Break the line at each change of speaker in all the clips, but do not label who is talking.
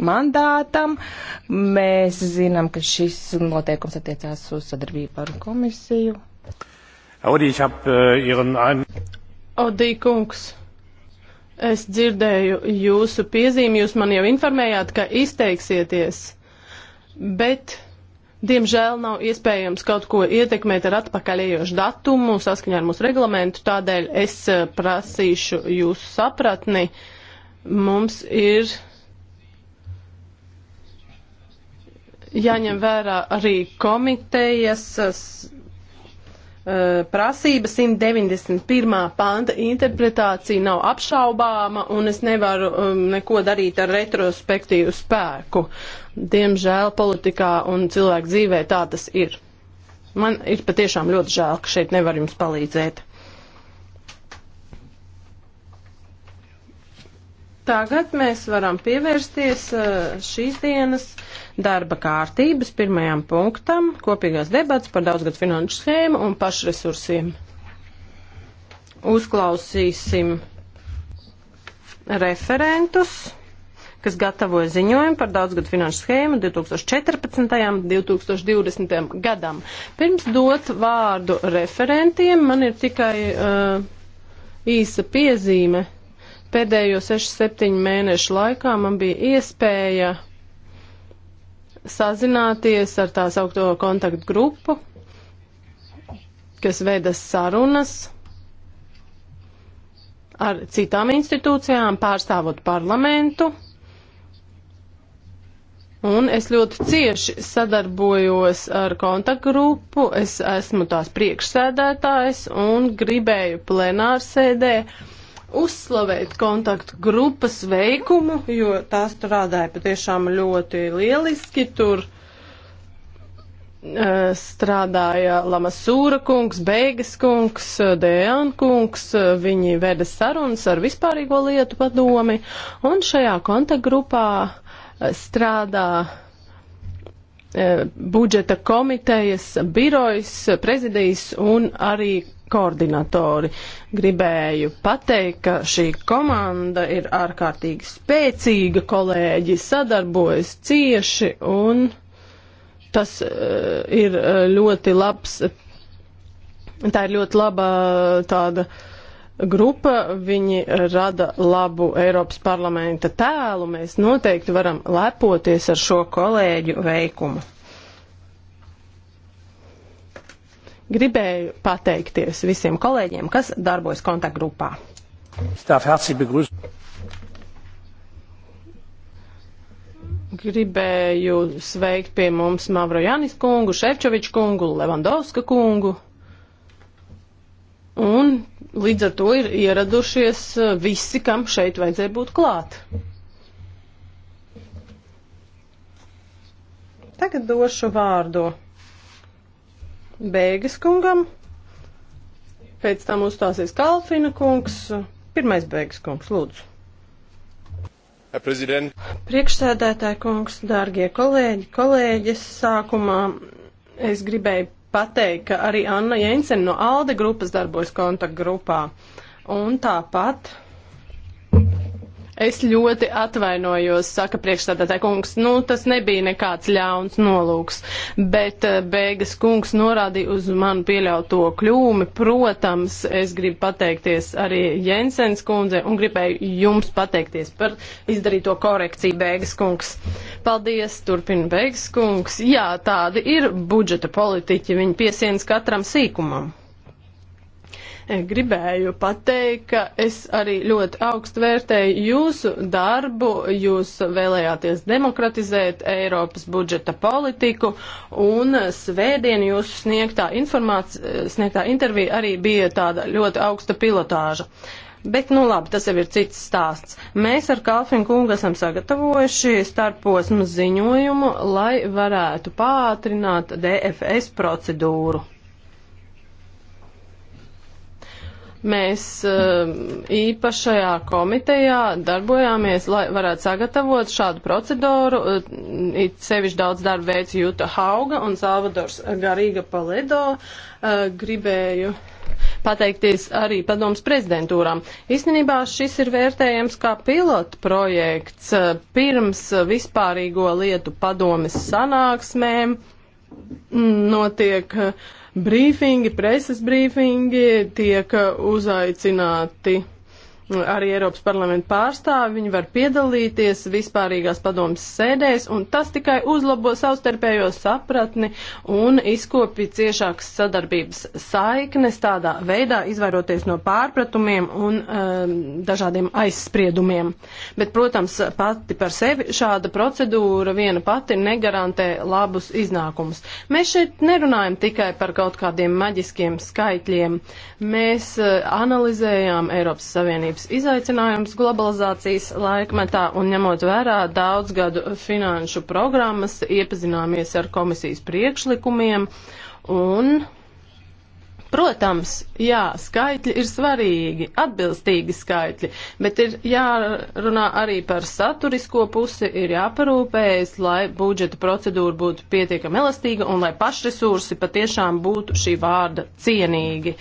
mandātam. Mēs zinām, ka šis noteikums
attiecās uz sadarbību ar komisiju.
Audi, hab, uh, ihren...
Audi kungs, es dzirdēju jūsu piezīmi, jūs man jau informējāt, ka izteiksieties, bet. Diemžēl nav iespējams kaut ko ietekmēt ar atpakaļējošu datumu saskaņā ar mūsu reglamentu, tādēļ es äh, prasīšu jūsu sapratni. Mums ir jāņem vērā arī komitejas e, prasība 191. panta interpretācija nav apšaubāma un es nevaru um, neko darīt ar retrospektīvu spēku. Diemžēl politikā un cilvēku dzīvē tā tas ir. Man ir patiešām ļoti žēl, ka šeit nevar jums palīdzēt. Tagad mēs varam pievērsties uh, šīs dienas darba kārtības pirmajam punktam - kopīgās debats par daudzgad finanšu schēmu un pašresursiem. Uzklausīsim referentus, kas gatavoja ziņojumu par daudzgad finanšu schēmu 2014. un 2020. gadam. Pirms dot vārdu referentiem, man ir tikai uh, īsa piezīme. Pēdējo 6-7 mēnešu laikā man bija iespēja sazināties ar tās augto kontaktu grupu, kas veda sarunas ar citām institūcijām, pārstāvot parlamentu. Un es ļoti cieši sadarbojos ar kontaktgrupu, es esmu tās priekšsēdētājs un gribēju plenārsēdē. Ar uzslavēt kontaktu grupas veikumu, jo tās strādāja patiešām ļoti lieliski. Tur eh, strādāja Lamasūra kungs, Beigas kungs, Dēan kungs, viņi veda sarunas ar vispārīgo lietu padomi, un šajā kontaktgrupā eh, strādā eh, budžeta komitejas, birojas, prezidijas un arī koordinatori. Gribēju pateikt, ka šī komanda ir ārkārtīgi spēcīga, kolēģi sadarbojas cieši un tas uh, ir eh, ļoti labs, tā ir ļoti laba eh, tāda grupa, viņi rada labu Eiropas parlamenta tēlu, mēs noteikti varam lepoties ar šo kolēģu veikumu. Gribēju pateikties visiem kolēģiem, kas darbojas kontaktgrupā. Gribēju sveikt pie mums Mavro Janis kungu, Šefčoviču kungu, Levandovska kungu. Un līdz ar to ir ieradušies visi, kam šeit vajadzēja būt klāt. Tagad došu vārdu Bēgas kungam, pēc tam uzstāsies Kalfina kungs, pirmais Bēgas kungs, lūdzu. Priekšsēdētāja kungs, dārgie kolēģi, kolēģis, sākumā es gribēju pateikt, ka arī Anna Jensen no ALDE grupas darbojas kontaktgrupā. Un tāpat Es ļoti atvainojos, saka priekšstādātāja kungs, nu tas nebija nekāds ļauns nolūks, bet eh, beigas kungs norādīja uz manu pieļauto kļūmi. Protams, es gribu pateikties arī Jensens kundze un gribēju jums pateikties par izdarīto korekciju beigas kungs. Paldies, turpina beigas kungs. Jā, tādi ir budžeta politiķi, viņi piesienas katram sīkumam. Gribēju pateikt, ka es arī ļoti augstu vērtēju jūsu darbu, jūs vēlējāties demokratizēt Eiropas budžeta politiku, un svētdien jūsu sniegtā informācija, sniegtā intervija arī bija tāda ļoti augsta pilotāža. Bet, nu labi, tas jau ir cits stāsts. Mēs ar Kalfinu kungu esam sagatavojuši starposmu ziņojumu, lai varētu pātrināt DFS procedūru. Mēs um, īpašajā komitejā darbojāmies, lai varētu sagatavot šādu procedūru. Uh, it sevišķi daudz darba veids Juta Hauga un Salvadors Garīga Paledo. Uh, gribēju pateikties arī padoms prezidentūram. Īstenībā šis ir vērtējams kā pilota projekts uh, pirms vispārīgo lietu padomes sanāksmēm. Mm, notiek uh, brīfingi, preses brīfingi tiek uzaicināti arī Eiropas parlamenta pārstāvi, viņi var piedalīties vispārīgās padomas sēdēs, un tas tikai uzlabo savstarpējo sapratni un izkopja ciešākas sadarbības saiknes, tādā veidā izvairoties no pārpratumiem un um, dažādiem aizspriedumiem. Bet, protams, pati par sevi šāda procedūra viena pati negarantē labus iznākumus. Mēs šeit nerunājam tikai par kaut kādiem maģiskiem skaitļiem. Mēs uh, analizējām Eiropas Savienības milzīgs izaicinājums globalizācijas laikmetā un ņemot vērā daudzgadu finanšu programmas, iepazināmies ar komisijas priekšlikumiem un Protams, jā, skaitļi ir svarīgi, atbilstīgi skaitļi, bet ir jārunā arī par saturisko pusi, ir jāparūpējas, lai budžeta procedūra būtu pietiekami elastīga un lai pašresursi patiešām būtu šī vārda cienīgi.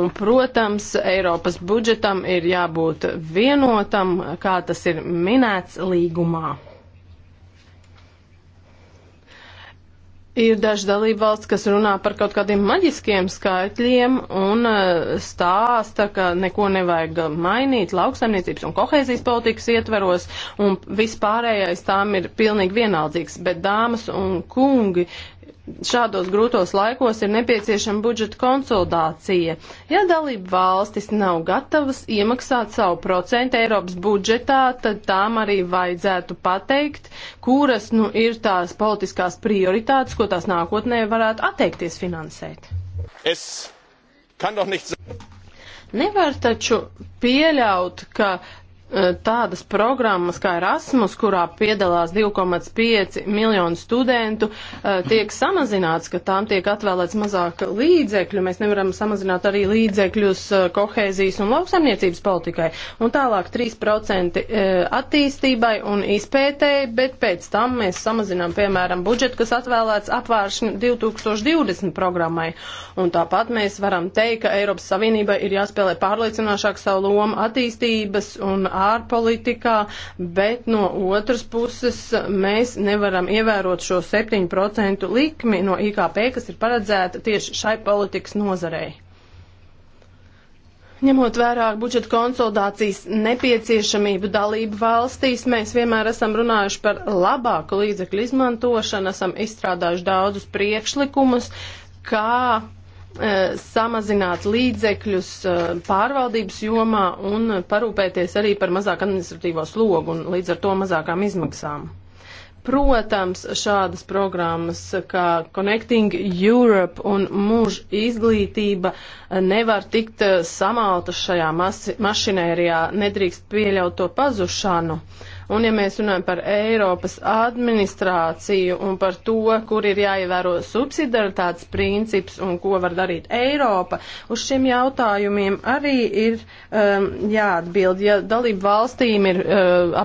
Un, protams, Eiropas budžetam ir jābūt vienotam, kā tas ir minēts līgumā. Ir daži dalībvalsts, kas runā par kaut kādiem maģiskiem skaitļiem un eh, stāsta, ka neko nevajag mainīt lauksaimniecības un kohēzijas politikas ietveros, un vispārējais tām ir pilnīgi vienaldzīgs. Bet, dāmas un kungi, šādos grūtos laikos ir nepieciešama budžeta konsolidācija. Ja dalība valstis nav gatavas iemaksāt savu procentu Eiropas budžetā, tad tām arī vajadzētu pateikt, kuras nu, ir tās politiskās prioritātes, ko tās nākotnē varētu atteikties finansēt.
Es kann doch nicht.
Nevar taču pieļaut, ka uh, Eh, tādas programmas kā Erasmus, kurā piedalās 2,5 miljonu studentu, eh, tiek samazināts, ka tām tiek atvēlēts mazāk līdzekļu. Mēs nevaram samazināt arī līdzekļus eh, kohēzijas un lauksaimniecības politikai. Un tālāk 3% attīstībai un izpētēji, bet pēc tam mēs samazinām, piemēram, budžetu, kas atvēlēts apvāršņu 2020 programmai. Un tāpat mēs varam teikt, ka Eiropas Savienībai ir jāspēlē pārliecinošāk savu lomu attīstības un attīstības ārpolitikā, bet no otras puses mēs nevaram ievērot šo 7% likmi no IKP, kas ir paredzēta tieši šai politikas nozarei. Ņemot vērā budžeta konsolidācijas nepieciešamību dalību valstīs, mēs vienmēr esam runājuši par labāku līdzekļu izmantošanu, esam izstrādājuši daudzus priekšlikumus, kā E, samazināt līdzekļus e, pārvaldības jomā un parūpēties arī par mazāk administratīvo slogu un līdz ar to mazākām izmaksām. Protams, šādas programmas kā Connecting Europe un mūža izglītība nevar tikt e, samaltas šajā mašinērijā, nedrīkst pieļaut to pazušanu. Uh, Un ja mēs runājam par Eiropas administrāciju un par to, kur ir jāievēro subsidaritātes princips un ko var darīt Eiropa, uz šiem jautājumiem arī ir um, jāatbild. Ja dalību valstīm ir uh,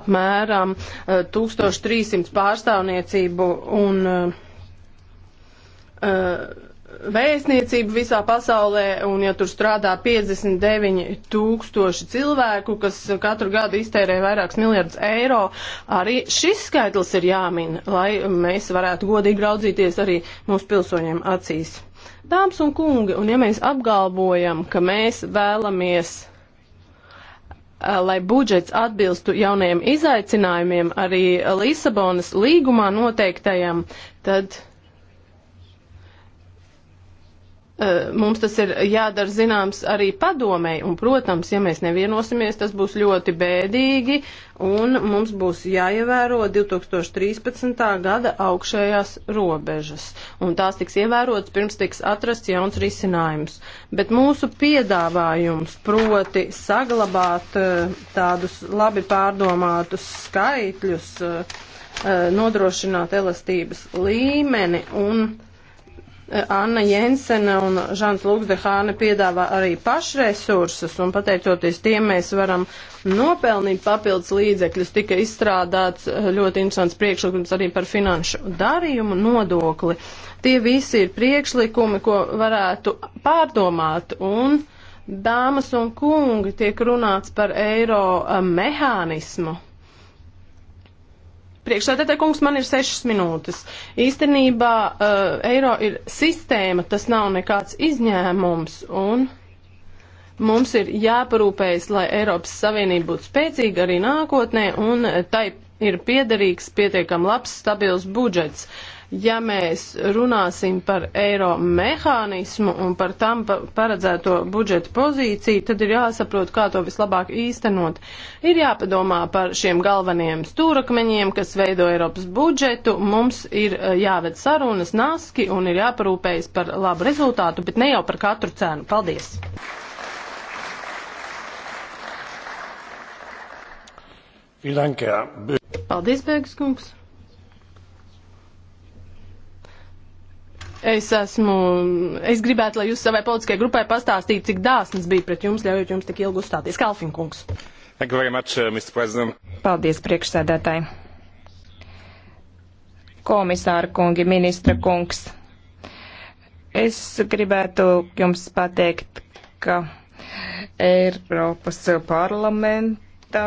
apmēram uh, 1300 pārstāvniecību un uh, uh, vēstniecību visā pasaulē, un ja tur strādā 59 tūkstoši cilvēku, kas katru gadu iztērē vairākus miljardus eiro, arī šis skaitlis ir jāmin, lai mēs varētu godīgi raudzīties arī mūsu pilsoņiem acīs. Dāmas un kungi, un ja mēs apgalvojam, ka mēs vēlamies eh, lai budžets atbilstu jaunajiem izaicinājumiem, arī Lisabonas līgumā noteiktajam, tad Eh, mums tas ir jādara zināms arī padomēji, un, protams, ja mēs nevienosimies, tas būs ļoti bēdīgi, un mums būs jāievēro 2013. gada augšējās robežas, un tās tiks ievērotas pirms tiks atrasts jauns risinājums. Bet mūsu piedāvājums proti saglabāt eh, tādus labi pārdomātus skaitļus, eh, nodrošināt elastības līmeni un Anna Jensena un Žants Lūksdehāne piedāvā arī pašresursus, un pateicoties tiem mēs varam nopelnīt papildus līdzekļus. Tika izstrādāts eh, ļoti interesants priekšlikums arī par finanšu darījumu nodokli. Tie visi ir priekšlikumi, ko varētu pārdomāt, un dāmas un kungi tiek runāts par eiro eh, mehānismu. Priekšsēdētāj kungs, man ir sešas minūtes. Īstenībā uh, eiro ir sistēma, tas nav nekāds izņēmums, un mums ir jāparūpējas, lai Eiropas Savienība būtu spēcīga arī nākotnē, un tai ir piederīgs pietiekam labs, stabils budžets. Uh, ja mēs runāsim par eiro mehānismu un par tam paredzēto budžeta pozīciju, tad ir jāsaprot, kā to vislabāk īstenot. Ir jāpadomā par šiem galvenajiem stūrakmeņiem, kas veido Eiropas budžetu. Mums ir eh, jāved sarunas naski un ir jāparūpējas par labu rezultātu, bet ne jau par katru cenu. Paldies! Paldies, Bēgas kungs! Es esmu, es gribētu, lai jūs savai politiskajai grupai pastāstītu, cik dāsnas bija pret jums, ļaujot jums tik ilgi uzstāties. Kalfinkungs.
Thank you very much, uh, Mr. President.
Paldies, priekšsēdētāji.
Komisāra kungi, ministra kungs. Es gribētu jums pateikt, ka Eiropas parlaments tā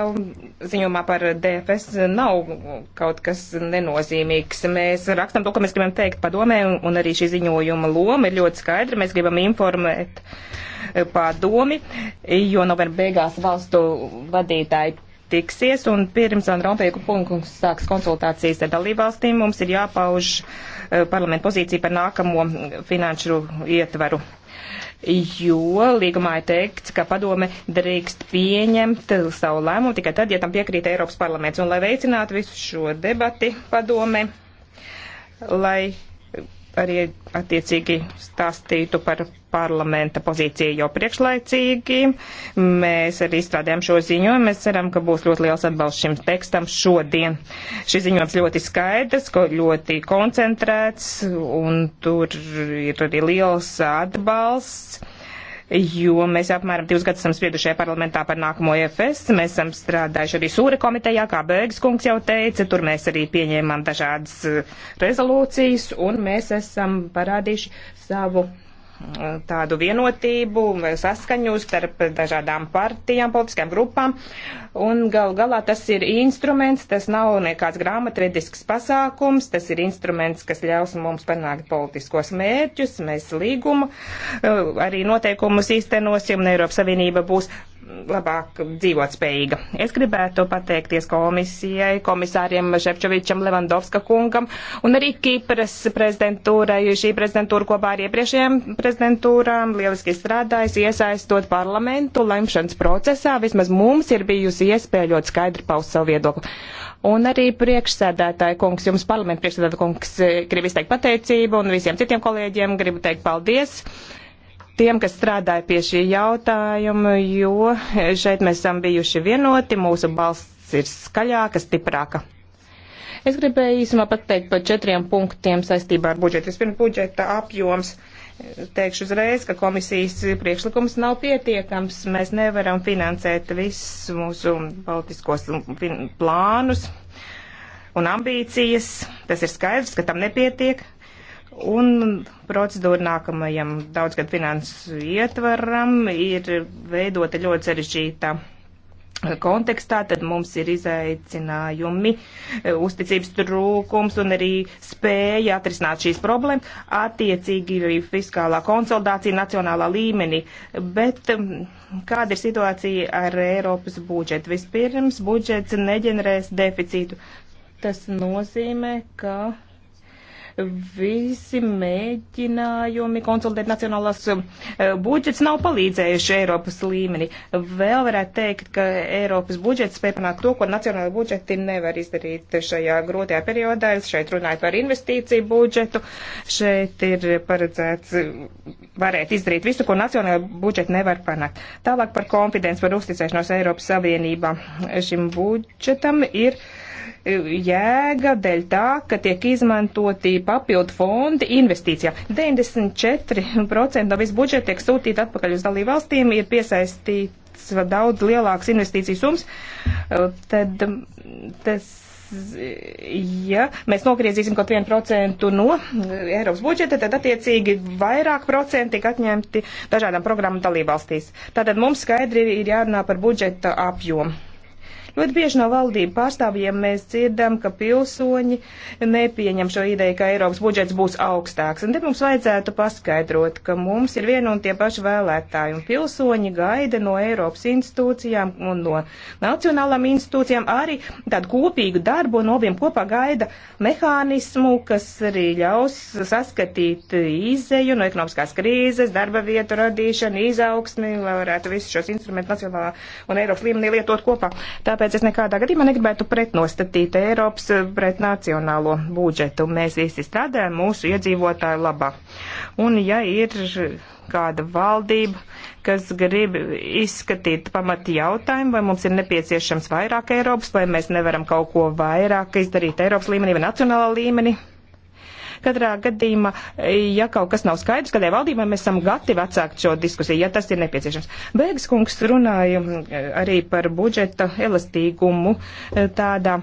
ziņumā par DFS nav kaut kas nenozīmīgs. Mēs rakstam to, ko mēs gribam teikt padomē, un arī šī ziņojuma loma ir ļoti skaidra. Mēs gribam informēt padomi, jo novembra beigās valstu vadītāji tiksies, un pirms Van Rompēku punkts sāks konsultācijas ar dalībvalstīm, mums ir jāpauž eh, parlamentu pozīcija par nākamo finanšu ietvaru jo līgumā ir teikts, ka padome drīkst pieņemt savu lēmumu tikai tad, ja tam piekrīt Eiropas parlaments. Un lai veicinātu visu šo debati padome, lai arī attiecīgi stāstītu par parlamenta pozīciju jau priekšlaicīgi. Mēs arī izstrādājam šo ziņojumu. Mēs ceram, ka būs ļoti liels atbalsts šim tekstam šodien. Šis ziņojums ļoti skaidrs, ļoti koncentrēts, un tur ir arī liels atbalsts jo mēs apmēram divus gadus esam spriedušajā parlamentā par nākamo EFS. Mēs esam strādājuši arī Sūra komitejā, kā Bēgas kungs jau teica, tur mēs arī pieņēmām dažādas eh, rezolūcijas, un mēs esam parādījuši savu tādu vienotību vai saskaņu starp dažādām partijām, politiskajām grupām. Un gal galā tas ir instruments, tas nav nekāds grāmatredisks pasākums, tas ir instruments, kas ļaus mums panākt politiskos mērķus, mēs līgumu eh, arī noteikumus īstenosim, un Eiropas Savienība būs labāk dzīvot spējīga. Es gribētu pateikties komisijai, komisāriem Šepčovičam, Levandovska kungam un arī Kipras prezidentūrai. Šī prezidentūra kopā ar iepriekšējām prezidentūrām lieliski strādājas, iesaistot parlamentu lemšanas procesā. Vismaz mums ir bijusi iespēja ļoti skaidri paust savu viedokli. Un arī priekšsēdētāja kungs, jums parlamenta priekšsēdētāja kungs, eh, gribu izteikt pateicību un visiem citiem kolēģiem gribu teikt paldies tiem, kas strādāja pie šī jautājuma, jo šeit mēs esam bijuši vienoti, mūsu balsts ir skaļāka, stiprāka. Es gribēju īsumā pateikt par četriem punktiem saistībā ar budžetu. Vispirms budžeta apjoms. Teikšu uzreiz, ka komisijas priekšlikums nav pietiekams. Mēs nevaram finansēt visus mūsu politiskos plānus un ambīcijas. Tas ir skaidrs, ka tam nepietiek. Un procedūra nākamajam daudzgad finansu ietvaram ir veidota ļoti sarežģīta kontekstā, tad mums ir izaicinājumi, uzticības trūkums un arī spēja atrisināt šīs problēmas, attiecīgi arī fiskālā konsolidācija nacionālā līmenī. Bet um, kāda ir situācija ar Eiropas budžetu? Vispirms budžets neģenerēs deficītu. Tas nozīmē, ka visi mēģinājumi konsolidēt nacionālās eh, budžets nav palīdzējuši Eiropas līmenī. Vēl varētu teikt, ka Eiropas budžets spēj panākt to, ko nacionālai budžeti nevar izdarīt šajā grotajā periodā. Šeit runājot par investīciju budžetu, šeit ir paredzēts eh, varēt izdarīt visu, ko nacionālai budžeti nevar panākt. Tālāk par konfidenci, par uzticēšanos Eiropas Savienībā. Šim budžetam ir. Uh, jēga dēļ tā, ka tiek izmantoti papildu fondi investīcijām. 94% no visu budžetu tiek sūtīt atpakaļ uz dalību valstīm, ir piesaistīts daudz lielāks investīcijas sums. Ehm, tad tas, ja mēs nogriezīsim kaut 1% no eh, Eiropas budžeta, tad attiecīgi vairāk procentu tiek atņemti dažādām programmu dalību valstīs. Tātad mums skaidri ir jārunā par budžeta apjomu Ļoti bieži no valdību pārstāvjiem mēs dzirdam, ka pilsoņi nepieņem šo ideju, ka Eiropas budžets būs augstāks. Un te mums vajadzētu paskaidrot, ka mums ir viena un tie paši vēlētāji, un pilsoņi gaida no Eiropas institūcijām un no nacionālām institūcijām arī tādu kopīgu darbu, un abiem kopā gaida mehānismu, kas arī ļaus saskatīt izēju no ekonomiskās krīzes, darba vietu radīšanu, izaugsmi, lai varētu visus šos instrumentus nacionālā un Eiropas līmenī lietot kopā. Tā tāpēc es nekādā gadījumā negribētu pretnostatīt Eiropas eh, pret nacionālo budžetu. Mēs visi strādājam mūsu iedzīvotāju labā. Un ja ir kāda valdība, kas grib izskatīt pamati jautājumu, vai mums ir nepieciešams vairāk Eiropas, vai mēs nevaram kaut ko vairāk izdarīt Eiropas līmenī vai nacionālā līmenī, Katrā gadījumā, ja kaut kas nav skaidrs, kādai valdībai mēs esam gatavi atsākt šo diskusiju, ja tas ir nepieciešams. Bēgas kungs runāja mm, arī par budžeta elastīgumu e, tādā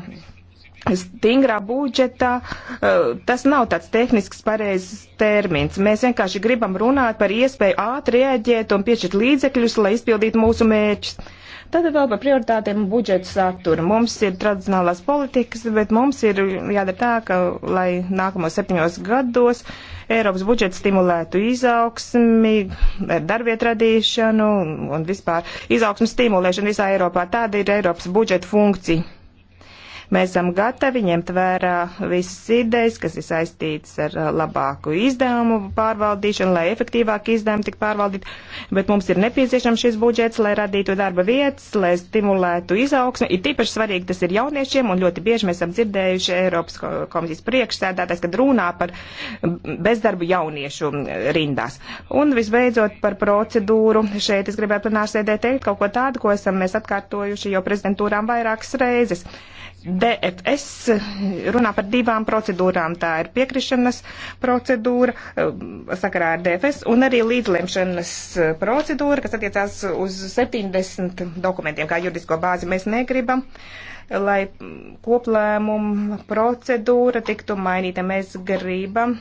stingrā budžetā, e, tas nav tāds tehnisks pareizs termins. Mēs vienkārši gribam runāt par iespēju ātri rēģēt un piešķirt līdzekļus, lai izpildītu mūsu mērķus. Tad vēl par prioritātiem budžetu saturu. Mums ir tradicionālās politikas, bet mums ir jādara tā, ka, lai nākamos septiņos gados Eiropas budžets stimulētu izaugsmi, darbvietu radīšanu un vispār izaugsmu stimulēšanu visā Eiropā. Tāda ir Eiropas budžeta funkcija. Mēs esam gatavi ņemt vērā visas idejas, kas ir saistītas ar labāku izdevumu pārvaldīšanu, lai efektīvāk izdevumi tik pārvaldīt, bet mums ir nepieciešams šis budžets, lai radītu darba vietas, lai stimulētu izaugsmu. Ir tīpaši svarīgi tas ir jauniešiem, un ļoti bieži mēs esam dzirdējuši Eiropas komisijas priekšsēdētājs, kad runā par bezdarbu jauniešu rindās. Un visbeidzot par procedūru. Šeit es gribētu plenārsēdē teikt kaut ko tādu, ko esam mēs atkārtojuši jau prezidentūrām vairākas reizes. DFS runā par divām procedūrām. Tā ir piekrišanas procedūra eh, sakarā ar DFS un arī līdzlemšanas eh, procedūra, kas attiecās uz 70 dokumentiem kā juridisko bāzi. Mēs negribam, lai mm, koplēmuma procedūra tiktu mainīta. Mēs gribam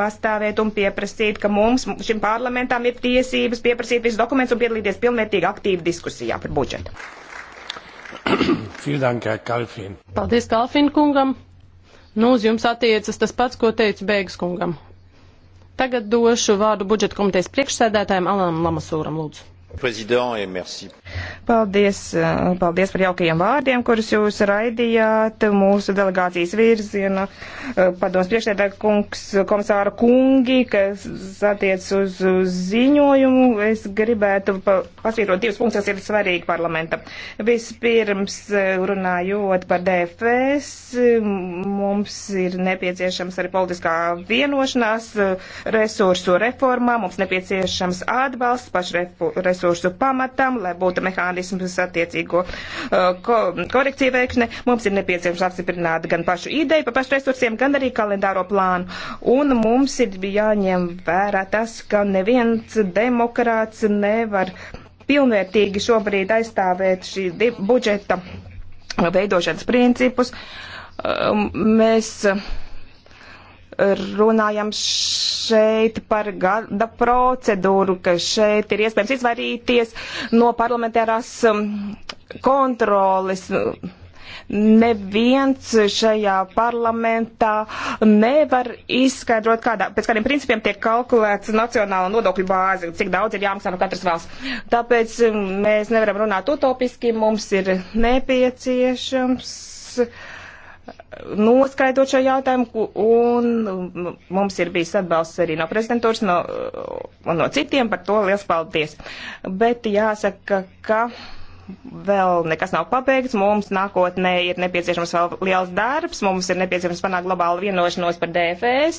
pastāvēt un pieprasīt, ka mums, šim parlamentām, ir tiesības pieprasīt visus dokumentus un piedalīties pilnvērtīgi aktīvi diskusijā par budžetu.
Paldies Kalfin kungam. Nu, uz jums attiecas tas pats, ko teicu Beigas kungam. Tagad došu vārdu budžeta komitejas priekšsēdētājiem Alanam Lamasūram, lūdzu.
Prezident, merci.
Paldies, eh, paldies par jaukajiem vārdiem, kurus jūs raidījāt mūsu delegācijas virziena. Eh, padoms priekšsēdā kungs, komisāra kungi, kas attiec uz ziņojumu. Es gribētu pasvītrot divas punktus, kas ir svarīgi parlamenta. Vispirms eh, runājot par DFS, mums ir nepieciešams arī politiskā vienošanās resursu reformā, mums nepieciešams atbalsts pašresursu pamatam, lai būtu atbalsta mehānismus, attiecīgo uh, ko, korekciju veikšana. Mums ir nepieciešams apstiprināt gan pašu ideju par pašu resursiem, gan arī kalendāro plānu. Un mums ir jāņem vērā tas, ka neviens demokrāts nevar pilnvērtīgi šobrīd aizstāvēt šī budžeta veidošanas principus. Uh, mēs runājam šeit par gada procedūru, ka šeit ir iespējams izvairīties no parlamentārās um, kontroles. Neviens šajā parlamentā nevar izskaidrot, kādā, pēc kādiem principiem tiek kalkulēts nacionāla nodokļu bāze, cik daudz ir jāmaksā no katras valsts. Tāpēc um, mēs nevaram runāt utopiski, mums ir nepieciešams uh, noskaidrot šo jautājumu, un mums ir bijis atbalsts arī no prezidentūras no, un no citiem par to liels paldies. Bet jāsaka, ka vēl nekas nav pabeigts, mums nākotnē ir nepieciešams vēl liels darbs, mums ir nepieciešams panākt globālu vienošanos par DFS,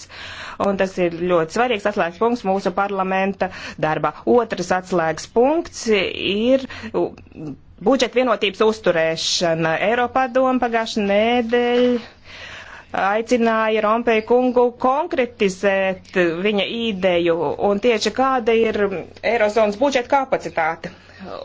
un tas ir ļoti svarīgs atslēgas punkts mūsu parlamenta darbā. Otrs atslēgas punkts ir budžeta vienotības uzturēšana. Eiropā doma pagājušajā nedēļā aicināja Rompēju kungu konkretizēt viņa ideju un tieši kāda ir Eirozonas budžeta kapacitāte.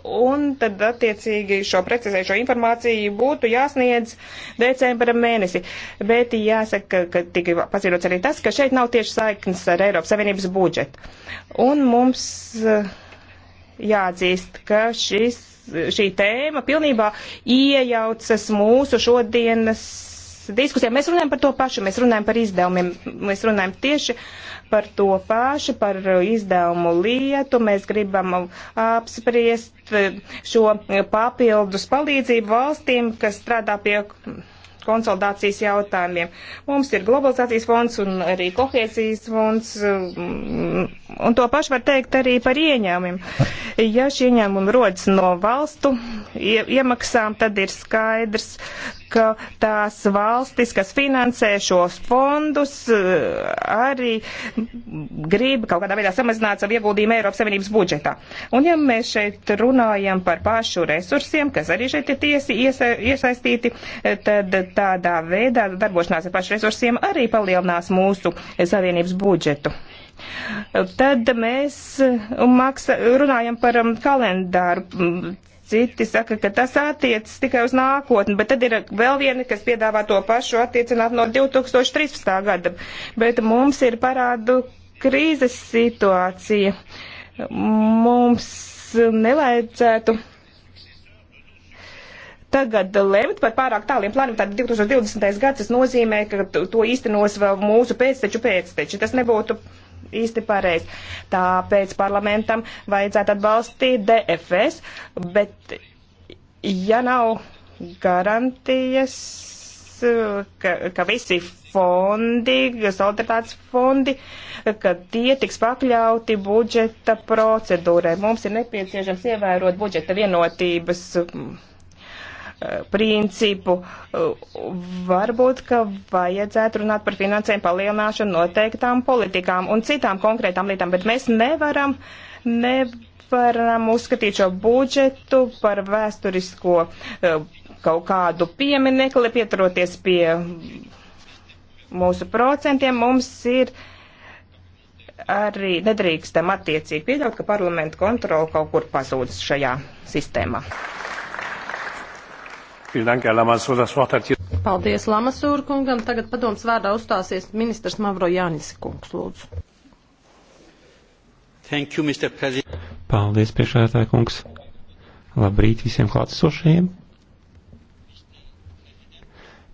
Un tad, attiecīgi, šo precizējušo informāciju būtu jāsniedz decembra mēnesi. Bet jāsaka, ka tika paziņots arī tas, ka šeit nav tieši saiknes ar Eiropas Savienības budžetu. Un mums eh, jāatzīst, ka šis, šī tēma pilnībā iejaucas mūsu šodienas diskusijām. Mēs runājam par to pašu, mēs runājam par izdevumiem, mēs runājam tieši par to pašu, par uh, izdevumu lietu. Mēs gribam uh, apspriest uh, šo papildus palīdzību valstīm, kas strādā pie konsolidācijas jautājumiem. Mums ir globalizācijas fonds un arī kohēzijas fonds, un to pašu var teikt arī par ieņēmumiem. Ja šie ieņēmumi rodas no valstu iemaksām, tad ir skaidrs, ka tās valstis, kas finansē šos fondus, eh, arī grib kaut kādā veidā samazināt savu ieguldījumu Eiropas Savienības budžetā. Un ja mēs šeit runājam par pašu resursiem, kas arī šeit ir tiesi iesa, iesaistīti, eh, tad tādā veidā darbošanās ar pašu resursiem arī palielinās mūsu Savienības budžetu. Tad mēs eh, maksa, runājam par um, kalendāru Citi saka, ka tas attiecas tikai uz nākotni, bet tad ir vēl viena, kas piedāvā to pašu attiecināt no 2013. gada. Bet mums ir parādu krīzes situācija. Mums nevajadzētu tagad lemt par pārāk tāliem plāniem. Tātad 2020. gads tas nozīmē, ka to īstenos vēl mūsu pēcteču pēcteči. Tas nebūtu īsti pareizi. Tāpēc parlamentam vajadzētu atbalstīt DFS, bet ja nav garantijas, ka, ka visi fondi, solidaritātes fondi, ka tie tiks pakļauti budžeta procedūrai. Mums ir nepieciešams ievērot budžeta vienotības principu. Varbūt, ka vajadzētu runāt par finansēm palielināšanu noteiktām politikām un citām konkrētām lietām, bet mēs nevaram, nevaram uzskatīt šo budžetu par vēsturisko eh, kaut kādu pieminekli, pieturoties pie mūsu procentiem. Mums ir arī nedrīkstam attiecīgi pieļaut, ka parlamenta kontrola kaut kur pazūd šajā sistēmā.
Paldies
Lamasūra kungam. Tagad padoms vārdā uzstāsies ministrs Mavro Jānis kungs, lūdzu.
Thank you, Mr. President. Paldies, priekšsēdētāja kungs. Labrīt visiem klātesošajiem.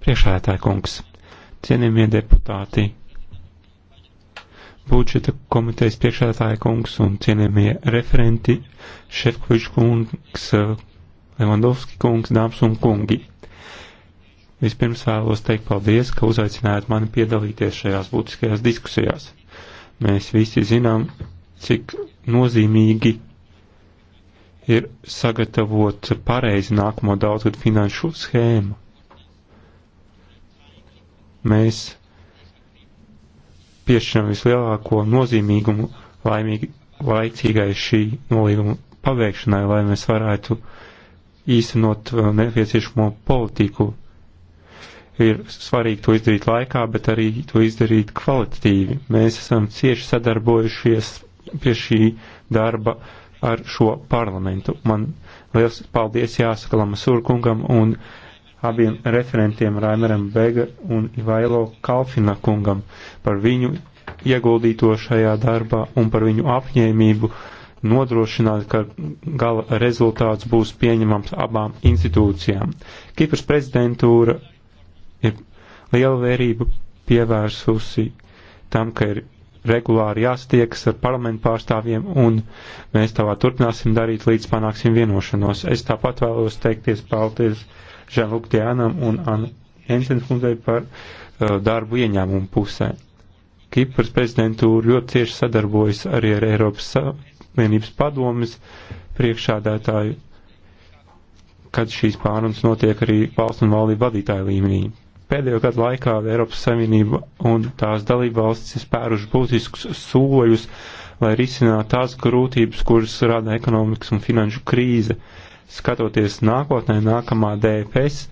Priekšsēdētāja kungs, cienījamie deputāti, budžeta komitejas priekšsēdētāja kungs un cienījamie referenti, Šefkovičs kungs, Levandovski kungs, dāmas un kungi. Vispirms vēlos teikt paldies, ka uzaicinājāt mani piedalīties šajās būtiskajās diskusijās. Mēs visi zinām, cik nozīmīgi ir sagatavot pareizi nākamo daudzgadu finanšu schēmu. Mēs piešķiram vislielāko nozīmīgumu laimīgi, laicīgai šī nolīguma paveikšanai, lai mēs varētu uh, īstenot uh, nepieciešamo politiku. Ir svarīgi to izdarīt laikā, bet arī to izdarīt kvalitatīvi. Mēs esam cieši sadarbojušies pie šī darba ar šo parlamentu. Man liels paldies jāsaka Lamasurkungam un abiem referentiem Raimeram Bega un Ivailo Kalfina kungam par viņu ieguldīto šajā darbā un par viņu apņēmību nodrošināt, ka gala rezultāts būs pieņemams abām institūcijām. Kipras prezidentūra ir liela vērība pievērsusi tam, ka ir regulāri jāstiekas ar parlamentu pārstāvjiem, un mēs tā turpināsim darīt, līdz panāksim vienošanos. Es tāpat vēlos teikties paldies Žanluk Dianam un Anna Jensenfundai par uh, darbu ieņēmumu pusē. Kipras prezidentūra ļoti cieši sadarbojas arī ar Eiropas apvienības padomes priekšādētāju, kad šīs pārunas notiek arī valsts un valdību vadītāju līmenī. Pēdējo gadu laikā Eiropas Savienība un tās dalība valstis ir spēruši būtiskus soļus, lai risinātu tās grūtības, kuras rada ekonomikas un finanšu krīze. Skatoties nākotnē, nākamā DFS,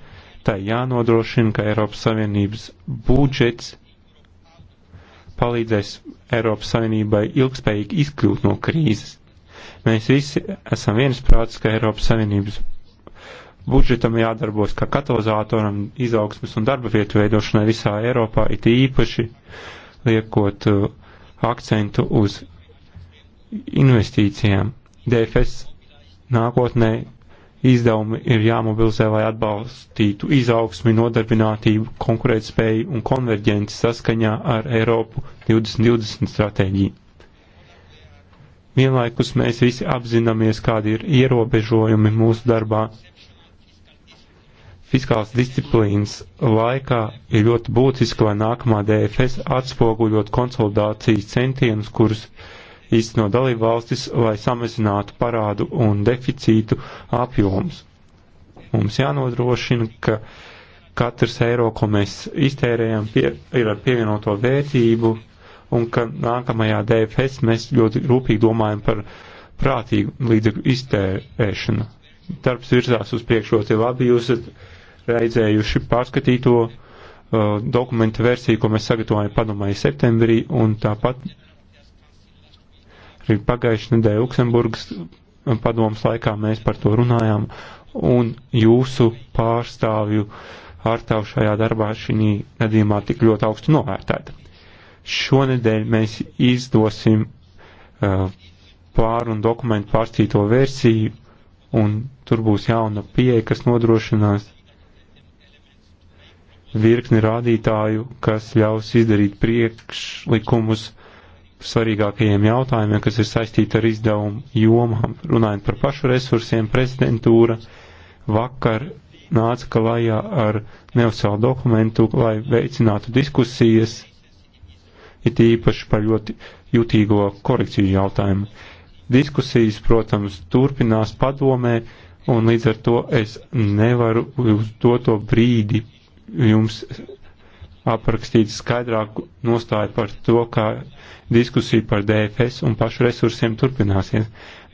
tai jānodrošina, ka Eiropas Savienības budžets palīdzēs Eiropas Savienībai ilgspējīgi izkļūt no krīzes. Mēs visi esam viensprāts, ka Eiropas Savienības budžetam jādarbos kā katalizātoram izaugsmas un darba vietu veidošanai visā Eiropā, it īpaši liekot uh, akcentu uz investīcijām. DFS nākotnē izdevumi ir jāmobilizē, lai atbalstītu izaugsmi, nodarbinātību, konkurētspēju un konverģenci saskaņā ar Eiropu 2020 stratēģiju. Vienlaikus mēs visi apzināmies, kādi ir ierobežojumi mūsu darbā. Fiskāls disciplīnas laikā ir ļoti būtiski, lai nākamā DFS atspoguļot konsolidācijas centienus, kurus uh, īsteno dalību valstis, lai samazinātu parādu un deficītu apjomus. Mums jānodrošina, ka katrs eiro, ko mēs iztērējam, pie, ir ar pievienoto vērtību un ka nākamajā DFS mēs ļoti rūpīgi domājam par prātīgu līdzekļu iztērēšanu. Darbs virzās uz priekšu ļoti labi, jūs esat reizējuši pārskatīto uh, dokumentu versiju, ko mēs sagatavojam padomāju septembrī, un tāpat Arī pagājušajā nedēļā Luksemburgas padomas laikā mēs par to runājām, un jūsu pārstāvju ārtavu šajā darbā šī nedījumā tik ļoti augstu novērtēta. Šonedēļ mēs izdosim uh, pāru un dokumentu pārstīto versiju, un tur būs jauna pieeja, kas nodrošinās virkni rādītāju, kas ļaus izdarīt priekšlikumus svarīgākajiem jautājumiem, kas ir saistīti ar izdevumu jomām. Runājot par pašu resursiem, prezidentūra vakar nāca klajā ar neoficiālu dokumentu, lai veicinātu diskusijas, it īpaši par ļoti jutīgo korekciju jautājumu. Diskusijas, protams, turpinās padomē, un līdz ar to es nevaru uz doto brīdi jums aprakstīt skaidrāku nostāju par to, kā Diskusija par DFS un pašu resursiem turpināsies,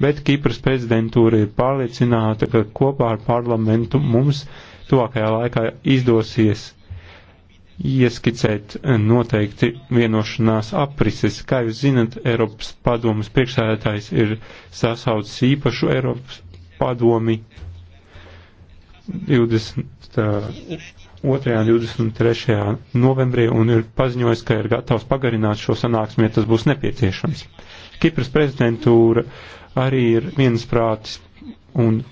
bet Kipras prezidentūra ir pārliecināta, ka kopā ar parlamentu mums tuvākajā laikā izdosies ieskicēt noteikti vienošanās aprises. Kā jūs zinat, Eiropas padomas priekšsēdētājs ir sasaucis īpašu Eiropas padomi 22. un 23. novembrī un ir paziņojis, ka ir gatavs pagarināt šo sanāksmi, ja tas būs nepieciešams. Kipras prezidentūra arī ir viensprātis un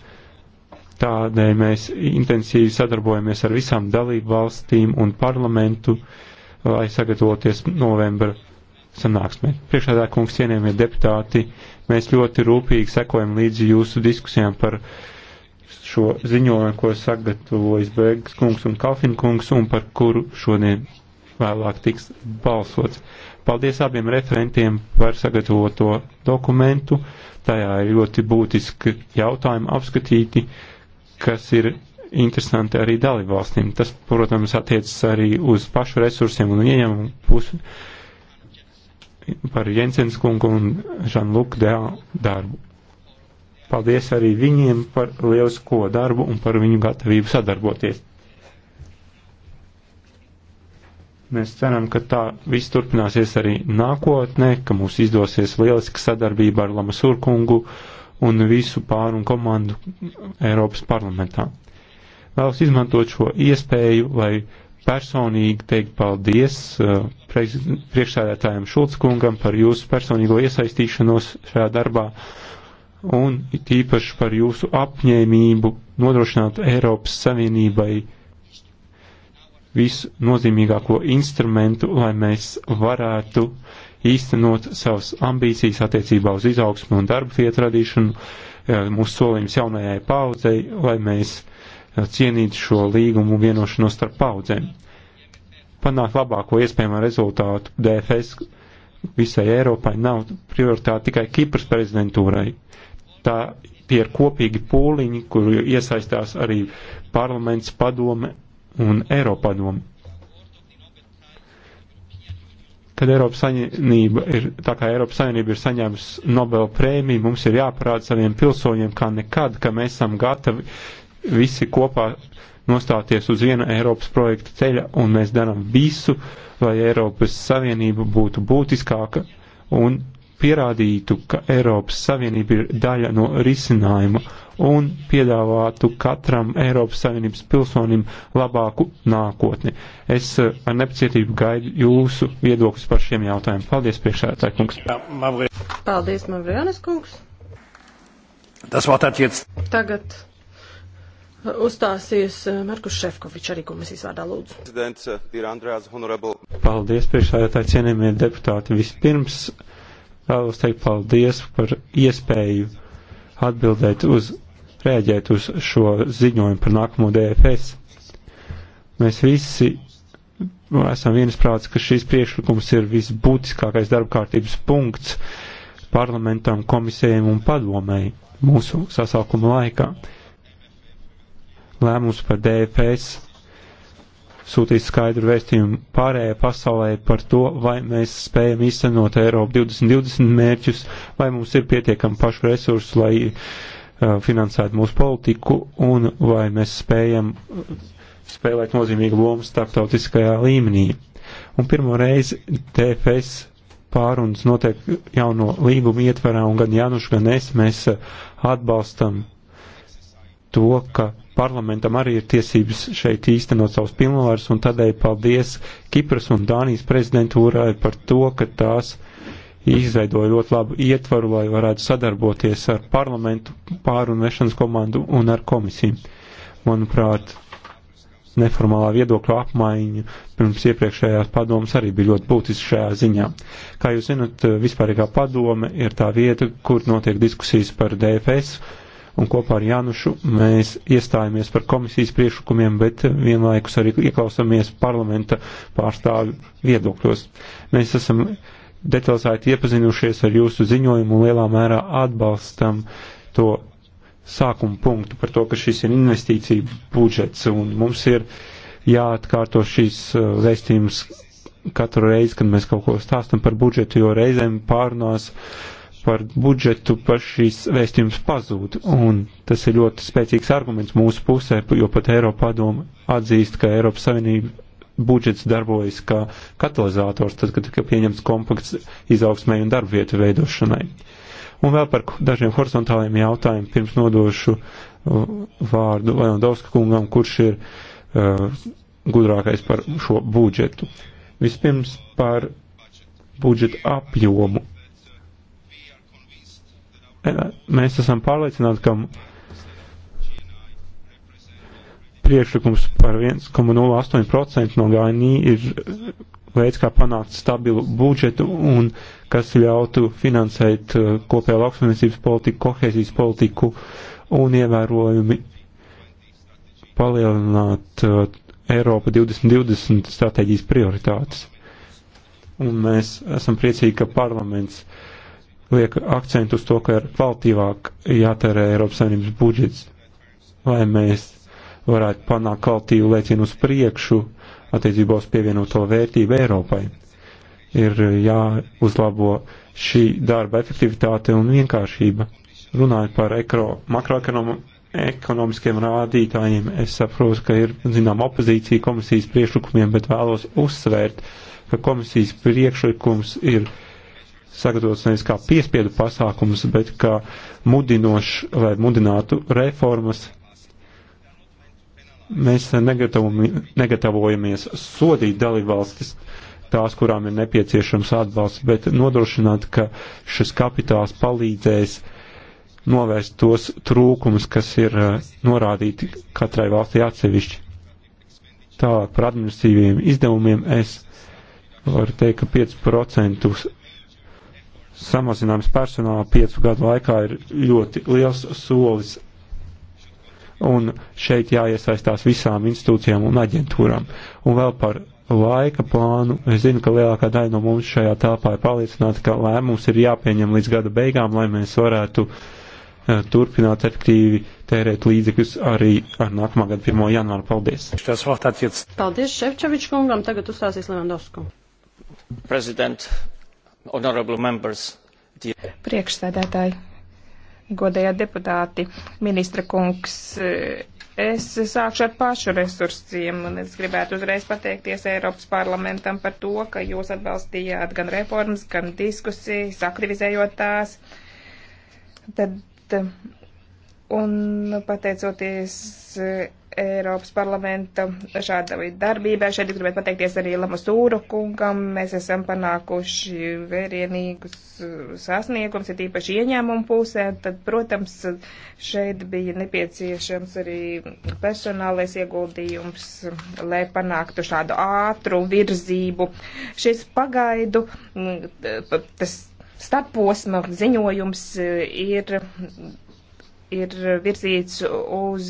tādēļ mēs intensīvi sadarbojamies ar visām dalību valstīm un parlamentu, lai sagatavoties novembra sanāksmē. Priekšādā kungs cienījamie deputāti, mēs ļoti rūpīgi sekojam līdzi jūsu diskusijām par uh, šo ziņojumu, ko sagatavojas Bēgas kungs un Kalfin kungs un par kuru šodien vēlāk tiks balsots. Paldies abiem referentiem par sagatavoto dokumentu. Tajā ir ļoti būtiski jautājumi apskatīti, kas ir interesanti arī dalībvalstīm. Tas, protams, attiecas arī uz pašu resursiem un ieņemumu pusi par Jensens kungu un Žanluku darbu. Paldies arī viņiem par lielisko darbu un par viņu gatavību sadarboties. Mēs ceram, ka tā viss turpināsies arī nākotnē, ka mums izdosies lieliska sadarbība ar Lamasur kungu un visu pāru un komandu Eiropas parlamentā. Vēlos izmantot šo iespēju, lai personīgi teikt paldies uh, priekšsēdētājiem Šulckungam par jūsu personīgo iesaistīšanos šajā darbā. Uh, un tīpaši par jūsu apņēmību nodrošināt Eiropas Savienībai visu nozīmīgāko instrumentu, lai mēs varētu īstenot savas ambīcijas attiecībā uz izaugsmu un darba vietu radīšanu, eh, mūsu solījums jaunajai paudzei, lai mēs eh, cienītu šo līgumu vienošanos starp paudzēm. Panākt labāko iespējamo rezultātu DFS visai Eiropai nav prioritāte tikai Kipras prezidentūrai. Tā tie ir kopīgi pūliņi, kur iesaistās arī parlaments padome un Eiropadome. Kad Eiropas Savienība ir, tā kā Eiropas Savienība ir saņēmusi Nobel prēmiju, mums ir jāparāda saviem pilsoņiem kā nekad, ka mēs esam gatavi visi kopā nostāties uz viena Eiropas projekta ceļa, un mēs darām visu, lai Eiropas Savienība būtu būtiskāka un pierādītu, ka Eiropas Savienība ir daļa no risinājuma un piedāvātu katram Eiropas Savienības pilsonim labāku nākotni. Es eh, ar nepacietību gaidu jūsu viedokļus par šiem jautājumiem. Paldies, priekšsēdētāji kungs. Paldies,
Mavrianis kungs.
Tas vēl tāds iets.
Tagad eh, uzstāsies eh, Markus Šefkovičs arī komisijas vārdā
lūdzu. Paldies, priekšsēdētāji, cienījamie deputāti. Vispirms Vēlos teikt paldies par iespēju atbildēt uz, rēģēt uz šo ziņojumu par nākamo DFS. Mēs visi esam viensprāts, ka šis priekšlikums ir visbūtiskākais darbkārtības punkts parlamentam, komisējiem un padomēji mūsu sasaukuma laikā. Lēmums par DFS sūtīt skaidru vēstījumu pārējai pasaulē par to, vai mēs spējam īstenot Eiropu 2020 mērķus, vai mums ir pietiekami pašu resursu, lai uh, finansētu mūsu politiku, un vai mēs spējam uh, spēlēt nozīmīgu lomu starptautiskajā līmenī. Un pirmo reizi TFS pārunas notiek jauno līgumu ietverā, un gan Januš, gan es mēs uh, atbalstam to, ka parlamentam arī ir tiesības šeit īstenot savus pilnvars, un tādēļ paldies Kipras un Dānijas prezidentūrai par to, ka tās izveidoja ļoti labu ietvaru, lai varētu sadarboties ar parlamentu pārunvešanas komandu un ar komisiju. Manuprāt, neformālā viedokļa apmaiņa pirms iepriekšējās padomas arī bija ļoti būtiski šajā ziņā. Kā jūs zinat, vispārīgā padome ir tā vieta, kur notiek diskusijas par DFS un kopā ar Janušu mēs iestājamies par komisijas priekšlikumiem, bet vienlaikus arī ieklausāmies parlamenta pārstāvju viedokļos. Mēs esam detalizēti iepazinušies ar jūsu ziņojumu un lielā mērā atbalstam to sākumu punktu par to, ka šis ir investīcija budžets un mums ir jāatkārto šīs uh, vēstījums katru reizi, kad mēs kaut ko stāstam par budžetu, jo reizēm pārnās uh, par budžetu par šīs vēstījums pazūd, un tas ir ļoti spēcīgs arguments mūsu pusē, jo pat Eiropa padoma atzīst, ka Eiropas Savienība budžets darbojas kā katalizators, tad, kad tika pieņemts kompakts izaugsmē un darbvietu veidošanai. Un vēl par dažiem horizontāliem jautājumiem pirms nodošu uh, vārdu Leondovska kungam, kurš ir uh, gudrākais par šo budžetu. Vispirms par budžeta apjomu Mēs esam pārliecināti, ka priekšlikums par 1,08% no GNI ir veids, kā panākt stabilu budžetu un kas ļautu finansēt uh, kopējā lauksaimniecības politiku, kohēzijas politiku un ievērojumi palielināt uh, Eiropa 2020 stratēģijas prioritātes. Un mēs esam priecīgi, ka parlaments uh, liek akcentu uz to, ka ir kvalitīvāk jātērē Eiropas Savienības budžets, lai mēs varētu panākt kvalitīvu lēcienu uz priekšu attiecībā uz pievienoto vērtību Eiropai. Ir jāuzlabo šī darba efektivitāte un vienkāršība. Runājot par makroekonomiskiem rādītājiem, es saprotu, ka ir, zinām, opozīcija komisijas priekšlikumiem, bet vēlos uzsvērt, ka komisijas priekšlikums ir sagatavots nevis kā piespiedu pasākums, bet kā mudinošs, lai mudinātu reformas. Mēs negatavojamies sodīt dalībvalstis tās, kurām ir nepieciešams atbalsts, bet nodrošināt, ka šis kapitāls palīdzēs novērst tos trūkumus, kas ir eh, norādīti katrai valstī atsevišķi. Tālāk par administratīviem izdevumiem es varu teikt, ka 5% samazinājums personāla piecu gadu laikā ir ļoti liels solis. Un šeit jāiesaistās visām institūcijām un aģentūram. Un vēl par laika plānu. Es zinu, ka lielākā daļa no mums šajā tāpā ir pārliecināta, ka lēmums ir jāpieņem līdz gada beigām, lai mēs varētu uh, turpināt efektīvi tērēt līdzekļus arī ar nākamā gada 1. janvāru. Paldies!
Paldies Šefčovičs kungam, tagad uzstāsies Levandovsku.
Prezident,
Priekšsēdētāji, godējā deputāti, ministra kungs, es sākšu ar pašu resursiem, un es gribētu uzreiz pateikties Eiropas parlamentam par to, ka jūs atbalstījāt gan reformas, gan diskusijas, aktivizējot tās. Tad Un pateicoties e, Eiropas parlamenta šāda darbībā, šeit gribētu pateikties arī Lamasūra kungam, mēs esam panākuši vērienīgus e, sasniegums, ir īpaši ieņēmumu pusē, tad, protams, šeit bija nepieciešams arī personālais ieguldījums, lai panāktu šādu ātru virzību. Šis pagaidu, tas starposma ziņojums e, ir ir virzīts uz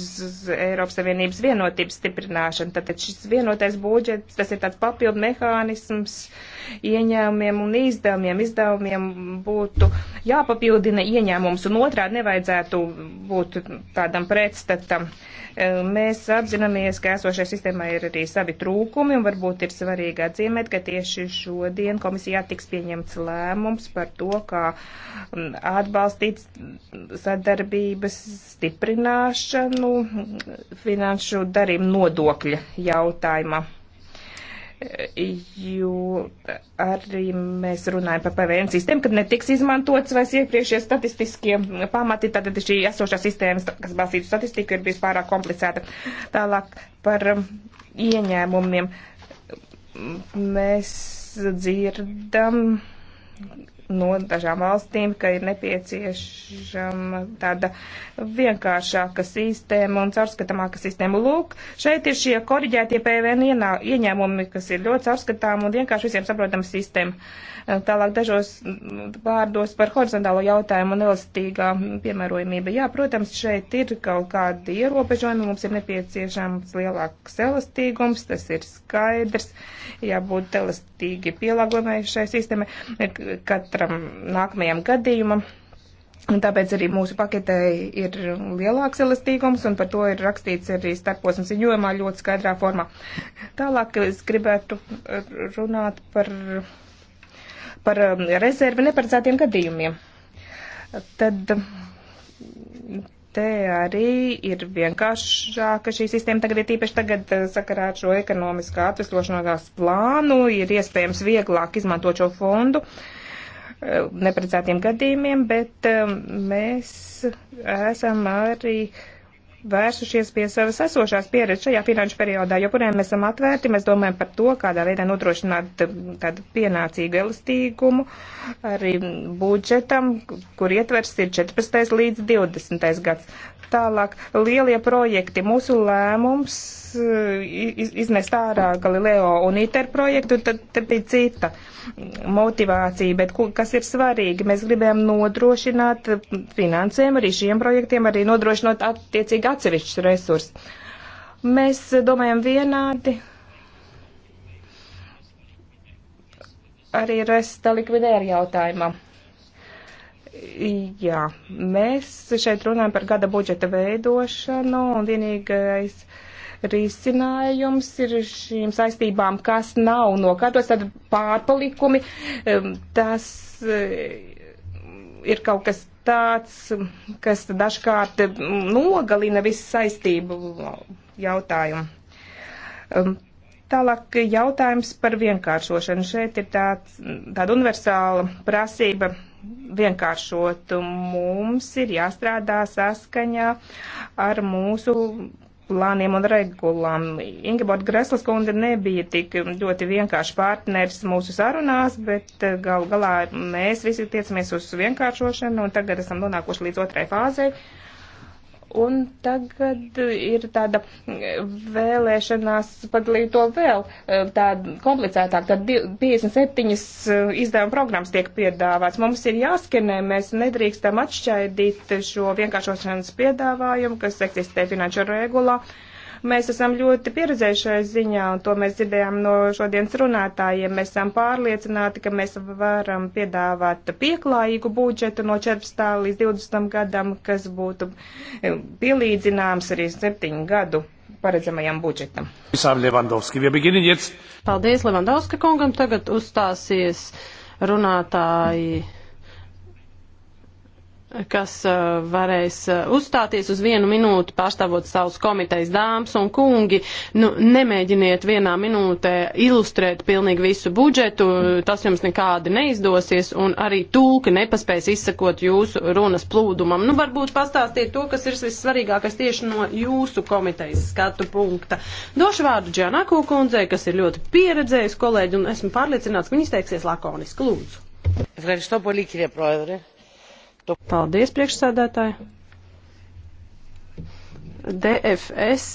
Eiropas Savienības vienotības stiprināšanu. Tātad šis vienotais budžets, tas ir tāds papildu mehānisms, uh, ieņēmumiem un izdevumiem. Izdevumiem būtu jāpapildina ieņēmums, un otrādi nevajadzētu būt tādam pretstatam. E, mēs apzināmies, ka esošajā sistēmā ir arī savi trūkumi, un varbūt ir svarīgi atzīmēt, ka tieši šodien komisijā tiks pieņemts lēmums par to, kā atbalstīt sadarbības stiprināšanu finanšu darījumu nodokļa jautājumā jo arī mēs runājam par PVN sistēmu, kad netiks izmantots vairs iepriekšie statistiskie pamati, tātad šī esošā sistēma, kas balstīta statistika, ir bijusi pārāk komplicēta. Tālāk par ieņēmumiem mēs dzirdam no dažām valstīm, ka ir nepieciešama tāda vienkāršāka sistēma un caurskatāmāka sistēma. Lūk, šeit ir šie koriģētie PVN ieņēmumi, kas ir ļoti caurskatām un vienkārši visiem saprotama sistēma. Uh, Tālāk dažos vārdos par horizontālo jautājumu un elastīgā piemērojamība. Jā, protams, šeit ir kaut kādi ierobežojumi, mums ir nepieciešams lielāks elastīgums, tas ir skaidrs, jābūt elastīgi pielāgojumai šai sistēmai katram nākamajam gadījumam. Un tāpēc arī mūsu paketē ir lielāks elastīgums, un par to ir rakstīts arī starposms ziņojumā ļoti skaidrā formā. Tālāk es gribētu runāt par par um, rezervi neparedzētiem gadījumiem. Tad mm, te arī ir vienkāršāka šī sistēma. Tagad ir tīpaši tagad uh, sakarā ar šo ekonomiskā atveslošanās plānu, ir iespējams vieglāk izmantot šo fondu uh, neparedzētiem gadījumiem, bet um, mēs esam arī uh, vērsušies pie savas esošās pieredzes šajā finanšu periodā. Joprojām mēs esam atvērti, mēs domājam par to, kādā veidā nodrošināt eh, tādu pienācīgu elastīgumu arī budžetam, kur ietvers ir 14. līdz 20. gads. Tālāk, lielie projekti. Mūsu lēmums eh, iznest ārā Galileo un ITER projektu, tad, tad bija cita motivācija, bet kas ir svarīgi, mēs gribējām nodrošināt finansējumu arī šiem projektiem, arī nodrošinot attiecīgi atsevišķus resursus. Mēs domājam vienādi. Arī resta likvidēra jautājumam Jā, mēs šeit runājam par gada budžeta veidošanu un vienīgais risinājums ir šīm saistībām, kas nav nokārtots, tad pārpalikumi. Um, tas uh, ir kaut kas tāds, kas dažkārt um, nogalina visu saistību jautājumu. Um, tālāk jautājums par vienkāršošanu. Šeit ir tāds, tāda universāla prasība vienkāršotu. Mums ir jāstrādā saskaņā ar mūsu plāniem un regulām. Ingeborg Greslas kundze nebija tik ļoti vienkārši partneris mūsu sarunās, bet eh, gal galā mēs visi tiecamies uz vienkāršošanu un tagad esam nonākuši līdz otrai fāzei. Un tagad ir tāda vēlēšanās padalīt to vēl eh, tādu komplicētāk. Tad 57 eh, izdevuma programmas tiek piedāvāts. Mums ir jāskenē, mēs nedrīkstam atšķaidīt šo vienkāršošanas piedāvājumu, kas eksistē finanšu regulā. Uh, Mēs esam ļoti pieredzējušajā ziņā, un to mēs dzirdējām no šodienas runātājiem. Mēs esam pārliecināti, ka mēs varam piedāvāt pieklājīgu budžetu no 14. līdz 20. gadam, kas būtu eh, pielīdzināms arī septiņu gadu
paredzamajam budžetam. Paldies Levandovska kungam. Tagad uzstāsies runātāji kas uh, varēs uh, uzstāties uz vienu minūti, pārstāvot savus komitejas dāmas un kungi. Nu, nemēģiniet vienā minūtē ilustrēt pilnīgi visu budžetu, tas jums nekādi neizdosies, un arī tulki nepaspēs izsakot jūsu runas plūdumam. Nu, varbūt pastāstiet to, kas ir vissvarīgākais tieši no jūsu komitejas skatu punkta. Došu vārdu Džanaku kundzei, kas ir ļoti pieredzējis kolēģi, un esmu pārliecināts, ka viņi izteiksies lakoniski. Lūdzu. Ευχαριστώ πολύ κύριε Πρόεδρε. Paldies, priekšsēdētāji. DFS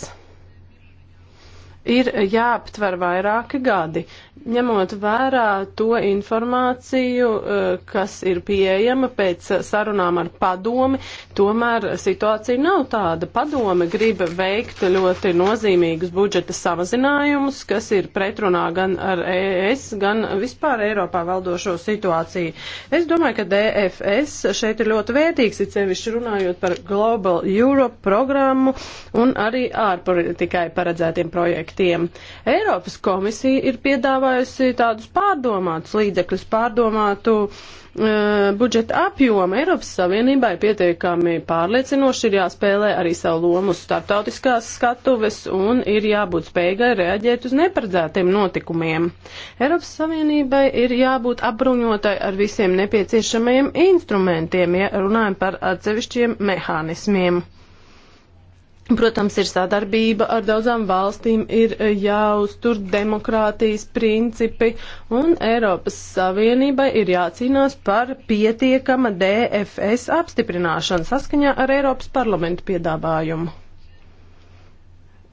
ir jāaptver vairāki gadi ņemot vērā to informāciju, eh, kas ir pieejama pēc sarunām ar padomi, tomēr situācija nav tāda. Padome grib veikt ļoti nozīmīgus budžeta samazinājumus, kas ir pretrunā gan ar ES, gan vispār Eiropā valdošo situāciju. Es domāju, ka DFS šeit ir ļoti vērtīgs, it sevišķi runājot par Global Europe programmu un arī ārpolitikai paredzētiem projektiem. Eiropas komisija ir piedāvājusi piedāvājusi tādus pārdomātus līdzekļus, pārdomātu e, budžeta apjomu. Eiropas Savienībai pietiekami pārliecinoši ir jāspēlē arī savu lomu uz starptautiskās skatuves un ir jābūt spējīgai reaģēt uz neparedzētiem notikumiem. Eiropas Savienībai ir jābūt apbruņotai ar visiem nepieciešamajiem instrumentiem, ja runājam par atsevišķiem mehānismiem. Protams, ir sadarbība ar daudzām valstīm, ir e, jāuztur demokrātijas principi, un Eiropas Savienībai ir jācīnās par pietiekama DFS apstiprināšanu saskaņā ar Eiropas parlamentu piedāvājumu.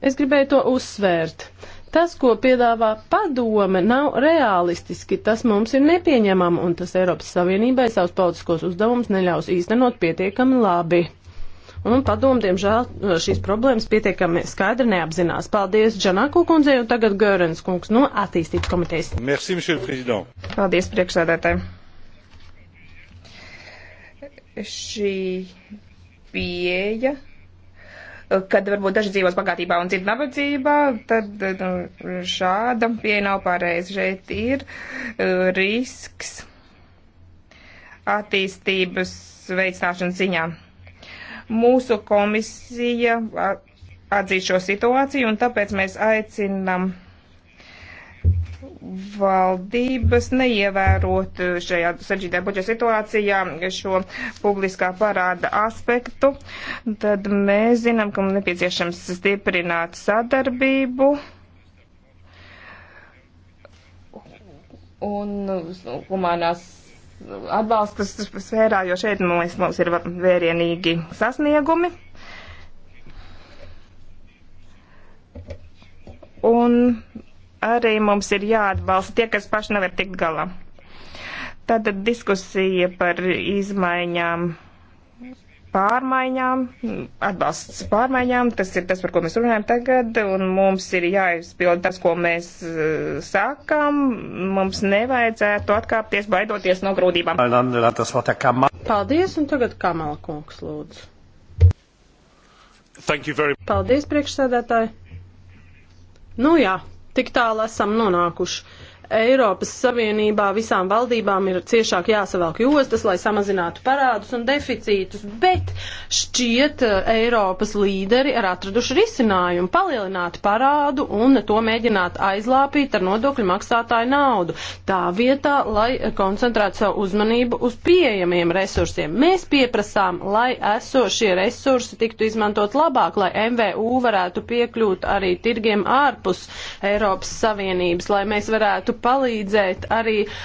Es gribēju to uzsvērt. Tas, ko piedāvā padome, nav realistiski, tas mums ir nepieņemama, un tas Eiropas Savienībai savus politiskos uzdevumus neļaus īstenot pietiekami labi un padomu, diemžēl, šīs problēmas pietiekami skaidri neapzinās. Paldies Džanāku kundzei un tagad Gērens kungs no attīstības komitejas.
Merci, monsieur le président.
Paldies, priekšsēdētāji.
Šī pieeja, kad varbūt daži dzīvos bagātībā un citi nabadzībā, tad nu, šāda pieeja nav pareiza. Šeit ir uh, risks attīstības veicināšanas ziņā Mūsu komisija atzīst šo situāciju, un tāpēc mēs aicinam valdības neievērot šajā sarežģītajā budžeta situācijā šo publiskā parāda aspektu, tad mēs zinām, ka mums nepieciešams stiprināt sadarbību. Un nu, humanās atbalstas sfērā, jo šeit mums, mums ir vērienīgi sasniegumi. Un arī mums ir jāatbalsta tie, kas paši nevar tikt galā. Tātad diskusija par izmaiņām pārmaiņām, atbalsts pārmaiņām, tas ir tas, par ko mēs runājam tagad, un mums ir jāizpild tas, ko mēs eh, sākam, mums nevajadzētu atkāpties, baidoties no grūtībām.
Paldies, un tagad Kamala kungs lūdzu. Very... Paldies, priekšsēdētāji. Nu jā, tik tālu esam nonākuši. Eiropas Savienībā visām valdībām ir ciešāk jāsavelk jostas, lai samazinātu parādus un deficītus, bet šķiet eh, Eiropas līderi ir atraduši risinājumu palielināt parādu un to mēģināt aizlāpīt ar nodokļu maksātāju naudu. Tā vietā, lai koncentrētu savu uzmanību uz pieejamiem resursiem. Mēs pieprasām, lai esošie resursi tiktu izmantot labāk, lai MVU varētu piekļūt arī tirgiem ārpus Eiropas Savienības, lai mēs varētu palīdzēt arī uh,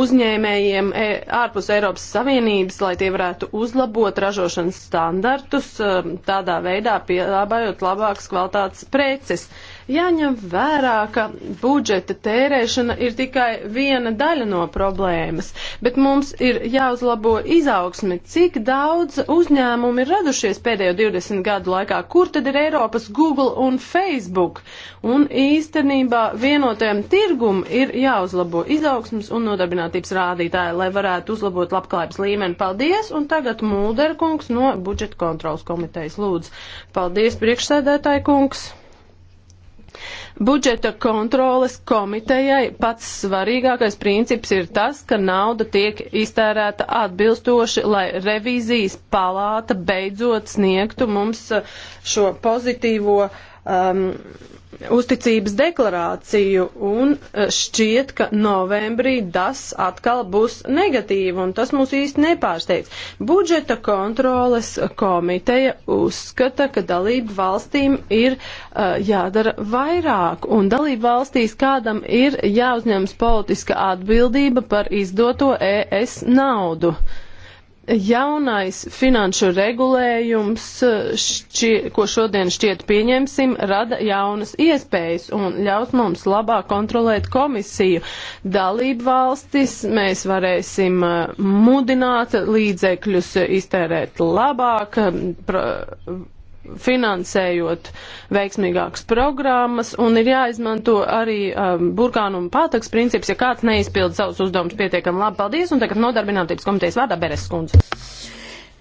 uzņēmējiem e ārpus Eiropas Savienības, lai tie varētu uzlabot ražošanas standartus, uh, tādā veidā pielāgājot labākas kvalitātes preces. Uh, Jāņem vērā, ka budžeta tērēšana ir tikai viena daļa no problēmas, bet mums ir jāuzlabo izaugsme, cik daudz uzņēmumu ir radušies pēdējo 20 gadu laikā, kur tad ir Eiropas Google un Facebook. Un īstenībā vienotajam tirgum ir jāuzlabo izaugsmas un nodarbinātības rādītāji, lai varētu uzlabot labklājības līmeni. Paldies! Un tagad Mulderkungs no budžeta kontrolas komitejas lūdzu. Paldies, priekšsēdētāji kungs! Budžeta kontroles komitejai pats svarīgākais princips ir tas, ka nauda tiek iztērēta atbilstoši, lai revīzijas palāta beidzot sniegtu mums šo pozitīvo uh, um, uzticības deklarāciju, un uh, šķiet, ka novembrī tas atkal būs negatīvi, un tas mūs īsti nepārsteidz. Budžeta kontroles komiteja uzskata, ka dalību valstīm ir uh, jādara vairāk, un dalību valstīs kādam ir jāuzņems politiska atbildība par izdoto ES naudu. Uh, Jaunais finanšu regulējums, eh, šķi, ko šodien šķiet pieņemsim, rada jaunas iespējas un ļaus mums labāk kontrolēt komisiju. Dalību valstis mēs varēsim eh, mudināt līdzekļus iztērēt labāk. Eh, pra, finansējot veiksmīgākas programmas, un ir jāizmanto arī um, burkānu un pātaks princips, ja kāds neizpild savus uzdevumus pietiekami labi. Paldies, un tagad nodarbinātības komitejas vārdā Beres skundze.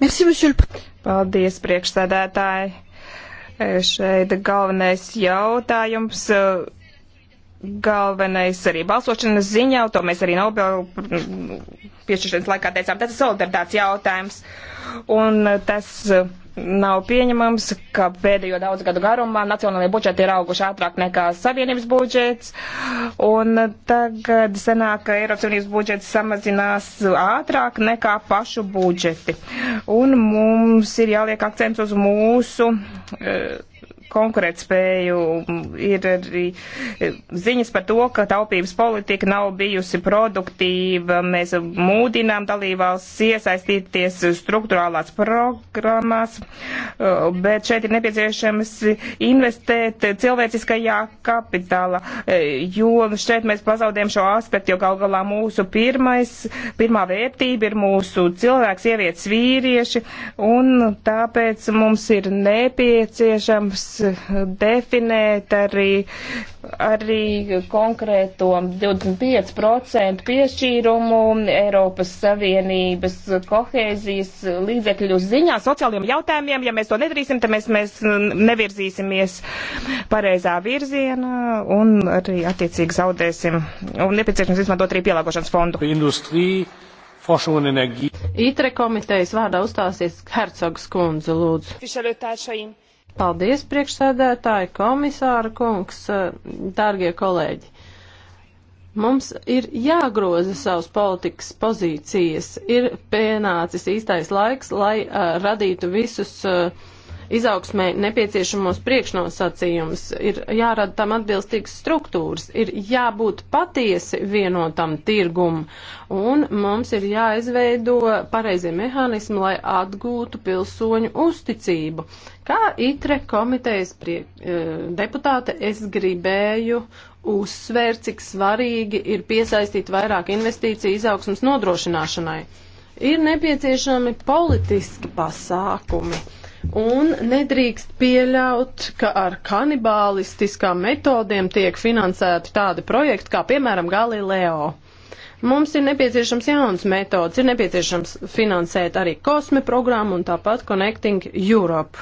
Merci, monsieur. Paldies, priekšsēdētāji. Šeit galvenais jautājums. Uh, galvenais arī balsošanas ziņā, to mēs arī Nobel piešķiršanas laikā teicām, tas ir solidaritātes jautājums. Un tas nav pieņemams, ka pēdējo daudz gadu garumā nacionālajie budžeti ir auguši ātrāk nekā savienības budžets, un tagad senāk, ka Eiropas Savienības budžets samazinās ātrāk nekā pašu budžeti. Un mums ir jāliek akcents uz mūsu uh, konkurētspēju. Ir arī eh, ziņas par to, ka taupības politika nav bijusi produktīva. Mēs mūdinām dalībvalsts iesaistīties struktūrālās programmās, eh, bet šeit ir nepieciešams investēt cilvēciskajā kapitāla, eh, jo šeit mēs pazaudējam šo aspektu, jo gal galā mūsu pirmais, pirmā vērtība ir mūsu cilvēks, sievietes, vīrieši, un tāpēc mums ir nepieciešams definēt arī, arī konkrēto 25% piešķīrumu Eiropas Savienības kohēzijas līdzekļu ziņā sociālajiem jautājumiem. Ja mēs to nedarīsim, tad mēs, mēs nevirzīsimies pareizā virzienā un arī attiecīgi zaudēsim un nepieciešams
izmantot arī pielāgošanas fondu. Industrija. ITRE komitejas vārdā uzstāsies Hercogs kundze, lūdzu. Paldies, priekšsēdētāji, komisāra kungs, dārgie kolēģi. Mums ir jāgroza savas politikas pozīcijas, ir pienācis īstais laiks, lai uh, radītu visus uh, izaugsmai nepieciešamos priekšnosacījumus, ir jārada tam atbilstīgas struktūras, ir jābūt patiesi vienotam tirgum, un mums ir jāizveido pareizie mehānismi, lai atgūtu pilsoņu uzticību. Kā itre komitejas priek, e, deputāte es gribēju uzsvērt, cik svarīgi ir piesaistīt vairāk investīciju izaugsmas nodrošināšanai. Ir nepieciešami politiski pasākumi. Uh, un nedrīkst pieļaut, ka ar kanibālistiskām metodēm tiek finansēti tādi projekti kā, piemēram, Galileo. Mums ir nepieciešams jauns metods, ir nepieciešams finansēt arī kosme programmu un tāpat Connecting Europe.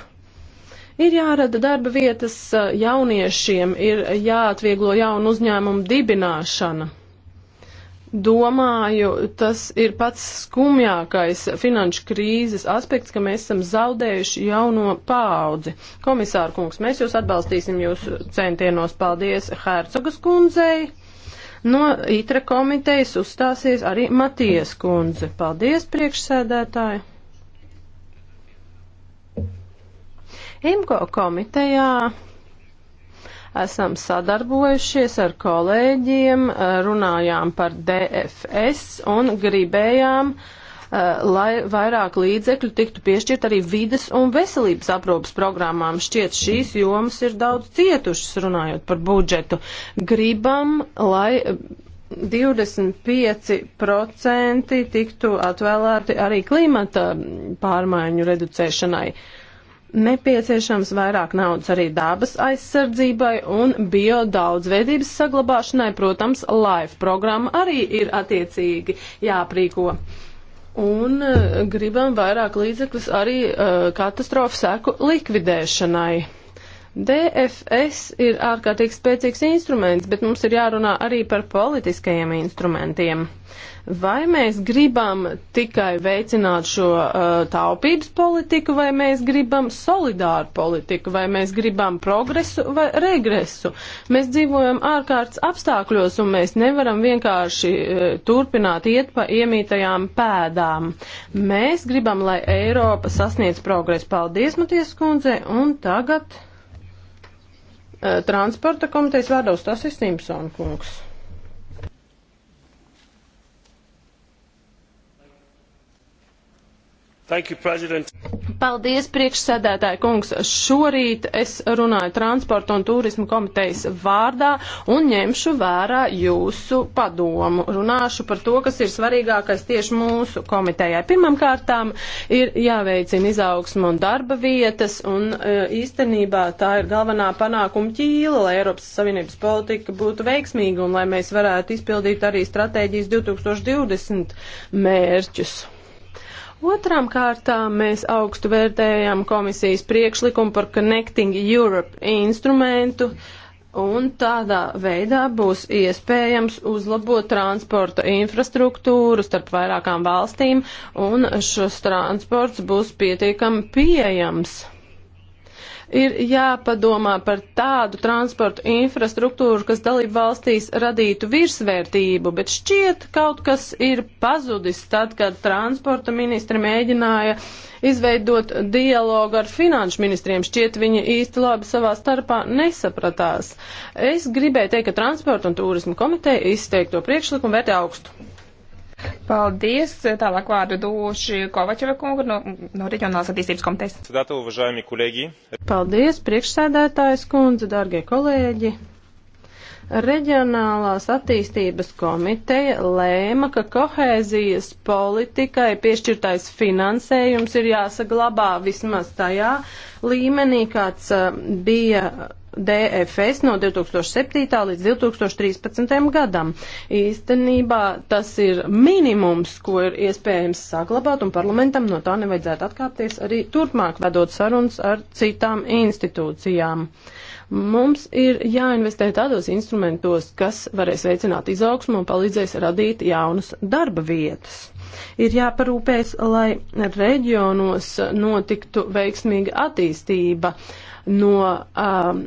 Ir jārada darba vietas eh, jauniešiem, ir jāatvieglo jaunu uzņēmumu dibināšana. Domāju, tas ir pats skumjākais finanšu krīzes aspekts, ka mēs esam zaudējuši jauno paudzi. Komisāra kungs, mēs jūs atbalstīsim jūsu centienos. Paldies Hercogas kundzei. No ITRA komitejas uzstāsies arī Matijas kundze. Paldies, priekšsēdētāji. IMKO komitejā esam sadarbojušies ar kolēģiem, eh, runājām par DFS un gribējām, eh, lai vairāk līdzekļu tiktu piešķirt arī vides un veselības aprūpas programmām. Šķiet, šīs jomas ir daudz cietušas, runājot par budžetu. Gribam, lai 25% eh, tiktu atvēlēti arī klimata mm, pārmaiņu reducēšanai. Uh, nepieciešams vairāk naudas arī dabas aizsardzībai un biodaudzveidības saglabāšanai. Protams, LIFE programma arī ir attiecīgi jāprīko. Un e, gribam vairāk līdzekļus arī uh, katastrofu seku likvidēšanai. DFS ir ārkārtīgi spēcīgs instruments, bet mums ir jārunā arī par politiskajiem instrumentiem. Uh, Vai mēs gribam tikai veicināt šo uh, taupības politiku, vai mēs gribam solidāru politiku, vai mēs gribam progresu vai regresu? Mēs dzīvojam ārkārtas apstākļos un mēs nevaram vienkārši uh, turpināt iet pa iemītajām pēdām. Mēs gribam, lai Eiropa sasniedz progresu. Paldies, Maties kundze, un tagad uh, transporta komitejas vārdā uzstāsies Simpson kungs. You, Paldies, priekšsēdētāji kungs. Šorīt es runāju transporta un turismu komitejas vārdā un ņemšu vērā jūsu padomu. Runāšu par to, kas ir svarīgākais tieši mūsu komitejai. Pirmkārtām ir jāveicina izaugsma un darba vietas un e, īstenībā tā ir galvenā panākuma ķīla, lai Eiropas Savienības politika būtu veiksmīga un lai mēs varētu izpildīt arī stratēģijas 2020 mērķus. Otrām kārtām mēs augstu vērtējam komisijas priekšlikumu par Connecting Europe instrumentu, un tādā veidā būs iespējams uzlabot transporta infrastruktūru starp vairākām valstīm, un šis transports būs pietiekami pieejams. Ir jāpadomā par tādu transportu infrastruktūru, kas dalību valstīs radītu virsvērtību, bet šķiet kaut kas ir pazudis tad, kad transporta ministra mēģināja izveidot dialogu ar finanšu ministriem. Šķiet viņi īsti labi savā starpā nesapratās. Es gribēju teikt, ka transporta un turismu komiteja izteikto priekšlikumu vērtē augstu.
Paldies. Tālāk vārdu došu Kovačeva kungu no,
no Reģionālās attīstības
komitejas.
Paldies, priekšsēdētājs kundze, dārgie kolēģi. Reģionālās attīstības komiteja lēma, ka kohēzijas politikai piešķirtais finansējums ir jāsaglabā vismaz tajā līmenī, kāds eh, bija DFS no 2007. līdz 2013. gadam. Īstenībā tas ir minimums, ko ir iespējams saglabāt, un parlamentam no tā nevajadzētu atkāpties arī turpmāk, vedot sarunas ar citām institūcijām. Mums ir jāinvestē tādos instrumentos, kas varēs veicināt izaugsmu un palīdzēs radīt jaunas darba vietas. Ir jāparūpēs, lai reģionos notiktu veiksmīga attīstība no um,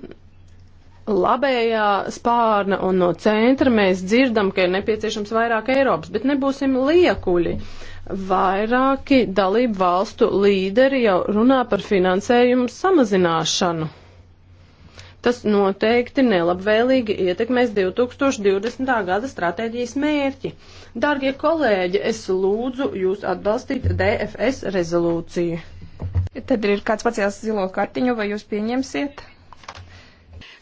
labējā spārna un no centra mēs dzirdam, ka ir nepieciešams vairāk Eiropas, bet nebūsim liekuļi. Vairāki dalību valstu līderi jau runā par finansējumu samazināšanu. Tas noteikti nelabvēlīgi ietekmēs 2020. gada stratēģijas mērķi. Dārgie kolēģi, es lūdzu jūs atbalstīt DFS rezolūciju. Tad ir kāds pacēlis zilo kartiņu, vai jūs pieņemsiet?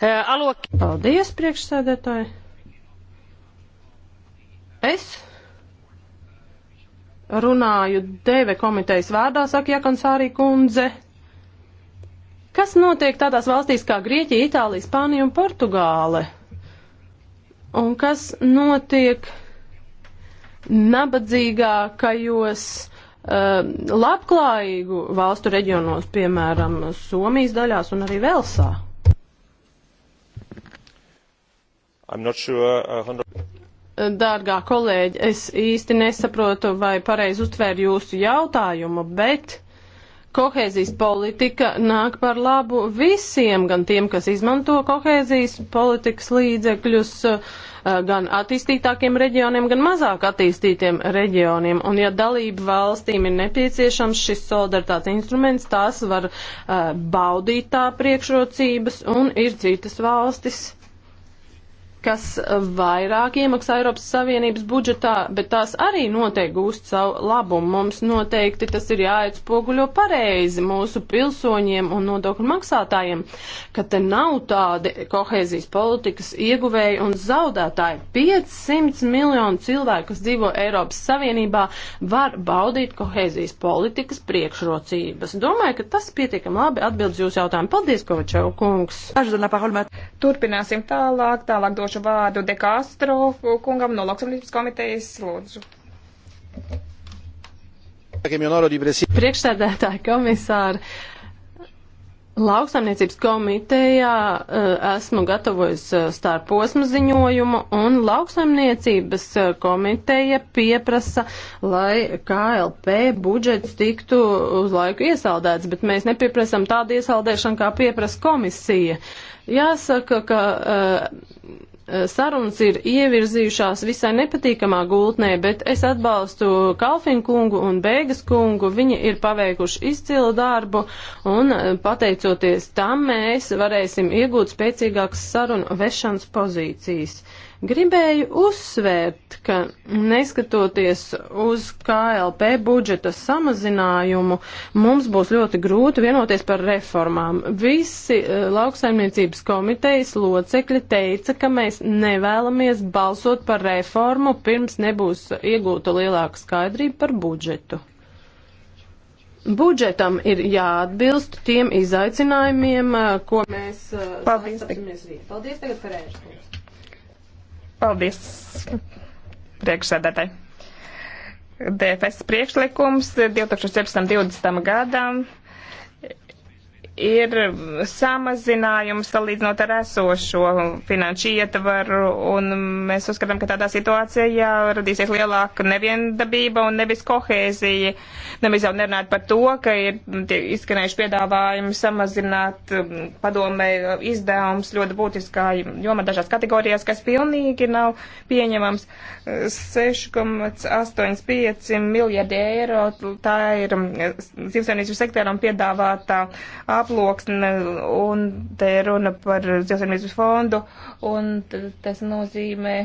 Eh, alo... Paldies, priekšsēdētāji. Es runāju Deve komitejas vārdā, saka Jakonsārī kundze. Kas notiek tādās valstīs kā Grieķija, Itālija, Spānija un Portugāle? Un kas notiek nabadzīgākajos uh, labklājīgu valstu reģionos, piemēram, Somijas daļās un arī Velsā?
Sure, uh,
Dārgā kolēģi, es īsti nesaprotu, vai pareizi uztvēru jūsu jautājumu, bet kohēzijas politika nāk par labu visiem, gan tiem, kas izmanto kohēzijas politikas līdzekļus, uh, gan attīstītākiem reģioniem, gan mazāk attīstītiem reģioniem. Un ja dalību valstīm ir nepieciešams šis solidaritātes instruments, tās var uh, baudīt tā priekšrocības un ir citas valstis kas vairāk iemaksā Eiropas Savienības budžetā, bet tās arī noteikti gūst savu labumu. Mums noteikti tas ir jāatspoguļo pareizi mūsu pilsoņiem un nodokļu maksātājiem, ka te nav tādi kohēzijas politikas ieguvēji un zaudētāji. 500 miljonu cilvēku, kas dzīvo Eiropas Savienībā, var baudīt kohēzijas politikas priekšrocības. Domāju, ka tas pietiekam labi atbildes jūsu jautājumu. Paldies, Kovačev kungs!
Turpināsim tālāk, tālāk došu došu vārdu De Castro kungam no lauksamības
komitejas. Lūdzu. Priekšsēdētāji komisāri, Lauksaimniecības komitejā eh, esmu gatavojis eh, starposmu ziņojumu, un lauksaimniecības eh, komiteja pieprasa, lai KLP budžets tiktu uz laiku iesaldēts, bet mēs nepieprasam tādu iesaldēšanu, kā pieprasa komisija. Jāsaka, ka. Uh, Eh, sarunas ir ievirzījušās visai nepatīkamā gultnē, bet es atbalstu Kalfinu kungu un Bēgas kungu. Viņi ir paveikuši izcilu darbu un eh, pateicoties tam mēs varēsim iegūt spēcīgākas sarunu vešanas pozīcijas. Gribēju uzsvērt, ka neskatoties uz KLP budžeta samazinājumu, mums būs ļoti grūti vienoties par reformām. Visi eh, lauksaimniecības komitejas locekļi teica, ka mēs nevēlamies balsot par reformu, pirms nebūs iegūta lielāka skaidrība par budžetu. Budžetam ir jāatbilst tiem izaicinājumiem, eh, ko mēs. Eh, Paldies! Paldies tagad, Ferērs. Paldies
priekšsēdētāji. DFS priekšlikums eh, 2017. 20. gadam ir samazinājums salīdzinot ar esošo finanšu ietvaru, un mēs uzskatām, ka tādā situācijā radīsies lielāka neviendabība un nevis kohēzija. Nemaz jau nerunāt par to, ka ir izskanējuši piedāvājumi samazināt um, padomē izdevums ļoti būtiskā joma dažās kategorijās, kas pilnīgi nav pieņemams. 6,85 miljardi eiro, tā ir dzīvesainības um, sektoram piedāvātā apmērā aploksne, un te ir runa par dzīvesemības fondu, un tas nozīmē,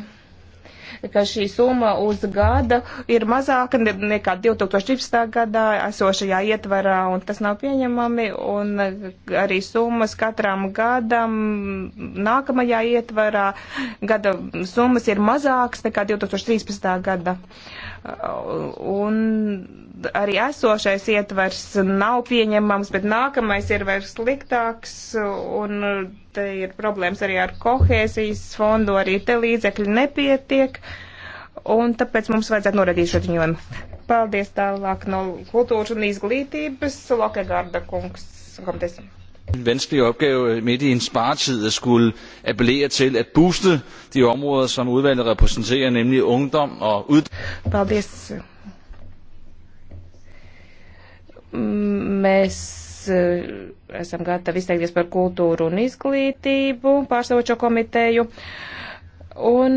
ka šī summa uz gada ir mazāka nekā 2014. gadā esošajā ietvarā, un tas nav pieņemami, un arī summas katram gadam nākamajā ietvarā gada summas ir mazākas nekā 2013. gada. Uh, Un arī esošais ietvers nav pieņemams, bet nākamais ir vairs sliktāks, un te ir problēmas arī ar kohēzijas fondu, arī te līdzekļi nepietiek, un tāpēc mums vajadzētu noradīt šo ziņojumu. Paldies tālāk no kultūras un izglītības, Lokegārda kungs. Komitejas en vanskelig opgave midt i en sparetid at skulle appellere til at booste de områder, som udvalget repræsenterer, nemlig ungdom og uddannelse. Paldies. Mēs eh, esam gatavi izteikties par kultūru un izglītību pārstāvošo komiteju. Un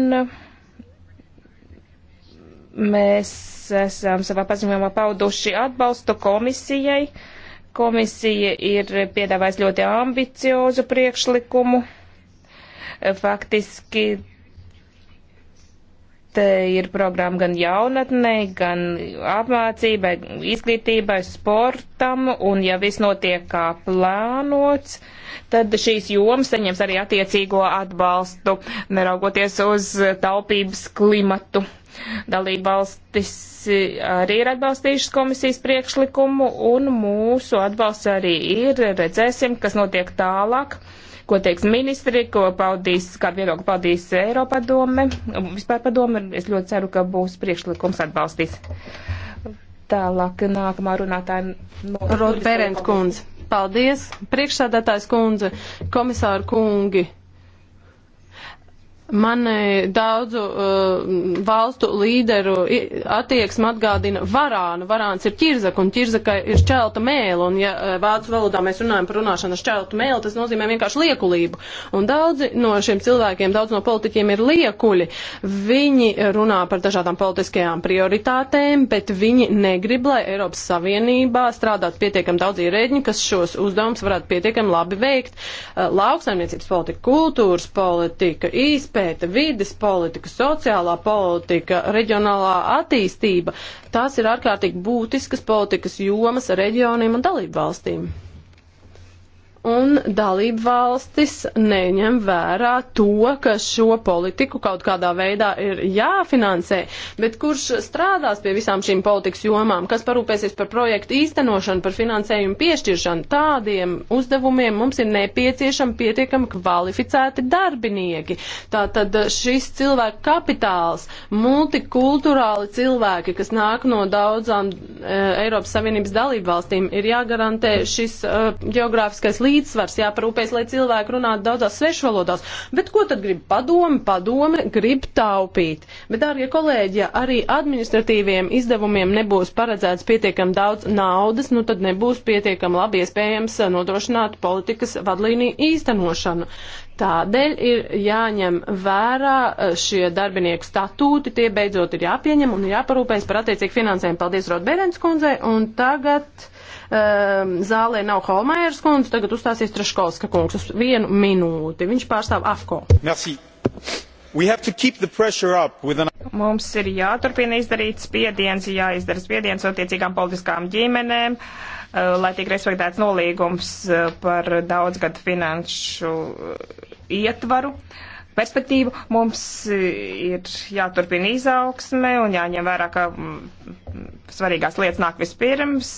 mēs esam savā paziņojumā pauduši atbalstu komisijai. Uh, Komisija ir piedāvājusi ļoti ambiciozu priekšlikumu. Faktiski te ir programma gan jaunatnei, gan apmācībai, izglītībai, sportam, un ja viss notiek kā plānots, tad šīs jomas saņems arī attiecīgo atbalstu, neraugoties uz taupības klimatu. Dalībvalstis arī ir atbalstījušas komisijas priekšlikumu, un mūsu atbalsts arī ir. Redzēsim, kas notiek tālāk, ko teiks ministri, ko paudīs, kādu viedokli paudīs Eiropa padome. Vispār padome, es ļoti ceru, ka būs priekšlikums atbalstīs.
Tālāk nākamā runātāja. No... Rod Berend kundze. Paldies. Priekšsādātājs kundze, komisāru kungi. Mani daudzu uh, valstu līderu attieksme atgādina varānu. Varāns ir ķirzaka, un ķirzaka ir šķelta mēla. Un, ja uh, vācu valodā mēs runājam par runāšanu ar šķeltu mēlu, tas nozīmē vienkārši liekulību. Un daudzi no šiem cilvēkiem, daudz no politiķiem ir liekuļi. Viņi runā par dažādām politiskajām prioritātēm, bet viņi negrib, lai Eiropas Savienībā strādātu pietiekam daudz ierēģiņu, kas šos uzdevumus varētu pietiekam labi veikt. Uh, lauksaimniecības politika, kultūras politika, īspēja izpēta, vides politika, sociālā politika, reģionālā attīstība, tās ir ārkārtīgi būtiskas politikas jomas reģioniem un dalību valstīm un dalību valstis neņem vērā to, ka šo politiku kaut kādā veidā ir jāfinansē, bet kurš strādās pie visām šīm politikas jomām, kas parūpēsies par projektu īstenošanu, par finansējumu piešķiršanu, tādiem uzdevumiem mums ir nepieciešami pietiekami kvalificēti darbinieki. Tātad šis cilvēku kapitāls, multikulturāli cilvēki, kas nāk no daudzām e, Eiropas Savienības dalību valstīm, ir jāgarantē šis e, geogrāfiskais līdzekļs līdzsvars, jāparūpēs, lai cilvēki runātu daudzās svešu valodās. Bet ko tad grib padome? Padome grib taupīt. Bet, dārgie kolēģi, ja arī administratīviem izdevumiem nebūs paredzēts pietiekam daudz naudas, nu tad nebūs pietiekam labi iespējams uh, nodrošināt politikas vadlīniju īstenošanu. Tādēļ ir jāņem vērā uh, šie darbinieku statūti, tie beidzot ir jāpieņem un jāparūpējas par attiecīgu finansējumu. Paldies Rotbērens kundzei, un tagad um, zālē nav Holmēras kundze, tagad uzstāsies Traškovska kungs uz vienu minūti. Viņš pārstāv AFCO.
Merci. An...
Mums ir jāturpina izdarīt spiediens, jāizdara spiediens attiecīgām politiskām ģimenēm, eh, lai tiek respektēts nolīgums eh, par daudzgadu finanšu eh, ietvaru. Uh, perspektīvu. Mums e, ir jāturpina izaugsme un jāņem vērā, ka svarīgās lietas nāk vispirms.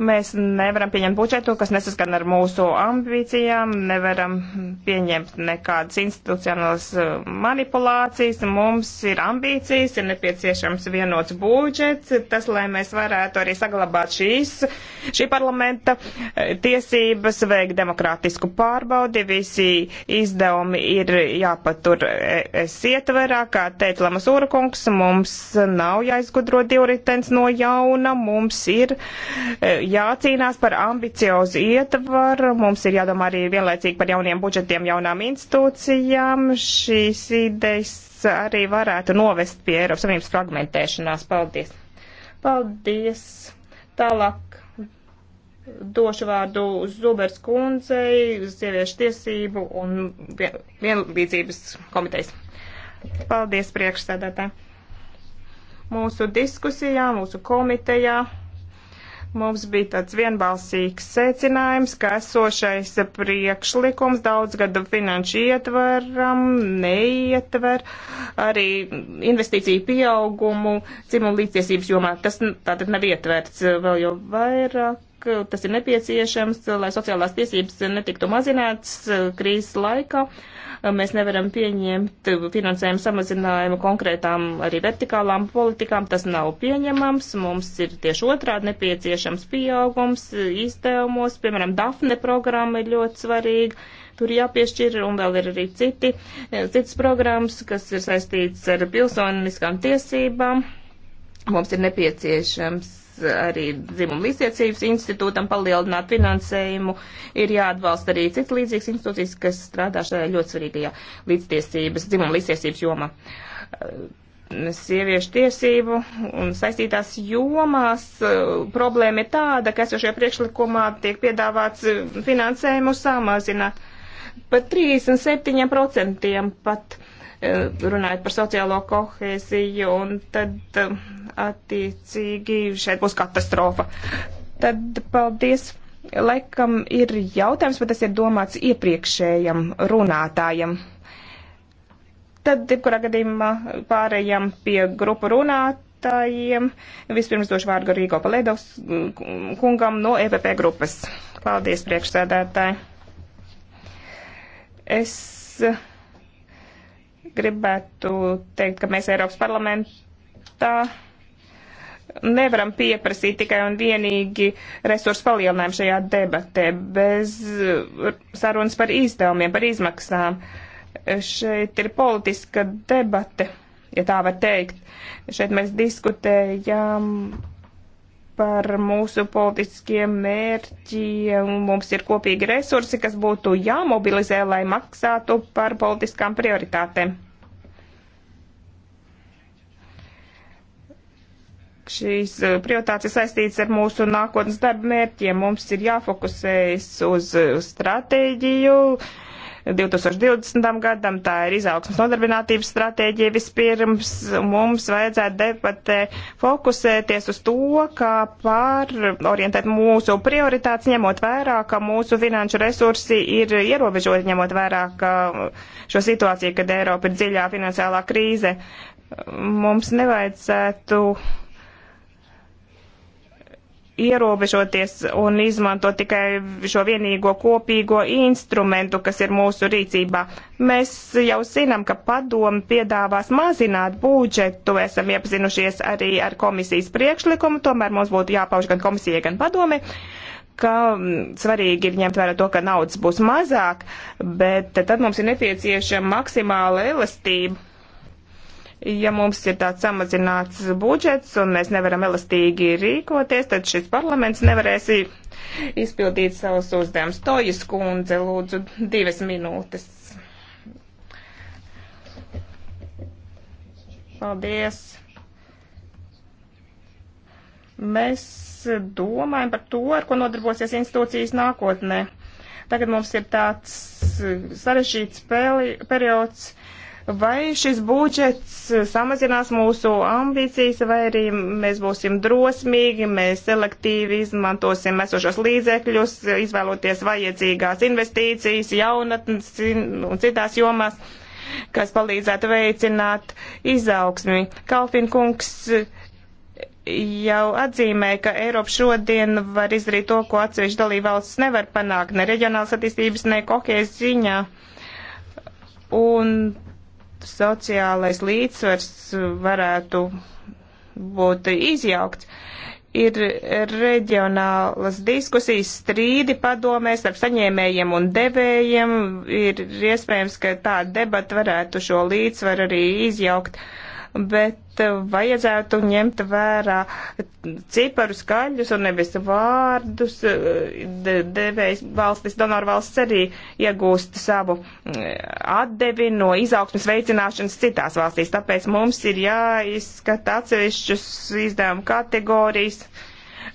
Mēs nevaram pieņemt budžetu, kas nesaskan ar mūsu ambīcijām, nevaram pieņemt nekādas institucionālas e, manipulācijas. Mums ir ambīcijas, ir nepieciešams vienots budžets, tas, lai mēs varētu arī saglabāt šīs, šī parlamenta e, tiesības, veikt demokrātisku pārbaudi, visi izdevumi ir jāpat tur e, es ietverā, kā teica Lamasūra kungs, mums nav jāizgudro divritens no jauna, mums ir e, jācīnās par ambiciozu ietvaru, mums ir jādomā arī vienlaicīgi par jauniem budžetiem, jaunām institūcijām. Šīs idejas arī varētu novest pie Eiropas Savienības fragmentēšanās. Paldies! Paldies! Tālāk došu vārdu Zubers kundzei, sieviešu tiesību un vienlīdzības komitejas. Paldies priekšsēdētā. Mūsu diskusijā, mūsu komitejā mums bija tāds vienbalsīgs secinājums, ka esošais priekšlikums daudzgada finanšu ietvaram neietver arī investīciju pieaugumu dzimumu līdztiesības jomā. Tas tātad nav ietverts vēl jau vairāk tas ir nepieciešams, lai sociālās tiesības netiktu mazināts eh, krīzes laikā. Eh, mēs nevaram pieņemt finansējumu samazinājumu konkrētām arī vertikālām politikām. Tas nav pieņemams. Mums ir tieši otrādi nepieciešams pieaugums eh, izdevumos. Piemēram, Dafne programma ir ļoti svarīga tur jāpiešķir, un vēl ir arī citi, citas programmas, kas ir saistīts ar pilsoniskām tiesībām. Mums ir nepieciešams arī dzimumu līdztiecības institūtam palielināt finansējumu, ir jāatbalsta arī citas līdzīgas institūcijas, kas strādā šajā ļoti svarīgajā līdztiesības, dzimumu līdztiesības jomā. Uh, sieviešu tiesību un saistītās jomās uh, problēma ir tāda, ka esošajā priekšlikumā tiek piedāvāts uh, finansējumu samazināt par 37% pat. 37 pat E, runājot par sociālo kohēziju, un tad e, attiecīgi šeit būs katastrofa. Tad paldies. Laikam ir jautājums, bet tas ir domāts iepriekšējam runātājam. Tad, jebkurā gadījumā, pārējām pie grupu runātājiem. Vispirms došu vārdu Rīgo Palēdovs kungam no EPP grupas. Paldies, priekšsēdētāji. Es gribētu teikt, ka mēs Eiropas parlamentā nevaram pieprasīt tikai un vienīgi resursu palielinājumu šajā debatē bez sarunas par izdevumiem, par izmaksām. Šeit ir politiska debate, ja tā var teikt. Šeit mēs diskutējam par mūsu politiskiem mērķiem. Mums ir kopīgi resursi, kas būtu jāmobilizē, lai maksātu par politiskām prioritātēm. šīs eh, prioritātes ir saistītas ar mūsu nākotnes darba mērķiem. Mums ir jāfokusējas uz stratēģiju 2020. gadam, tā ir izaugsmas nodarbinātības stratēģija vispirms. Mums vajadzētu debatē fokusēties uz to, kā pārorientēt mūsu prioritātes, ņemot vērā, ka mūsu finanšu resursi ir ierobežoti, ņemot vērā, ka šo situāciju, kad Eiropa ir dziļā finansiālā krīze, mums nevajadzētu ierobežoties un izmantot tikai šo vienīgo kopīgo instrumentu, kas ir mūsu rīcībā. Mēs jau zinām, ka padomu piedāvās mazināt budžetu, esam iepazinušies arī ar komisijas priekšlikumu, tomēr mums būtu jāpauž gan komisijai, gan padomi ka mm, svarīgi ir ņemt vērā to, ka naudas būs mazāk, bet tad mums ir nepieciešama maksimāla elastība ja mums ir tāds samazināts budžets un mēs nevaram elastīgi rīkoties, tad šis parlaments nevarēs izpildīt savus uzdevumus. Tojas kundze, lūdzu, divas minūtes. Paldies. Mēs domājam par to, ar ko nodarbosies institūcijas nākotnē. Tagad mums ir tāds sarežģīts periods Vai šis budžets samazinās mūsu ambīcijas, vai arī mēs būsim drosmīgi, mēs selektīvi izmantosim esošos līdzekļus, izvēloties vajadzīgās investīcijas, jaunatnes un citās jomās, kas palīdzētu veicināt izaugsmi. Kalfin kungs jau atzīmē, ka Eiropa šodien var izdarīt to, ko atsevišķi dalībvalsts nevar panākt ne reģionālas attīstības, ne kohēzijas ziņā. Un sociālais līdzsvars varētu būt izjaukts. Ir reģionālas diskusijas, strīdi padomēs ar saņēmējiem un devējiem. Ir iespējams, ka tā debata varētu šo līdzsvaru arī izjaukt. Uh, bet eh, vajadzētu ņemt vērā ciparu skaļus un nevis vārdus. Eh, devējs valstis, donoru valsts arī iegūst savu eh, atdevi no izaugsmas veicināšanas citās valstīs, tāpēc mums ir jāizskata atsevišķus izdevumu kategorijas.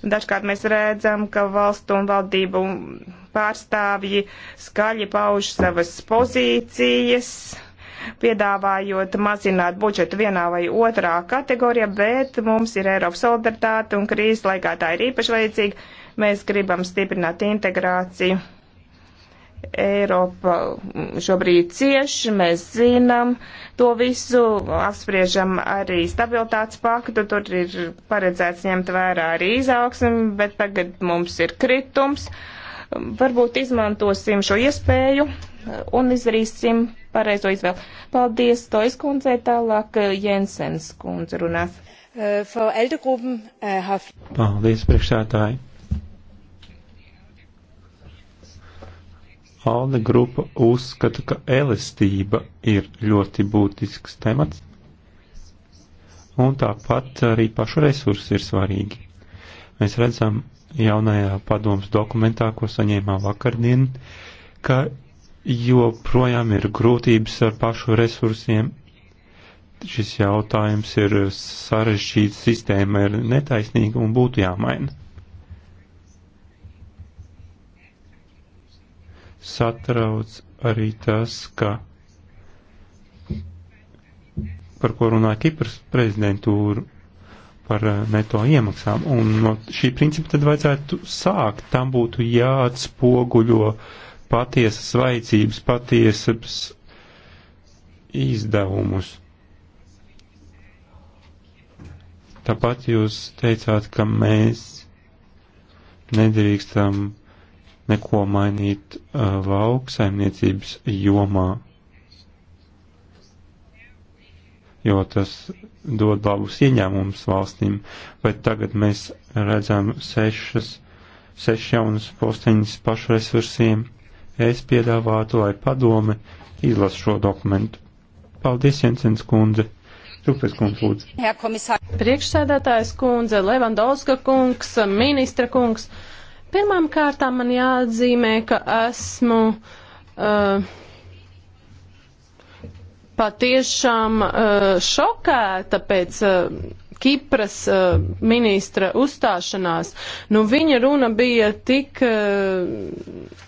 Dažkārt mēs redzam, ka valstu un valdību pārstāvji skaļi pauž savas pozīcijas piedāvājot mazināt budžetu vienā vai otrā kategorijā, bet mums ir Eiropas solidaritāte un krīzes laikā tā ir īpaši vajadzīga. Mēs gribam stiprināt integrāciju. Eiropa šobrīd cieši, mēs zinām to visu, apspriežam arī stabilitātes paktu, tur ir paredzēts ņemt vērā arī izaugsmi, bet tagad mums ir kritums. Uh, varbūt izmantosim šo iespēju uh, un izdarīsim pareizo izvēli. Paldies, Tois kundzei, tālāk uh, Jensens kundze runās.
Äh, äh,
Paldies, priekšsētāji. Alde grupa uzskata, ka elastība ir ļoti būtisks temats, un tāpat arī pašu resursi ir svarīgi. Mēs redzam jaunajā padomas dokumentā, ko saņēmām vakardien, ka joprojām ir grūtības ar pašu resursiem. Šis jautājums ir sarežģīts, sistēma ir netaisnīga un būtu jāmaina. Satrauc arī tas, ka par ko runā Kipras prezidentūra par eh, neto iemaksām. Un no šī principa tad vajadzētu sākt. Tam būtu jāatspoguļo patiesas vajadzības, patiesas izdevumus. Tāpat jūs teicāt, ka mēs nedrīkstam neko mainīt uh, lauksaimniecības jomā, jo tas dod labus ieņēmumus valstīm, bet tagad mēs redzam sešas, sešas jaunas posteņas pašresursiem. Es piedāvātu, lai padome izlas šo dokumentu. Paldies, Jensens kundze! Tupes kundze,
lūdzu. Priekšsēdētājs kundze, Levandovska kungs, ministra kungs. Pirmām kārtām man jāatzīmē, ka esmu. Uh, patiešām eh, šokēta pēc eh, Kipras uh, ministra uzstāšanās, nu viņa runa bija tik uh,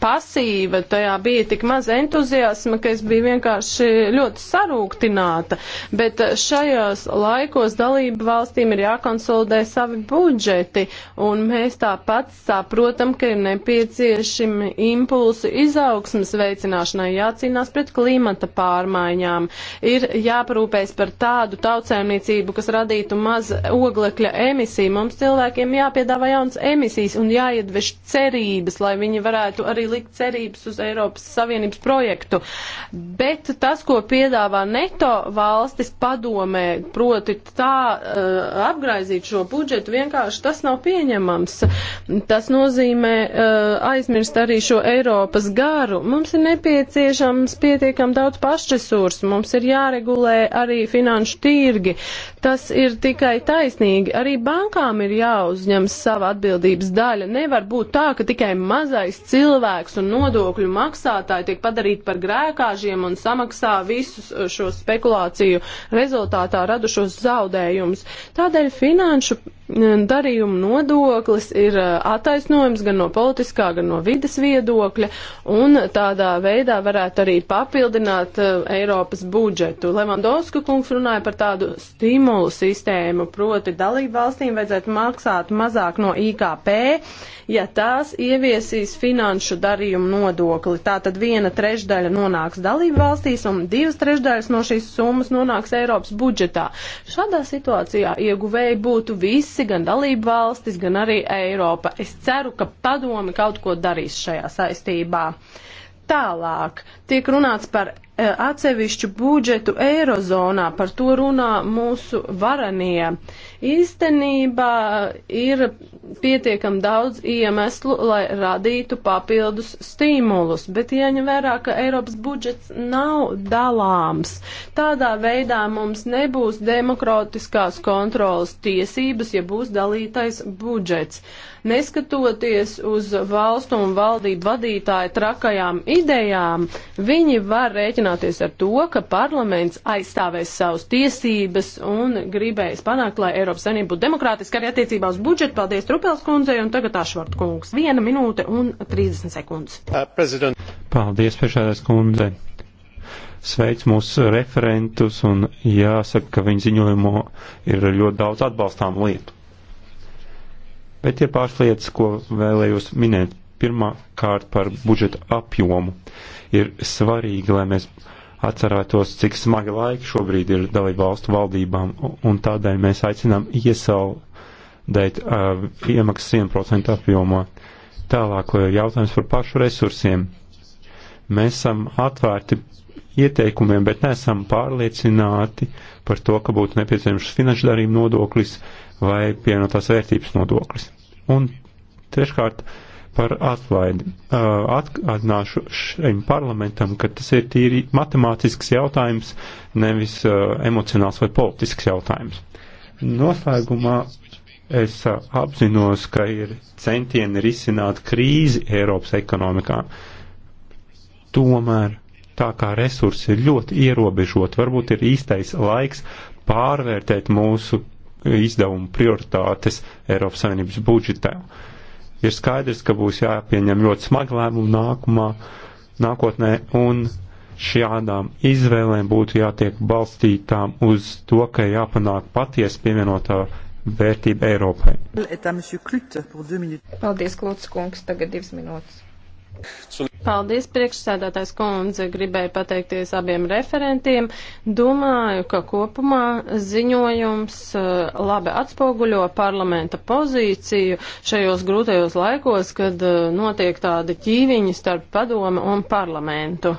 pasīva, tajā bija tik maz entuziasma, ka es biju vienkārši ļoti sarūktināta. Bet eh, šajos laikos dalību valstīm ir jākonsolidē savi budžeti, un mēs tāpat saprotam, ka ir nepieciešami impulsi izaugsmas veicināšanai, jācīnās pret klimata pārmaiņām, ir jāparūpēs par tādu tautsēmniecību, kas radītu maz oglekļa emisiju. Mums cilvēkiem jāpiedāvā jauns emisijas un jāiedvež cerības, lai viņi varētu arī arī likt cerības uz Eiropas Savienības projektu. Bet tas, ko piedāvā NATO valstis padomē, proti tā uh, apgraizīt šo budžetu, vienkārši tas nav pieņemams. Tas nozīmē uh, aizmirst arī šo Eiropas garu. Mums ir nepieciešams pietiekam daudz pašresursu, mums ir jāregulē arī finanšu tirgi. Tas ir tikai taisnīgi. Arī bankām ir jāuzņem sava atbildības daļa. Nevar būt tā, ka tikai mazais cilvēks cilvēks un nodokļu maksātāji tiek padarīti par grēkāžiem un samaksā visus uh, šo spekulāciju rezultātā radušos zaudējumus. Tādēļ finanšu mm, darījumu nodoklis ir uh, attaisnojums gan no politiskā, gan no vides viedokļa, un tādā veidā varētu arī papildināt uh, Eiropas budžetu. Levandovska kungs runāja par tādu stimulu sistēmu, proti dalību valstīm vajadzētu maksāt mazāk no IKP, ja tās ieviesīs finanšu finanšu darījumu nodokli. Tātad viena trešdaļa nonāks dalību valstīs un divas trešdaļas no šīs summas nonāks Eiropas budžetā. Šādā situācijā ieguvēji būtu visi, gan dalību valstis, gan arī Eiropa. Es ceru, ka padomi kaut ko darīs šajā saistībā. Tālāk tiek runāts par Eh, atsevišķu budžetu eirozonā, par to runā mūsu varanie. Īstenībā eh, ir pietiekam daudz iemeslu, lai radītu papildus stimulus, bet ieņem vērā, ka Eiropas budžets nav dalāms. Tādā veidā mums nebūs demokratiskās kontrolas tiesības, ja būs dalītais budžets. Neskatoties uz valstu un valdību vadītāju trakajām idejām, viņi var rēķināt rēķināties ar to, ka parlaments aizstāvēs savus tiesības un gribēs panākt, lai Eiropas Savienība būtu demokrātiska arī attiecībā uz budžetu. Paldies Trupels kundzei un tagad Ašvart kungs. Viena minūte un 30 sekundes.
Uh, Paldies, priekšādās kundzei. Sveic mūsu referentus un jāsaka, ka viņa ziņojumo ir ļoti daudz atbalstām lietu. Bet ir pāris lietas, ko vēlējos minēt pirmā kārt par budžeta apjomu. Ir svarīgi, lai mēs atcerētos, cik smagi laiki šobrīd ir dalību valstu valdībām, un tādēļ mēs aicinām iesaldēt uh, iemaksas 1% apjomā. Tālāk jautājums par pašu resursiem. Mēs esam atvērti ieteikumiem, bet neesam pārliecināti par to, ka būtu nepieciešams finanšu darījuma nodoklis vai pienotās vērtības nodoklis. Un treškārt, uh, par atlaidi. Atgādināšu šim parlamentam, ka tas ir tīri matemātisks jautājums, nevis emocionāls vai politisks jautājums. Noslēgumā es apzinos, ka ir centieni risināt krīzi Eiropas ekonomikā. Tomēr tā kā resursi ir ļoti ierobežot, varbūt ir īstais laiks pārvērtēt mūsu izdevumu prioritātes Eiropas Savienības budžetā. Uh, ir skaidrs, ka būs jāpieņem ļoti smagi lēmumi nākumā, nākotnē, un šādām izvēlēm būtu jātiek balstītām uz to, ka jāpanāk patiesa pievienotā vērtība Eiropai.
Paldies, Klūts kungs, tagad divas minūtes. Paldies, priekšsēdētājs kundze. Gribēju pateikties abiem referentiem. Domāju, ka kopumā ziņojums eh, labi atspoguļo parlamenta pozīciju šajos grūtajos laikos, kad eh, notiek tādi ķīviņi starp padomu un parlamentu.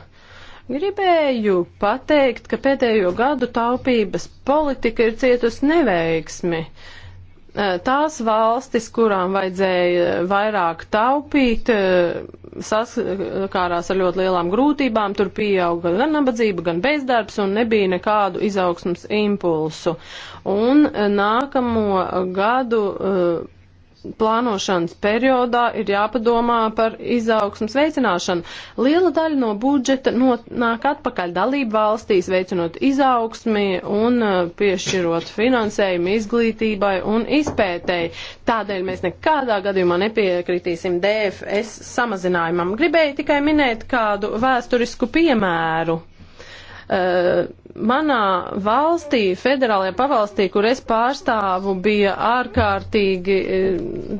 Gribēju pateikt, ka pēdējo gadu taupības politika ir cietusi neveiksmi. Uh, tās valstis, kurām vajadzēja vairāk taupīt, saskārās ar ļoti lielām grūtībām, tur pieauga gan nabadzība, gan bezdarbs un nebija nekādu izaugsmas impulsu. Un nākamo gadu plānošanas periodā ir jāpadomā par izaugsmas veicināšanu. Liela daļa no budžeta nāk atpakaļ dalību valstīs, veicinot izaugsmi un uh, piešķirot finansējumu izglītībai un izpētēji. Tādēļ mēs nekādā gadījumā nepiekritīsim DFS samazinājumam. Gribēju tikai minēt kādu vēsturisku piemēru. Uh, manā valstī, federālajā pavalstī, kur es pārstāvu, bija ārkārtīgi e,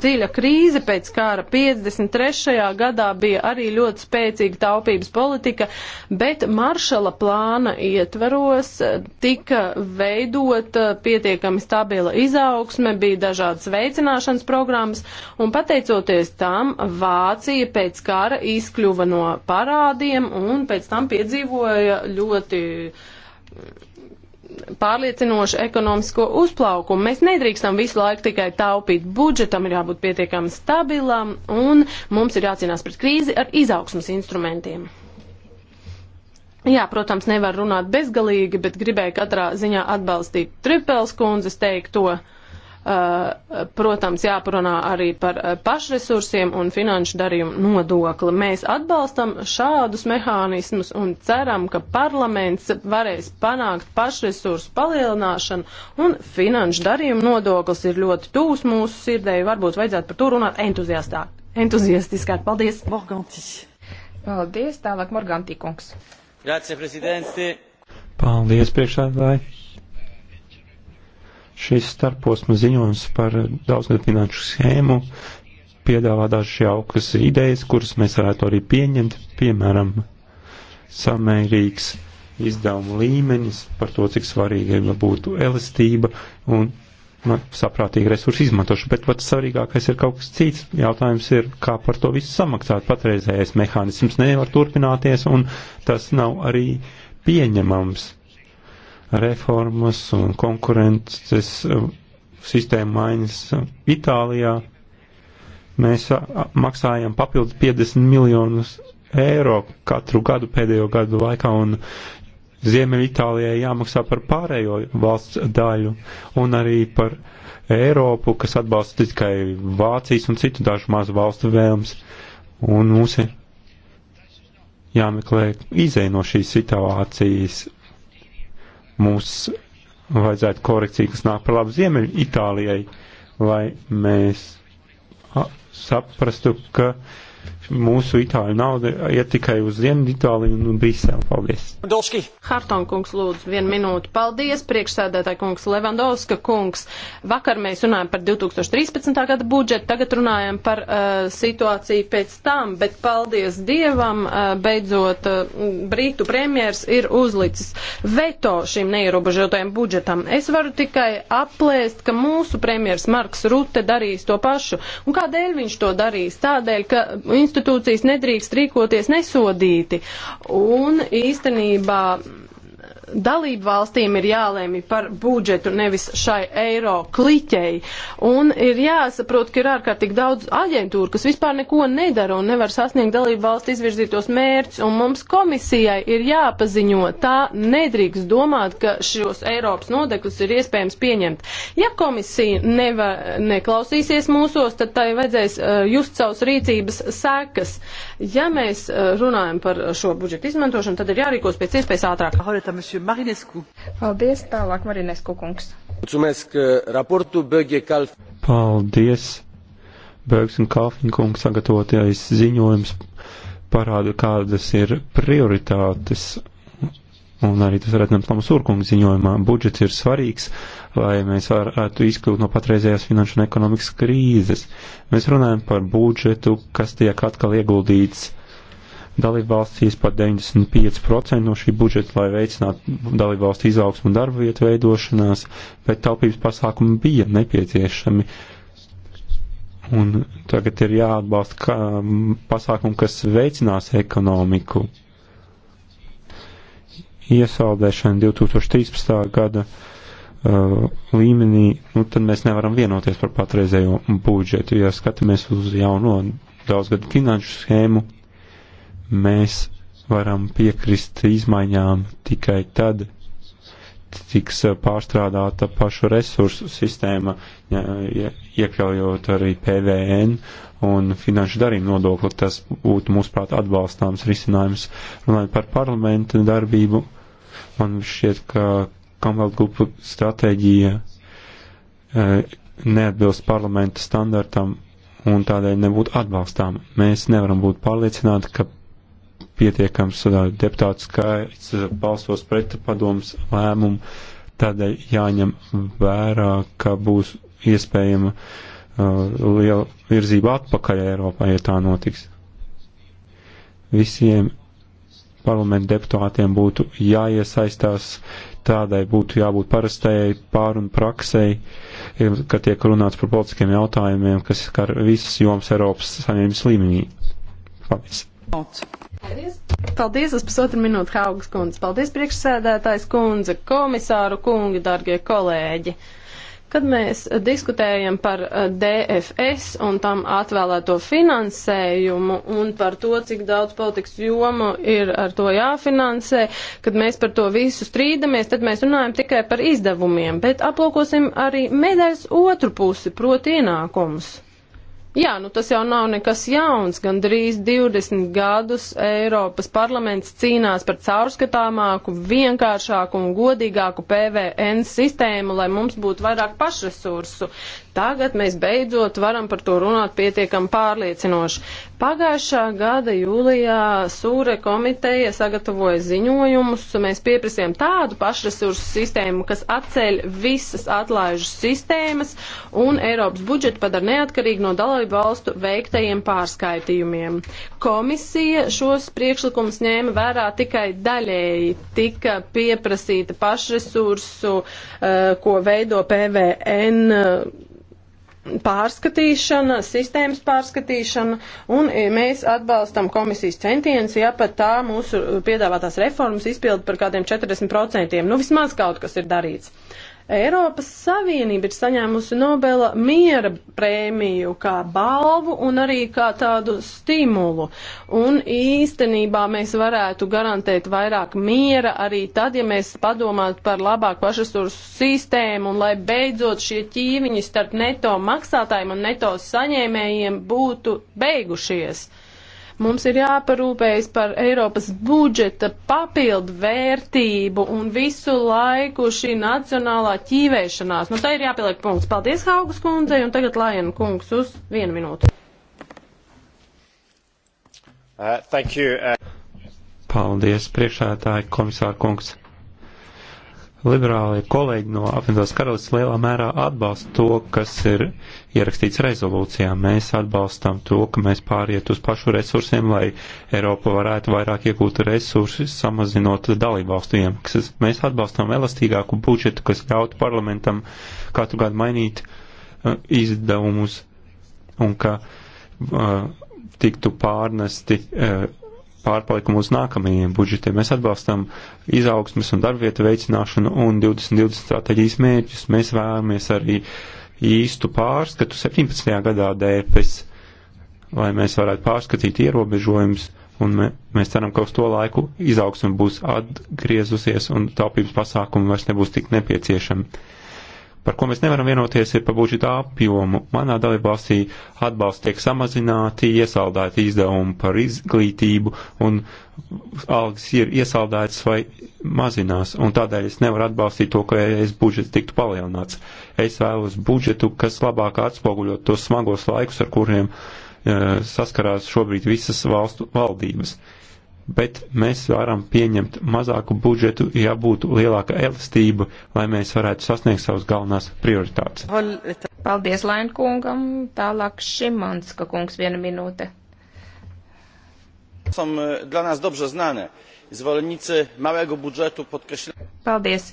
dziļa krīze pēc kara. 53. gadā bija arī ļoti spēcīga taupības politika, bet maršala plāna ietveros e, tika veidot e, pietiekami stabila izaugsme, bija dažādas veicināšanas programmas, un pateicoties tam Vācija pēc kara izkļuva no parādiem un pēc tam piedzīvoja ļoti pārliecinošu ekonomisko uzplaukumu. Mēs nedrīkstam visu laiku tikai taupīt. Budžetam ir jābūt pietiekami stabilam un mums ir jācīnās pret krīzi ar izaugsmas instrumentiem. Jā, protams, nevar runāt bezgalīgi, bet gribēju katrā ziņā atbalstīt Tripels kundzes teikto. Eh, protams, jāparunā arī par eh, pašresursiem un finanšu darījumu nodokli. Mēs atbalstam šādus mehānismus un ceram, ka parlaments varēs panākt pašresursu palielināšanu un finanšu darījumu nodoklis ir ļoti tūs mūsu sirdēji. Varbūt vajadzētu par to runāt entuziastāk. Entuziastiskāk. Paldies! Morganti. Paldies, tālāk Morganti kungs.
Grazie, prezidenti. Paldies, priekšādāji. Šis starposma ziņojums par daudzgad finanšu schēmu piedāvā dažas jaukas idejas, kuras mēs varētu arī pieņemt, piemēram, samērīgs izdevumu līmenis, par to, cik svarīga būtu elastība un nu, saprātīgi resursu izmantošana. Bet pats svarīgākais ir kaut kas cits. Jautājums ir, kā par to visu samaksāt. Patreizējais mehānisms nevar turpināties un tas nav arī pieņemams reformas un konkurences uh, sistēma maiņas Itālijā. Mēs uh, maksājam papildu 50 miljonus eiro katru gadu pēdējo gadu laikā un Ziemeļitālijai jāmaksā par pārējo valsts daļu un arī par Eiropu, kas atbalsta tikai Vācijas un citu dažu mazu valstu vēlms. Un mums ir jāmeklē izēja no šīs situācijas Mums vajadzētu korekciju, kas nāk par labu Ziemeļu Itālijai, lai mēs saprastu, ka uh, mūsu itāļu nauda iet tikai uz Dienvidu Itāliju un Briselu. Paldies!
Dolski. Harton kungs lūdzu vienu minūtu. Paldies, priekšsēdētāji kungs Levandovska kungs. Vakar mēs runājam par 2013. gada budžetu, tagad runājam par uh, situāciju pēc tam, bet paldies Dievam, uh, beidzot uh, Brītu premjers ir uzlicis veto šim neierobežotajam budžetam. Es varu tikai aplēst, ka mūsu premjers Marks Rutte darīs to pašu. Un kādēļ viņš to darīs? Tādēļ, ka institūcija institūcijas nedrīkst rīkoties nesodīti. Un īstenībā dalību valstīm ir jālēmi par budžetu, nevis šai eiro kliķei. Un ir jāsaprot, ka ir ārkārtīgi daudz aģentūru, kas vispār neko nedara un nevar sasniegt dalību valstu izvirzītos mērķus. Un mums komisijai ir jāpaziņo, tā nedrīkst domāt, ka šos Eiropas nodekļus ir iespējams pieņemt. Ja komisija neva, neklausīsies mūsos, tad tai vajadzēs uh, just savus rīcības sekas. Ja mēs uh, runājam par šo budžetu izmantošanu, tad ir jārīkos pēc iespējas ātrāk. Horita, Marinescu. Paldies, tālāk Marinescu kungs.
Mulțumesc eh, raportul Böge Kalf. Paldies, Bögs un Kalfiņa kungs sagatavotajais ziņojums parāda, kādas ir prioritātes. Un arī tas varētu nemt Lamas Urkunga ziņojumā. Budžets ir svarīgs, lai mēs varētu izkļūt no patreizējās finanšu un ekonomikas krīzes. Mēs runājam par budžetu, kas tiek atkal ieguldīts uh, dalībvalstīs pat 95% no šī budžeta, lai veicinātu dalībvalstu izaugsmu un darba vietu veidošanās, bet taupības pasākumi bija nepieciešami. Un tagad ir jāatbalsta ka, um, pasākumi, kas veicinās ekonomiku. Iesaldēšana 2013. gada uh, līmenī, nu tad mēs nevaram vienoties par patreizējo budžetu. Ja skatāmies uz jauno daudzgadu finanšu schēmu, mēs varam piekrist izmaiņām tikai tad, tiks eh, pārstrādāta pašu resursu sistēma, iekļaujot arī PVN un finanšu darījumu nodokli. Tas būtu, mūsuprāt, atbalstāms risinājums. Runājot par parlamentu darbību, man šķiet, ka Kamvalda grupu stratēģija eh, neatbilst parlamenta standartam un tādēļ nebūtu atbalstām. Mēs nevaram būt pārliecināti, ka pietiekams uh, deputāts skaits uh, balsos pret padomus lēmumu, tādēļ jāņem vērā, ka būs iespējama uh, liela virzība atpakaļ Eiropā, ja tā notiks. Visiem parlamentu deputātiem būtu jāiesaistās, tādai būtu jābūt parastajai pārunu praksei, kad tiek runāts par politiskiem jautājumiem, kas skar visas jomas Eiropas saimnības līmenī. Paldies! Paldies. Paldies!
Paldies uz pusotru minūtu, Haugas kundze. Paldies, priekšsēdētājs kundze, komisāru kungi, dargie kolēģi. Kad mēs diskutējam par eh, DFS un tam atvēlēto finansējumu un par to, cik daudz politikas jomu ir ar to jāfinansē, kad mēs par to visu strīdamies, tad mēs runājam tikai par izdevumiem, bet aplūkosim arī medaļas otru pusi, proti ienākumus. Jā, nu tas jau nav nekas jauns. Gan drīz 20 gadus Eiropas parlaments cīnās par caurskatāmāku, vienkāršāku un godīgāku PVN sistēmu, lai mums būtu vairāk pašresursu. Tagad mēs beidzot varam par to runāt pietiekam pārliecinoši. Pagājušā gada jūlijā Sūre komiteja sagatavoja ziņojumus. Mēs pieprasījām tādu pašresursu sistēmu, kas atceļ visas atlaižu sistēmas un Eiropas budžetu padara neatkarīgi no dalību valstu veiktajiem pārskaitījumiem. Komisija šos priekšlikumus ņēma vērā tikai daļēji. Tika pieprasīta pašresursu, eh, ko veido PVN pārskatīšana, sistēmas pārskatīšana, un e, mēs atbalstam komisijas centienus, ja pat tā mūsu piedāvātās reformas izpilda par kādiem 40%. Nu, vismaz kaut kas ir darīts. Uh, Eiropas Savienība ir saņēmusi Nobela miera prēmiju kā balvu un arī kā tādu stimulu. Un īstenībā mēs varētu garantēt vairāk miera arī tad, ja mēs padomātu par labāku pašresursu sistēmu un lai beidzot šie ķīviņi starp neto maksātājiem un neto saņēmējiem būtu beigušies. Mums ir jāparūpējas par Eiropas budžeta papildu vērtību un visu laiku šī nacionālā ķīvēšanās. Nu, tā ir jāpieliek punkts. Paldies, Haugas kundzei, un tagad Lajana kungs uz vienu minūti.
Uh, thank you. Uh... Paldies, priekšētāji komisāra kungs. Liberālie kolēģi no apvienotās karalistes lielā mērā atbalsta to, kas ir ierakstīts rezolūcijā. Mēs atbalstam to, ka mēs pāriet uz pašu resursiem, lai Eiropa varētu vairāk iegūt resursi, samazinot dalībvalstu iemaksas. Mēs atbalstam elastīgāku budžetu, kas ļautu parlamentam katru gadu mainīt uh, izdevumus un ka uh, tiktu pārnesti uh, pārpalikumu uz nākamajiem budžetiem. Mēs atbalstam izaugsmes un darbvietu veicināšanu un 2020 stratēģijas mērķus. Mēs vēlamies arī īstu pārskatu 17. gadā DFS, lai mēs varētu pārskatīt ierobežojumus un mē, mēs ceram, ka uz to laiku izaugsme būs atgriezusies un taupības pasākumi vairs nebūs tik nepieciešami par ko mēs nevaram vienoties, ir par budžeta apjomu. Manā dalībvalstī atbalsts tiek samazināti, iesaldēti izdevumi par izglītību un algas ir iesaldētas vai mazinās, un tādēļ es nevaru atbalstīt to, ka es budžets tiktu palielināts. Es vēlos budžetu, kas labāk atspoguļot tos smagos laikus, ar kuriem e, saskarās šobrīd visas valstu valdības. Uh, bet mēs varam pieņemt mazāku budžetu, ja būtu lielāka elastība, lai mēs varētu sasniegt savas galvenās prioritātes.
Paldies Lainkungam, tālāk Šimanska kungs viena minūte.
Są e, dla nas dobrze znane. Zwolennicy małego budżetu podkreślają.
Paldies.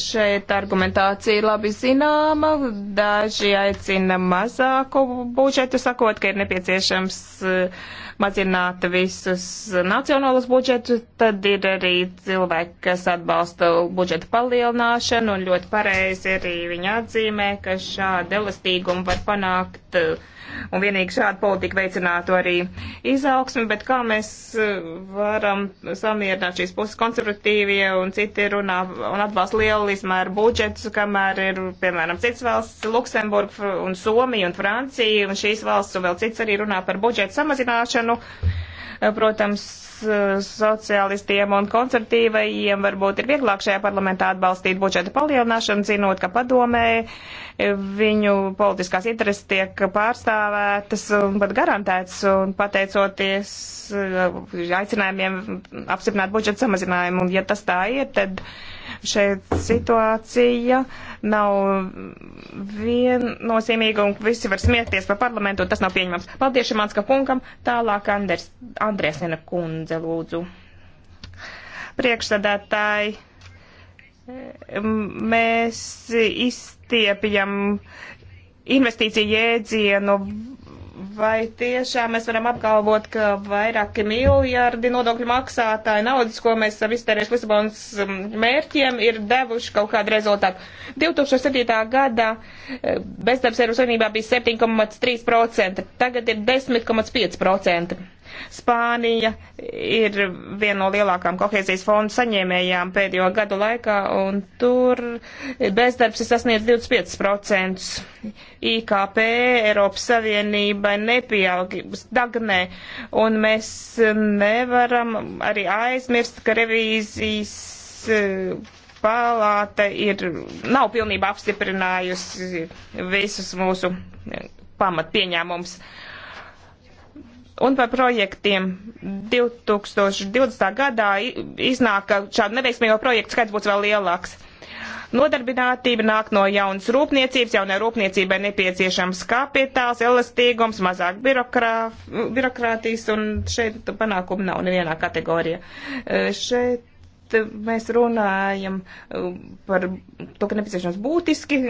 Šeit argumentācija labi zināma. Daži aicina mazāku budžetu, sakot, ka ir nepieciešams uh, mazināt visus nacionālos budžetus, tad ir arī cilvēki, kas atbalsta budžeta palielināšanu, un ļoti pareizi arī viņi atzīmē, ka šādu elastīgumu var panākt, uh, un vienīgi šāda politika veicinātu arī izaugsmi, bet kā mēs uh, varam samierināt šīs puses konservatīvie un citi runā un atbalsta lielu izmēru budžetus, kamēr ir, piemēram, cits valsts, Luksemburga un Somija un Francija, un šīs valsts un vēl cits arī runā par budžeta samazināšanu ieviešanu. Protams, sociālistiem un konservatīvajiem varbūt ir vieglāk šajā parlamentā atbalstīt budžeta palielināšanu, zinot, ka padomē viņu politiskās intereses tiek pārstāvētas un pat garantētas, un pateicoties eh, aicinājumiem apstiprināt budžeta samazinājumu. Un, ja tas tā ir, tad šeit situācija nav viennozīmīga, un visi var smieties par parlamentu, un tas nav pieņemams. Paldies Šimanska kungam, tālāk Anders, Andriesena kundze lūdzu. Priekšsēdētāji, mēs izstāstījām iestiepjam investīciju jēdzienu, vai tiešām mēs varam apgalvot, ka vairāki miljardi nodokļu maksātāji naudas, ko mēs esam iztērējuši Lisabonas um, mērķiem, ir devuši kaut kādu rezultātu. 2007. gadā eh, bezdarbs Eiropas Savienībā bija 7,3%, tagad ir 10,5%. Spānija ir viena no lielākām kohēzijas fonda saņēmējām pēdējo gadu laikā, un tur bezdarbs ir sasniedz 25%. IKP Eiropas Savienībai nepieaug, stagnē, un mēs nevaram arī aizmirst, ka revīzijas eh, palāta ir, nav pilnībā apstiprinājusi visus mūsu eh, pamatpieņēmumus. Uh, Un par projektiem 2020. gadā iznāk, ka šādu neveiksmīgo projektu skaits būs vēl lielāks. Nodarbinātība nāk no jaunas rūpniecības, jaunai rūpniecībai nepieciešams kapitāls, elastīgums, mazāk birokrā, birokrātijas, un šeit panākumu nav nevienā kategorijā. E, šeit mēs runājam e, par to, ka nepieciešams būtiski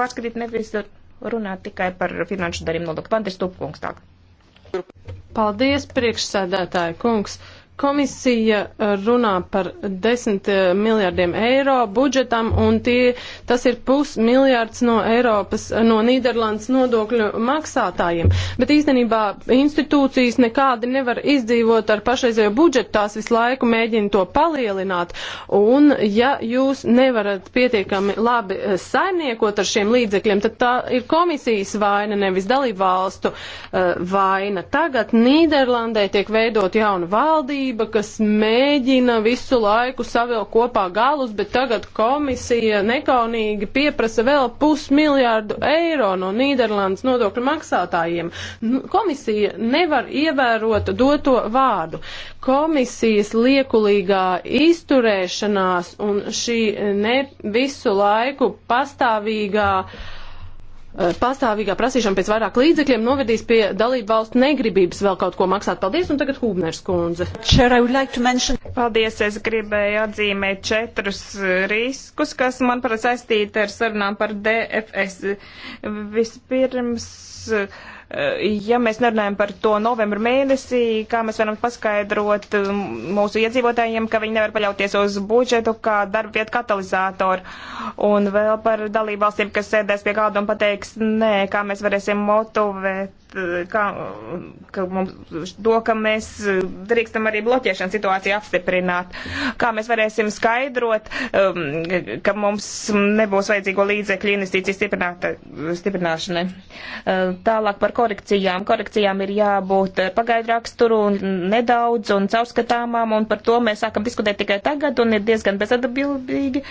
pārskatīt, nevis runāt tikai par finanšu darījumu nodokli. Pandis Tupkungs tālāk. Paldies, priekšsēdētāja kungs. Komisija eh, runā par 10 eh, miljardiem eiro budžetam, un tie, tas ir pusmiljards no Eiropas, eh, no Nīderlandes nodokļu maksātājiem. Bet īstenībā institūcijas nekādi nevar izdzīvot ar pašreizējo budžetu, tās visu laiku mēģina to palielināt. Un ja jūs nevarat pietiekami labi saimniekot ar šiem līdzekļiem, tad tā ir komisijas vaina, nevis dalību valstu uh, vaina. Tagad Nīderlandē tiek veidot jauna valdība valdība, kas mēģina visu laiku savilkt kopā galus, bet tagad komisija nekaunīgi pieprasa vēl pusmiljārdu eiro no Nīderlandes nodokļu maksātājiem. Nu, komisija nevar ievērot doto vārdu. Komisijas liekulīgā izturēšanās un šī ne visu laiku pastāvīgā uh, Eh, pastāvīgā prasīšana pēc vairāk līdzekļiem novedīs pie dalību valstu negribības vēl kaut ko maksāt. Paldies, un tagad Hūbners kundze. Paldies, es gribēju
atzīmēt četrus riskus, kas, manuprāt, saistīti ar sarunām par DFS. Vispirms. Uh, Eh, ja mēs nerunājam par to novembra mēnesī, kā mēs varam paskaidrot eh, mūsu iedzīvotājiem, ka viņi nevar paļauties uz budžetu kā darba vietu katalizātoru. Un vēl par dalību valstīm, kas sēdēs pie kāda un pateiks, nē, kā mēs varēsim motivēt, eh, kā, ka mums, to, ka mēs drīkstam arī bloķēšanu situāciju apstiprināt. Kā mēs varēsim skaidrot, ehm, ka mums nebūs vajadzīgo līdzekļu investīciju stiprināšanai. Tālāk par korekcijām. Korekcijām ir jābūt pagaidu raksturu un nedaudz un caurskatāmām, un par to mēs sākam diskutēt tikai tagad, un ir diezgan bezatbildīgi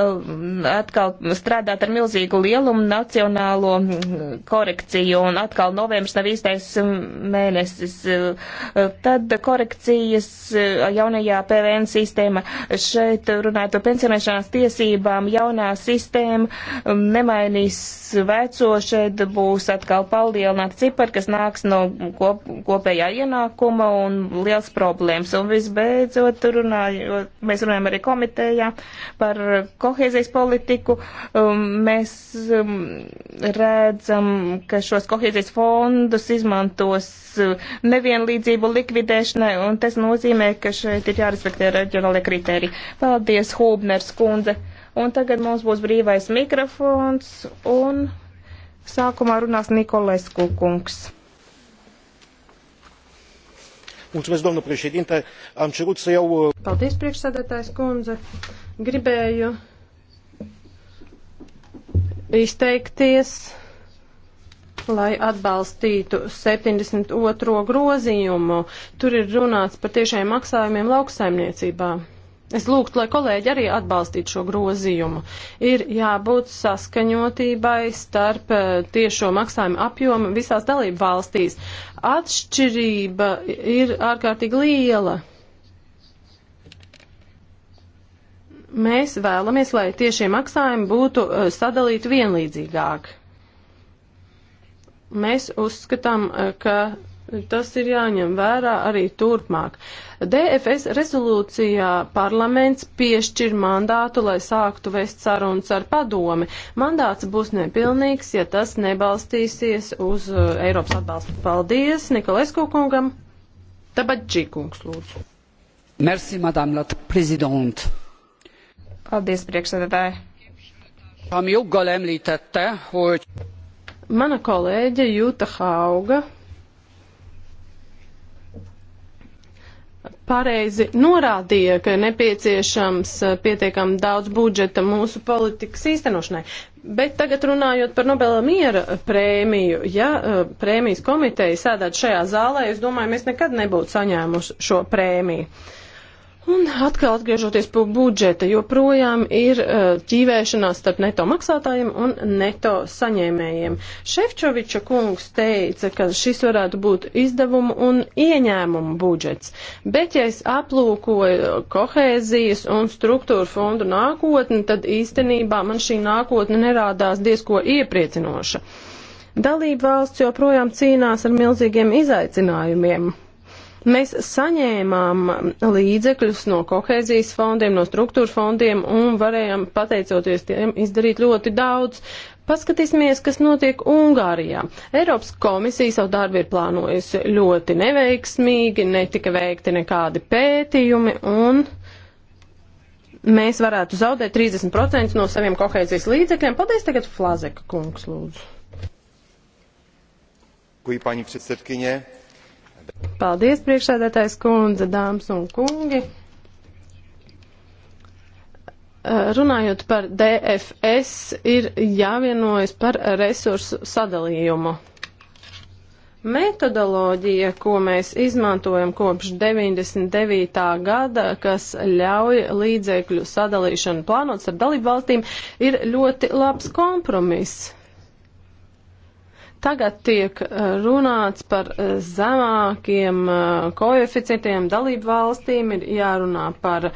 um, atkal strādāt ar milzīgu lielumu nacionālo mm, korekciju, un atkal novembris nav īstais um, mēnesis. Uh, tad korekcijas uh, jaunajā PVN sistēma. Šeit runājot par pensionēšanās tiesībām, jaunā sistēma um, nemainīs veco, šeit būs atkal palielinājums sanāk cipari, kas nāks no kop, kopējā ienākuma un liels problēmas. Un visbeidzot, runājot, mēs runājam arī komitejā par kohēzijas politiku. Um, mēs um, redzam, ka šos kohēzijas fondus izmantos uh, nevienlīdzību likvidēšanai, un tas nozīmē, ka šeit ir jārespektē reģionālie kriteriji. Paldies, Hūbners kundze! Un tagad mums būs brīvais mikrofons un. Sākumā runās Nikolesku kungs.
Uh, Paldies, priekšsēdētājs kundze. Gribēju izteikties, lai atbalstītu 72. grozījumu. Tur ir runāts par tiešajiem maksājumiem lauksaimniecībā. Es lūgtu, lai kolēģi arī atbalstītu šo grozījumu. Ir jābūt saskaņotībai starp eh, tiešo maksājumu apjomu visās dalību valstīs. Atšķirība ir ārkārtīgi liela. Mēs vēlamies, lai tiešie maksājumi būtu eh, sadalīti vienlīdzīgāk. Mēs uzskatām, eh, ka Tas ir jāņem vērā arī turpmāk. DFS rezolūcijā parlaments piešķir mandātu, lai sāktu vest sarunas ar padomi. Mandāts būs nepilnīgs, ja tas nebalstīsies uz uh, Eiropas atbalstu. Paldies Nikolesku kungam. Tāpat Džikungs lūdzu.
Merci, madame la prezidente.
Paldies, priekšsēdētāji.
Am joggal említette, hogy... Mana kolēģe Jūta Hauga pareizi norādīja, ka nepieciešams eh, pietiekam daudz budžeta mūsu politikas īstenošanai. Bet tagad runājot par Nobela miera prēmiju, ja eh, prēmijas komiteja sēdētu šajā zālē, es domāju, mēs nekad nebūtu saņēmuši šo prēmiju. Uh, Un atkal atgriežoties pie budžeta, joprojām ir uh, ķīvēšanās starp neto maksātājiem un neto saņēmējiem. Šefčoviča kungs teica, ka šis varētu būt izdevumu un ieņēmumu budžets, bet ja es aplūkoju uh, kohēzijas un struktūra fondu nākotni, tad īstenībā man šī nākotne nerādās diezko iepriecinoša. Dalība valsts joprojām cīnās ar milzīgiem izaicinājumiem Mēs saņēmām līdzekļus no kohēzijas fondiem, no struktūra fondiem un varējām pateicoties tiem izdarīt ļoti daudz. Paskatīsimies, kas notiek Ungārijā. Eiropas komisija savu darbu ir plānojusi ļoti neveiksmīgi, netika veikti nekādi pētījumi un mēs varētu zaudēt 30% no saviem kohēzijas līdzekļiem. Paldies tagad Flazeka kungs, lūdzu. Kuj, paņi, Paldies, priekšsēdētājs kundze, dāmas un kungi. Eh, runājot par DFS, ir jāvienojas par resursu sadalījumu. Metodoloģija, ko mēs izmantojam kopš 99. gada, kas ļauj līdzekļu sadalīšanu plānots ar dalību valstīm, ir ļoti labs kompromiss. Tagad tiek uh, runāts par uh, zemākiem uh, koeficientiem dalību valstīm, ir jārunā par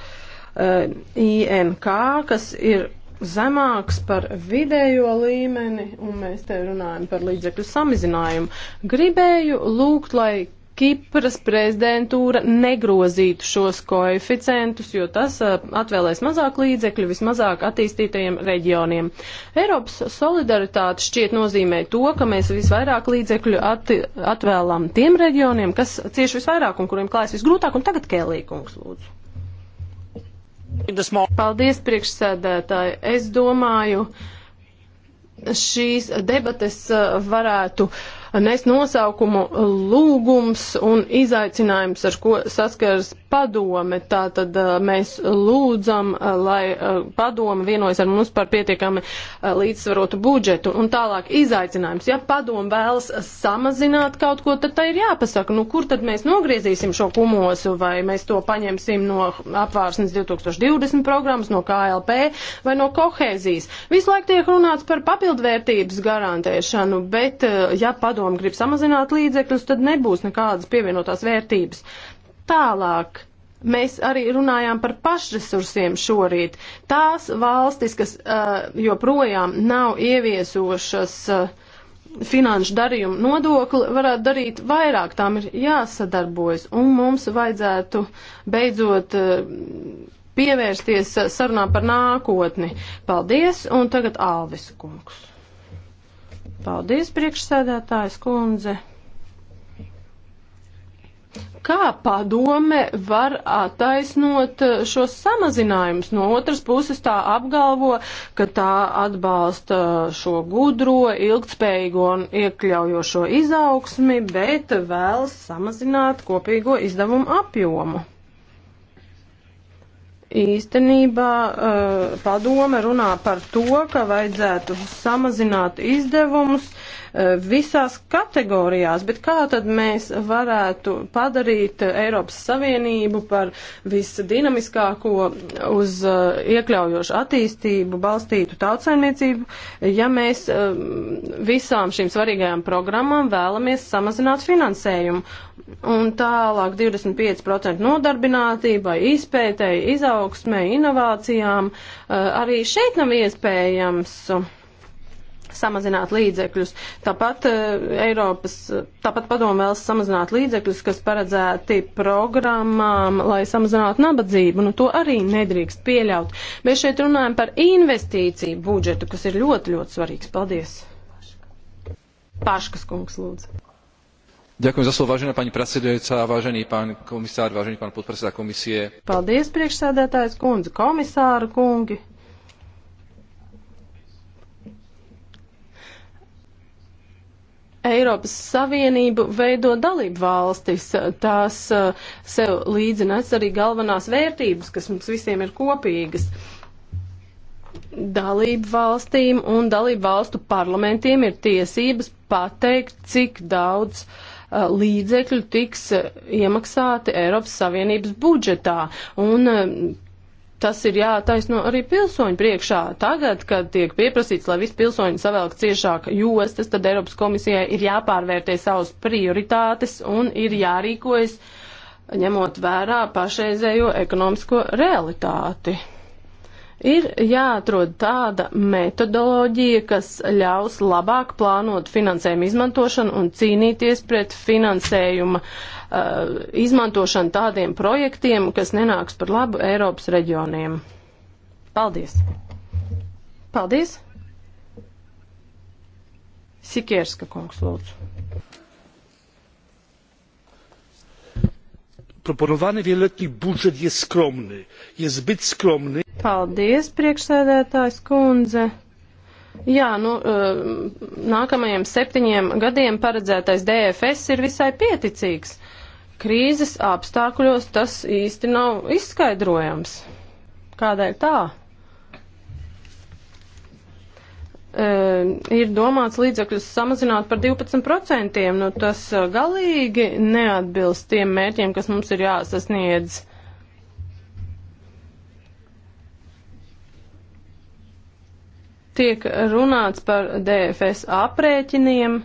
INK, kas ir zemāks par vidējo līmeni, un mēs te runājam par līdzekļu samazinājumu. Gribēju lūgt, lai Kipras prezidentūra negrozītu šos koeficientus, jo tas eh, atvēlēs mazāk līdzekļu vismazāk attīstītajiem reģioniem. Eiropas solidaritāte šķiet nozīmē to, ka mēs visvairāk līdzekļu at atvēlam tiem reģioniem, kas cieši visvairāk un kuriem klājas visgrūtāk, un tagad Kēlīkungs lūdzu. Paldies, priekšsēdētāji. Es domāju, šīs debates eh, varētu uh, nes nosaukumu lūgums un izaicinājums, ar ko saskars padome. Tātad uh, mēs lūdzam, uh, lai uh, padome vienojas ar mums par pietiekami līdzsvarotu budžetu. Un tālāk izaicinājums. Ja padome vēlas samazināt kaut ko, tad tai ir jāpasaka, nu kur tad mēs nogriezīsim šo kumosu, vai mēs to paņemsim no apvārsnes 2020 programmas, no KLP vai no kohēzijas. Visu laiku tiek runāts par papildvērtības garantēšanu, bet ja padome padomu grib samazināt līdzekļus, tad nebūs nekādas pievienotās vērtības. Tālāk. Mēs arī runājām par pašresursiem šorīt. Tās valstis, kas uh, joprojām nav ieviesošas uh, finanšu darījumu nodokli varētu darīt vairāk, tām ir jāsadarbojas, un mums vajadzētu beidzot uh, pievērsties sarunā par nākotni. Paldies, un tagad Alvis kungs. Paldies, priekšsēdētājs kundze. Kā padome var attaisnot šos samazinājumus? No otras puses tā apgalvo, ka tā atbalsta šo gudro, ilgtspējīgo un iekļaujošo izaugsmi, bet vēlas samazināt kopīgo izdevumu apjomu. Īstenībā eh, padome runā par to, ka vajadzētu samazināt izdevumus, E, visās kategorijās, bet kā tad mēs varētu padarīt Eiropas Savienību par visdinamiskāko uz e, iekļaujošu attīstību balstītu tautsaimniecību, ja mēs e, visām šīm svarīgajām programmām vēlamies samazināt finansējumu. Un tālāk 25% nodarbinātībai, izpētēji, izaugsmē, inovācijām arī šeit nav iespējams samazināt līdzekļus. Tāpat eh, Eiropas, tāpat padomu vēlas samazināt līdzekļus, kas paredzēti programmām, lai samazinātu nabadzību. Nu, to arī nedrīkst pieļaut. Mēs šeit runājam par investīciju budžetu, kas ir ļoti, ļoti svarīgs. Paldies! Paškas kungs, lūdzu. Ďakujem za slovo, vážená pani predsedajúca, vážený pán komisár, vážený pán podpredseda komisie. Paldies, priekšsēdētājs kundze, komisāra kungi. Eiropas Savienību veido dalību valstis. Tās uh, sev līdzi nes arī galvenās vērtības, kas mums visiem ir kopīgas dalību valstīm un dalību valstu parlamentiem ir tiesības pateikt, cik daudz uh, līdzekļu tiks uh, iemaksāti Eiropas Savienības budžetā. Un uh, Tas ir jātaisno arī pilsoņu priekšā. Tagad, kad tiek pieprasīts, lai visi pilsoņi savelk ciešāk jostas, tad Eiropas komisijai ir jāpārvērtē savas prioritātes un ir jārīkojas ņemot vērā pašreizējo ekonomisko realitāti. Ir jāatrod tāda metodoloģija, kas ļaus labāk plānot finansējumu izmantošanu un cīnīties pret finansējuma uh, izmantošanu tādiem projektiem, kas nenāks par labu Eiropas reģioniem. Paldies! Paldies! Sikierska kungs lūdzu. proponowany wieloletni budżet jest skromny, jest zbyt skromny. Paldies, priekšsēdētājs kundze. Jā, nu, nākamajiem septiņiem gadiem paredzētais DFS ir visai pieticīgs. Krīzes apstākļos tas īsti nav izskaidrojams. Kādēļ tā? Um, ir domāts līdzekļus samazināt par 12%. Nu, tas uh, galīgi neatbilst tiem mērķiem, kas mums ir jāsasniedz. Tiek runāts par DFS aprēķiniem.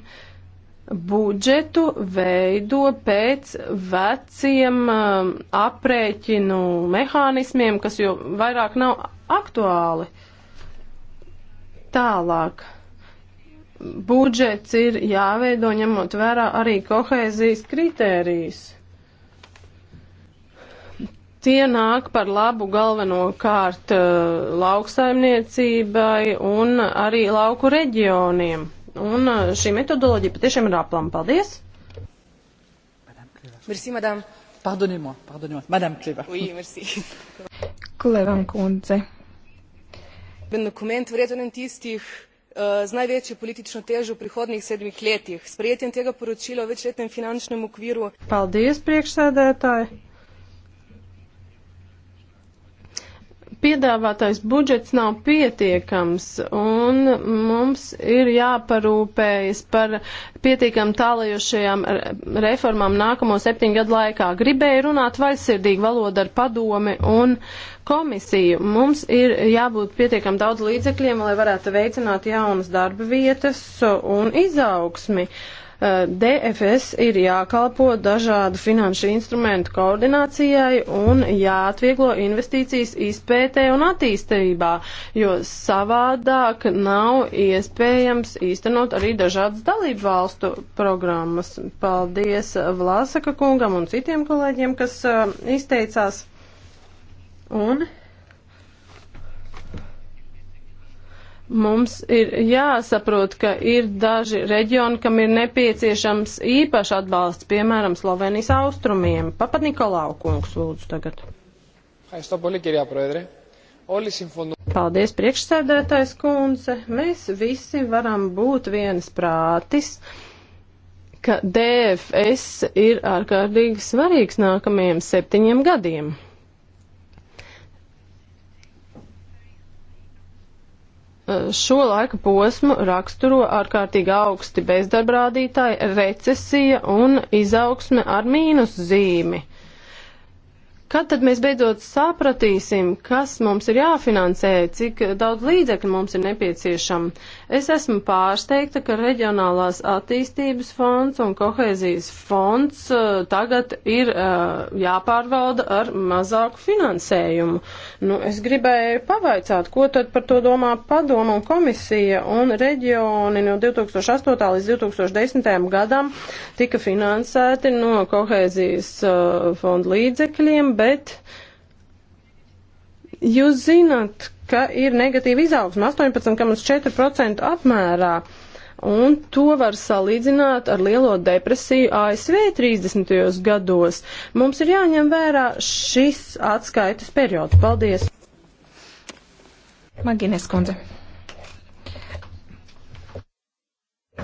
Budžetu veido pēc veciem um, aprēķinu mehānismiem, kas jau vairāk nav aktuāli. Uh, Tālāk. Budžets ir jāveido ņemot vērā arī kohēzijas kritērijas. Tie nāk par labu galvenokārt eh, lauksaimniecībai un arī lauku reģioniem. Un eh, šī metodoloģija patiešām ir aplama. Paldies! Merci, madame. Pardonnez-moi, pardonnez-moi. Madame Kleva. Oui, merci.
Klevam kundze
dokument verjetno eden tistih eh, z največjo politično težo v prihodnjih sedmih letih. S sprejetjem tega poročila o večletnem finančnem okviru. Paldies, priekšsēdētāji! piedāvātais budžets nav pietiekams un mums ir jāparūpējas par pietiekam tālajošajām reformām nākamo septiņu gadu laikā. Gribēju runāt vaļsirdīgi valodu ar padomi un komisiju. Mums ir jābūt pietiekam daudz līdzekļiem, lai varētu veicināt jaunas darba vietas un izaugsmi. Uh, Eh, DFS ir jākalpo dažādu finanšu instrumentu koordinācijai un jāatvieglo investīcijas izpētē un attīstībā, jo savādāk nav iespējams īstenot arī dažādas dalību valstu programmas. Paldies Vlasaka kungam un citiem kolēģiem, kas eh, izteicās. Un Mums ir jāsaprot, ka ir daži reģioni, kam ir nepieciešams īpaši atbalsts, piemēram, Slovenijas austrumiem. Papat Nikolau kungs, lūdzu, tagad. Paldies, priekšsēdētājs kundze. Mēs visi varam būt vienas prātis ka DFS ir ārkārtīgi svarīgs nākamajiem septiņiem gadiem. šo laika posmu raksturo ārkārtīgi augsti bezdarbrādītāji, recesija un izaugsme ar mīnus zīmi. Kad tad mēs beidzot sapratīsim, kas mums ir jāfinansē, cik daudz līdzekļu mums ir nepieciešama? Es esmu pārsteigta, ka reģionālās attīstības fonds un kohēzijas fonds uh, tagad ir uh, jāpārvalda ar mazāku finansējumu. Nu, es gribēju pavaicāt, ko tad par to domā padomu un komisija un reģioni no 2008. līdz 2010. gadam tika finansēti no kohēzijas uh, fonda līdzekļiem, bet uh, Jūs zināt, ka ir negatīva izaugsme 18,4% apmērā, un to var salīdzināt ar lielo depresiju ASV 30. gados. Mums ir jāņem vērā šis atskaites periods. Paldies! Magīnes kundze.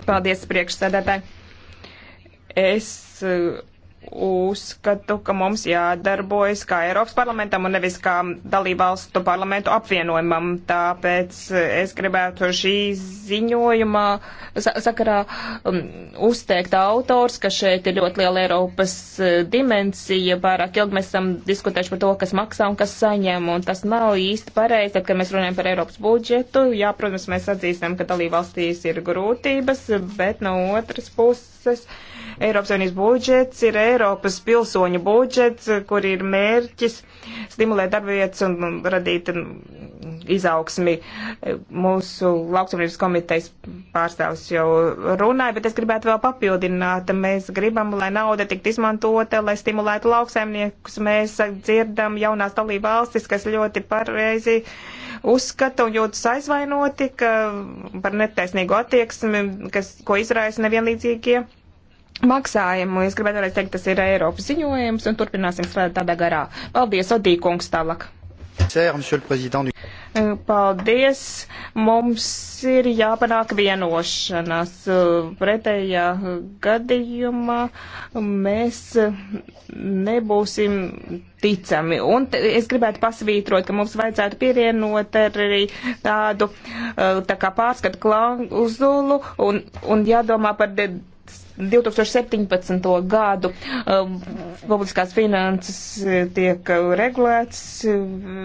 Paldies, priekšsēdētāji. Es uzskatu, ka mums jādarbojas kā Eiropas parlamentam un nevis kā dalībvalstu parlamentu apvienojumam. Tāpēc es gribētu šī ziņojumā sakarā um, uzteikt autors, ka šeit ir ļoti liela Eiropas uh, dimensija. Pārāk ilgi mēs esam diskutējuši par to, kas maksā un kas saņem, un tas nav īsti pareizi, tad, kad mēs runājam par Eiropas budžetu. Jā, protams, mēs atzīstam, ka dalībvalstīs ir grūtības, bet no otras puses. Uh, Eiropas Savienības budžets ir Eiropas pilsoņu budžets, kur ir mērķis stimulēt darbvietas un radīt izaugsmi. Mūsu lauksamības komitejas pārstāvs jau runāja, bet es gribētu vēl papildināt. Mēs gribam, lai nauda tiktu izmantota, lai stimulētu lauksaimniekus. Mēs dzirdam jaunās dalība valstis, kas ļoti pareizi uzskata un jūtas aizvainoti ka, par netaisnīgu attieksmi, kas, ko izraisa nevienlīdzīgie maksājumu. Es gribētu vēlreiz teikt, tas ir Eiropas ziņojums, un turpināsim strādāt tādā garā. Paldies, Odīkungs, tālāk. Paldies. Mums ir jāpanāk vienošanās. Pretējā gadījumā mēs nebūsim ticami. Un es gribētu pasvītrot, ka mums vajadzētu pievienot arī tādu tā kā pārskatu klauzulu un, un jādomā par 2017. gadu um, publiskās finanses eh, tiek eh, regulēts eh,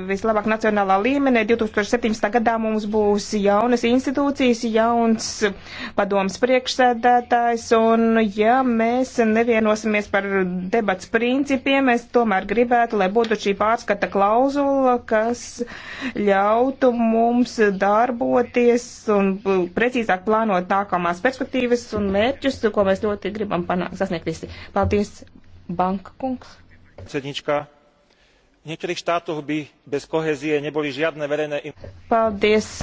vislabāk nacionālā līmenī. 2017. gadā mums būs jaunas institūcijas, jauns padoms priekšsēdētājs, un ja mēs nevienosimies par debats principiem, es tomēr gribētu, lai būtu šī pārskata klauzula, kas ļautu mums darboties un uh, precīzāk plānot nākamās perspektīvas un mērķus, ko mēs mēs ļoti gribam panākt, sasniegt visi. Paldies, Banka kungs.
Cedničkā. V niektorých štátoch by bez kohézie neboli žiadne verejné...
Paldies.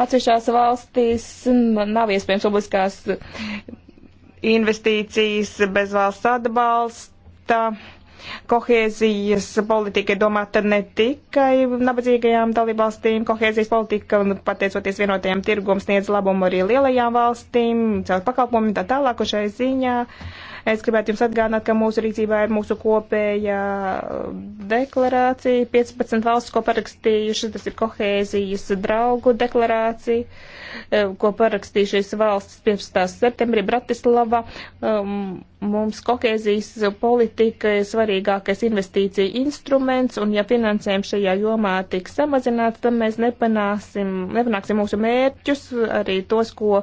Atsevišķās valstīs nav iespējams publiskās investīcijas bez valsts atbalsta. Kohēzijas politika ir domāta ne tikai nabadzīgajām dalībvalstīm. Kohēzijas politika, pateicoties vienotajam tirgum, sniedz labumu arī lielajām valstīm, caur pakalpojumiem tā tālāk šai ziņā. Es gribētu jums atgādināt, ka mūsu rīcībā ir mūsu kopējā deklarācija. 15 valsts, ko parakstījuši, tas ir kohēzijas draugu deklarācija, eh, ko parakstījušies valsts 15. septembrī Bratislava. Um, Mums kohēzijas politika ir svarīgākais investīcija instruments, un ja finansējums šajā jomā tiks samazināts, tad mēs nepanāsim, nepanāksim mūsu mērķus, arī tos, ko,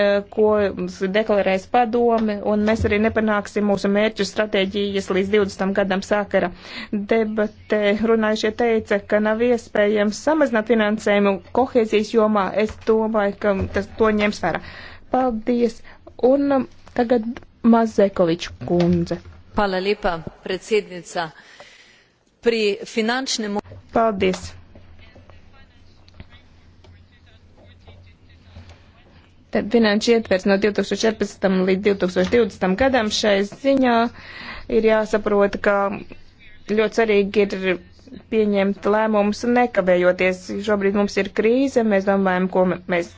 eh, ko deklarēs padome, un mēs arī nepanāksim mūsu mērķus stratēģijas līdz 20. gadam sākara. Debate runājušie teica, ka nav iespējams samazināt finansējumu kohēzijas jomā. Es domāju, ka tas to ņems vērā. Paldies! Un um, tagad Mazekovič kundze. Hvala lepa, predsednica. Pri finančnem. Paldies. Tad finanšu ietvers no 2014. līdz 2020. gadam šai ziņā ir jāsaprot, ka ļoti svarīgi ir pieņemt lēmumus nekavējoties. Šobrīd mums ir krīze, mēs domājam, ko mēs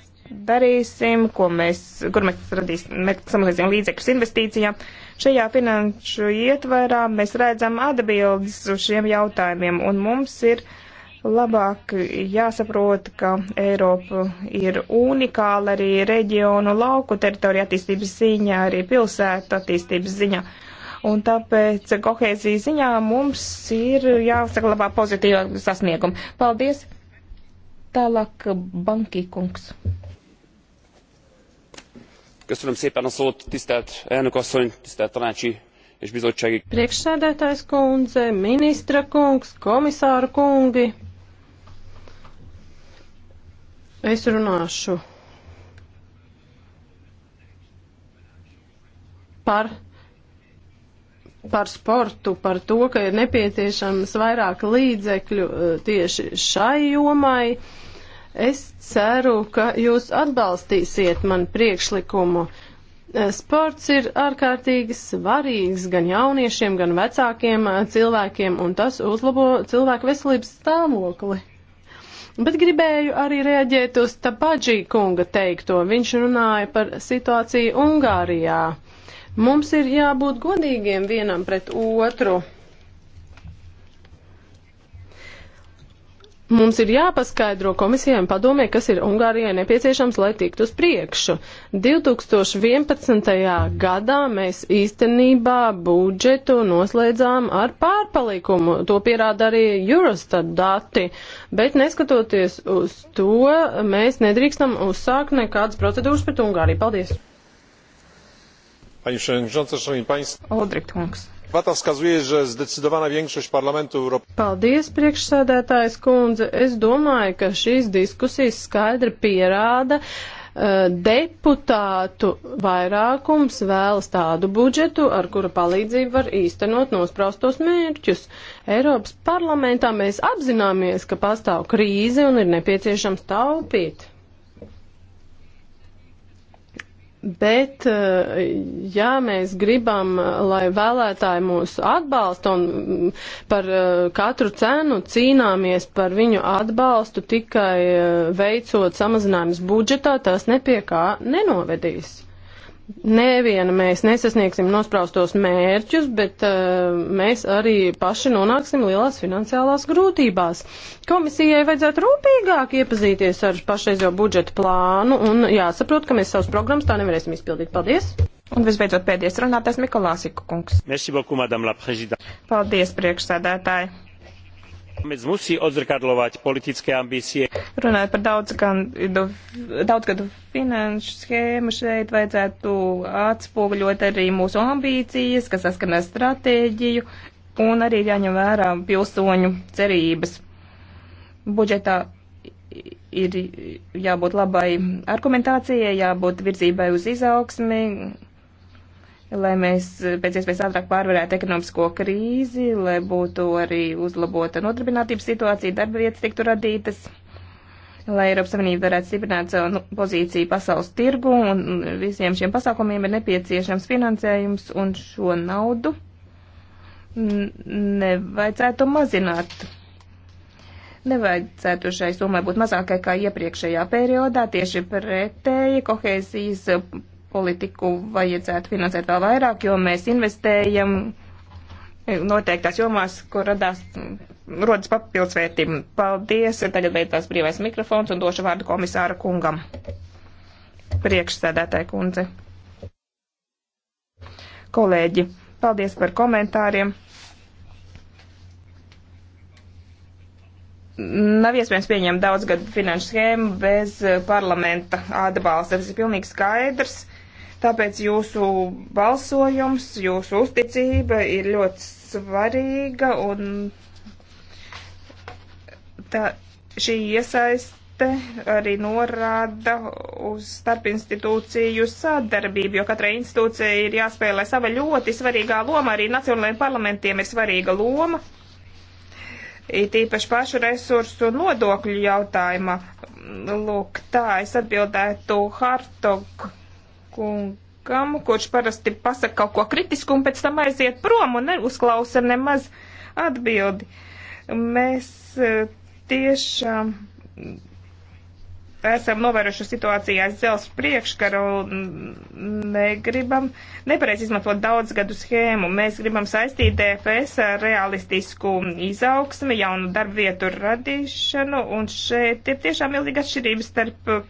darīsim, ko mēs, kur mēs radīsim, mēs samazināsim līdzekļus investīcijām. Šajā finanšu ietvarā mēs redzam atbildes uz šiem jautājumiem, un mums ir labāk jāsaprot, ka Eiropa ir unikāla arī reģionu lauku teritoriju attīstības ziņā, arī pilsētu attīstības ziņā. Un tāpēc kohēzijas ziņā mums ir jāsaglabā pozitīva sasnieguma. Paldies! Tālāk
banki kungs.
Köszönöm szépen a szót, tisztelt elnök asszony, tisztelt tanácsi és bizottsági.
Priekšsēdētājs kundze, ministra kungs, komisāra kungi. Es runāšu par par sportu, par to, ka ir nepieciešams vairāk līdzekļu eh, tieši šai jomai. Uh, Es ceru, ka jūs atbalstīsiet man priekšlikumu. Eh, sports ir ārkārtīgi svarīgs gan jauniešiem, gan vecākiem eh, cilvēkiem, un tas uzlabo cilvēku veselības stāvokli. Bet gribēju arī reaģēt uz Tabadžī kunga teikto. Viņš runāja par situāciju Ungārijā. Mums ir jābūt godīgiem vienam pret otru. Mums ir jāpaskaidro komisijai un padomē, kas ir Ungārijai nepieciešams, lai tiktu uz priekšu. 2011. gadā mēs īstenībā budžetu noslēdzām ar pārpalikumu. To pierāda arī Eurostat dati. Bet neskatoties uz to, mēs nedrīkstam uzsākt nekādas procedūras pret Ungāriju. Paldies!
Pani Šenžonce, Šaņi Paņs. Aldrikt Kungs. Pata skazuje, že zdecidovana większość parlamentu Eiropā.
Paldies, priekšsēdētājs kundze. Es domāju, ka šīs diskusijas skaidri pierāda, eh, deputātu vairākums vēlas tādu budžetu, ar kura palīdzību var īstenot nospraustos mērķus. Eiropas parlamentā mēs apzināmies, ka pastāv krīze un ir nepieciešams taupīt. Bet, eh, ja mēs gribam, lai vēlētāji mūs atbalsta un mm, par eh, katru cenu cīnāmies par viņu atbalstu tikai eh, veicot samazinājumus budžetā, tas nepie kā nenovedīs. Neviena mēs nesasniegsim nospraustos mērķus, bet uh, mēs arī paši nonāksim lielās finansiālās grūtībās. Komisijai vajadzētu rūpīgāk iepazīties ar pašreizo budžeta plānu un jāsaprot, ka mēs savus programmas tā nevarēsim izpildīt. Paldies! Un
visbeidzot pēdējais runātājs Mikolāsiku kungs. Merci
beaucoup, madame la présidente.
Paldies, priekšsēdētāji!
Mēs musī odzrkadlovāt politiskie ambīcie.
Runājot par daudzgadu, daudzgadu finanšu schēmu šeit vajadzētu atspoguļot arī mūsu ambīcijas, kas saskanē stratēģiju, un arī jāņem vērā pilsoņu cerības. Budžetā ir jābūt labai argumentācijai, jābūt virzībai uz izaugsmi, lai mēs eh, pēc iespējas ātrāk pārvarētu ekonomisko krīzi, lai būtu arī uzlabota nodarbinātības situācija, darba vietas tiktu radītas, lai Eiropas Savienība varētu stiprināt savu nu, pozīciju pasaules tirgu, un visiem šiem pasākumiem ir nepieciešams finansējums, un šo naudu nevajadzētu mazināt. Nevajadzētu šai summai būt mazākai kā iepriekšējā periodā, tieši pretēji kohēzijas politiku vajadzētu finansēt vēl vairāk, jo mēs investējam noteiktās jomās, kur radās, rodas papildus vērtība. Paldies, tagad beidzās brīvais mikrofons un došu vārdu komisāra kungam. Priekšsēdētāja kundze. Kolēģi, paldies par komentāriem. Nav iespējams pieņemt daudzgadu finanšu schēmu bez parlamenta atbalsta. Tas ir pilnīgi skaidrs Tāpēc jūsu balsojums, jūsu uzticība ir ļoti svarīga un tā, šī iesaiste arī norāda uz starpinstitūciju sadarbību, jo katrai institūcijai ir jāspēlē sava ļoti svarīgā loma, arī nacionālajiem parlamentiem ir svarīga loma, it īpaši pašu resursu nodokļu jautājumā. Lūk, tā es atbildētu Hartogu kungam, kurš parasti pasaka kaut ko kritisku un pēc tam aiziet prom un neuzklausa nemaz atbildi. Mēs e, tiešām esam novērojuši situācijā zels priekškaru un negribam nepareiz izmantot daudz gadu schēmu. Mēs gribam saistīt DFS ar realistisku izaugsmi, jaunu darba vietu radīšanu, un šeit ir tiešām ilgi atšķirības starp uh,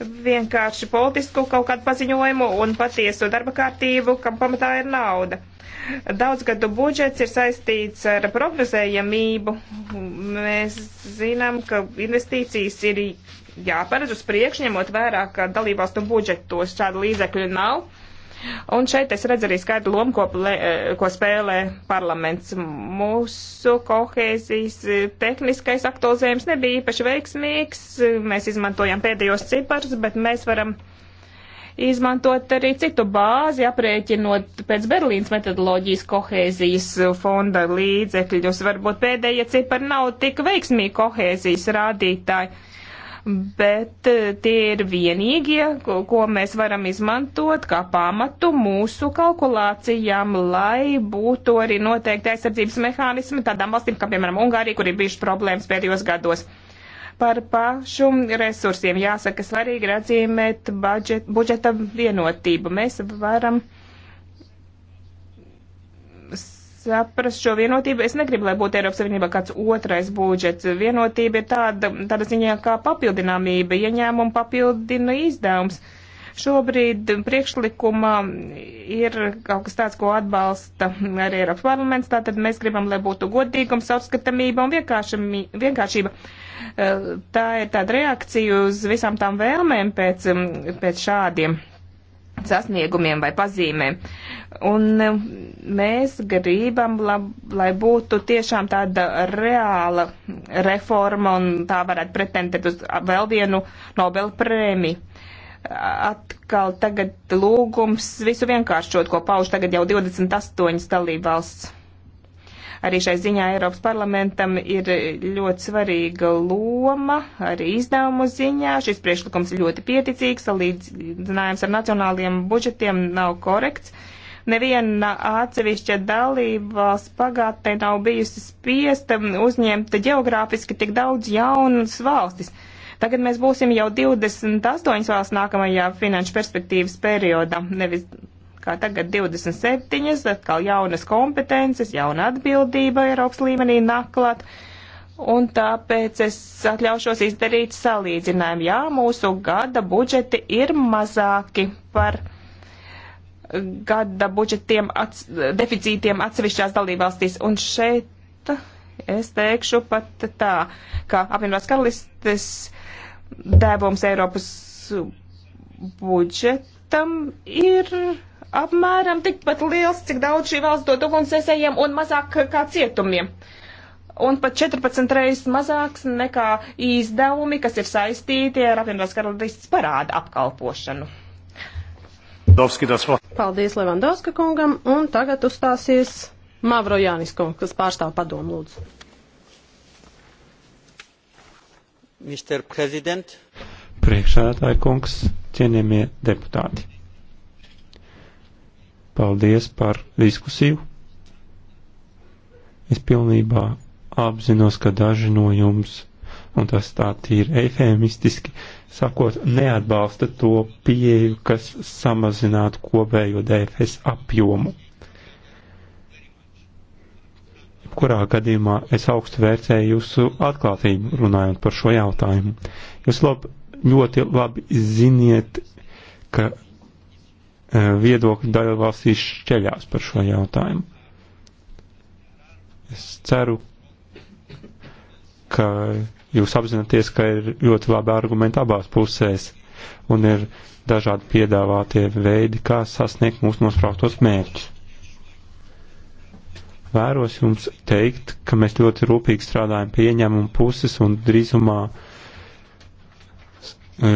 vienkārši politisku kaut kādu paziņojumu un patiesu darba kārtību, kam pamatā ir nauda. Daudzgadu budžets ir saistīts ar prognozējamību. Mēs zinām, ka investīcijas ir jāparedz uz priekšu, ņemot vērā, ka dalībvalstu budžetos šāda līdzekļu nav. Un šeit es redzu arī skaidru lomu, ko, plē, eh, ko spēlē parlaments. Mūsu kohēzijas eh, tehniskais aktualizējums nebija īpaši veiksmīgs. Mēs izmantojam pēdējos ciparus, bet mēs varam izmantot arī citu bāzi, aprēķinot pēc Berlīnas metodoloģijas kohēzijas eh, fonda līdzekļus. Varbūt pēdējie cipari nav tik veiksmīgi kohēzijas rādītāji bet eh, tie ir vienīgie, ko mēs varam izmantot kā pamatu mūsu kalkulācijām, lai būtu arī noteikti aizsardzības mehānismi tādām valstīm, kā piemēram Ungārija, kur ir bijušas problēmas pēdējos gados. Par pašu resursiem jāsaka svarīgi ir atzīmēt budžeta vienotību. Mēs varam uh, saprast šo vienotību. Es negribu, lai būtu Eiropas Savienībā kāds otrais budžets. Vienotība ir tāda, tāda ziņā kā papildināmība, ieņēmuma papildina izdevums. Šobrīd priekšlikumā ir kaut kas tāds, ko atbalsta arī Eiropas parlaments, tātad mēs gribam, lai būtu godīgums, apskatamība un vienkāršība. Eh, tā ir tāda reakcija uz visām tām vēlmēm pēc, pēc šādiem sasniegumiem vai pazīmēm. Un eh, mēs gribam, lab, lai būtu tiešām tāda reāla reforma un tā varētu pretendēt uz vēl vienu Nobel prēmiju. Atkal tagad lūgums visu vienkāršot, ko pauž tagad jau 28 dalībvalsts. Arī šai ziņā Eiropas parlamentam ir ļoti svarīga loma, arī izdevumu ziņā. Šis priekšlikums ir ļoti pieticīgs, salīdzinājums ar nacionāliem budžetiem nav korekts. Neviena atsevišķa dalībvalsts pagātnē nav bijusi spiesta uzņemt geogrāfiski tik daudz jaunas valstis. Tagad mēs būsim jau 28 valsts nākamajā finanšu perspektīvas periodā, nevis kā tagad 27, atkal jaunas kompetences, jauna atbildība Eiropas līmenī naklāt. Un tāpēc es atļaušos izdarīt salīdzinājumu. Jā, mūsu gada budžeti ir mazāki par gada budžetiem, ats, deficītiem atsevišķās dalībvalstīs. Un šeit es teikšu pat tā, ka apvienotās karalistes dēvums Eiropas budžetam ir apmēram tikpat liels, cik daudz šī valsts dod ugunsdzēsējiem un mazāk kā cietumiem. Un pat 14 reizes mazāks nekā izdevumi, kas ir saistīti ar apvienotās karalistas parāda apkalpošanu.
Paldies Levandovska kungam, un tagad uzstāsies Mavro Jānis kungs, kas pārstāv padomu lūdzu.
Mr. President. Priekšsēdētāji kungs, cienījamie deputāti. Paldies par diskusiju. Es pilnībā apzinos, ka daži no jums, un tas tā tīri eifēmistiski, sakot, neatbalsta to pieeju, kas samazinātu kopējo DFS apjomu. Kurā gadījumā es augstu vērtēju jūsu atklātību runājot par šo jautājumu. Jūs labi, ļoti labi ziniet, ka Eh, viedokļi dalībvalstīs šķeļās par šo jautājumu. Es ceru, ka jūs apzināties, ka ir ļoti labi argumenti abās pusēs un ir dažādi piedāvātie veidi, kā sasniegt mūsu nosprauktos mērķus. Vēros jums teikt, ka mēs ļoti rūpīgi strādājam pieņēmumu puses un drīzumā uh, E,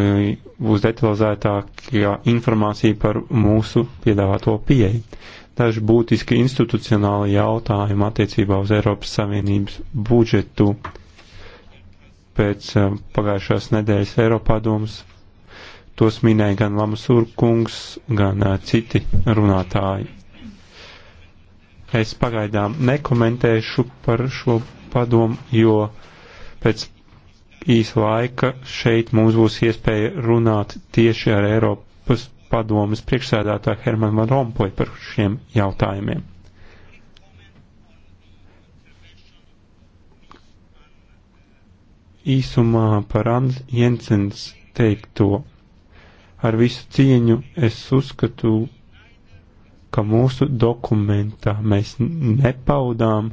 būs detalizētākā informācija par mūsu piedāvāto pieeju. Daži būtiski institucionāli jautājumi attiecībā uz Eiropas Savienības budžetu pēc e, pagājušās nedēļas Eiropādomas. Tos minēja gan Lamasūra kungs, gan e, citi runātāji. Es pagaidām nekomentēšu par šo padomu, jo pēc īsa laika šeit mums būs iespēja runāt tieši ar Eiropas padomas priekšsēdētāju Hermanu Van Rompuy par šiem jautājumiem. Īsumā par Ans Jensens teikto. Ar visu cieņu es uzskatu, ka mūsu dokumentā mēs nepaudām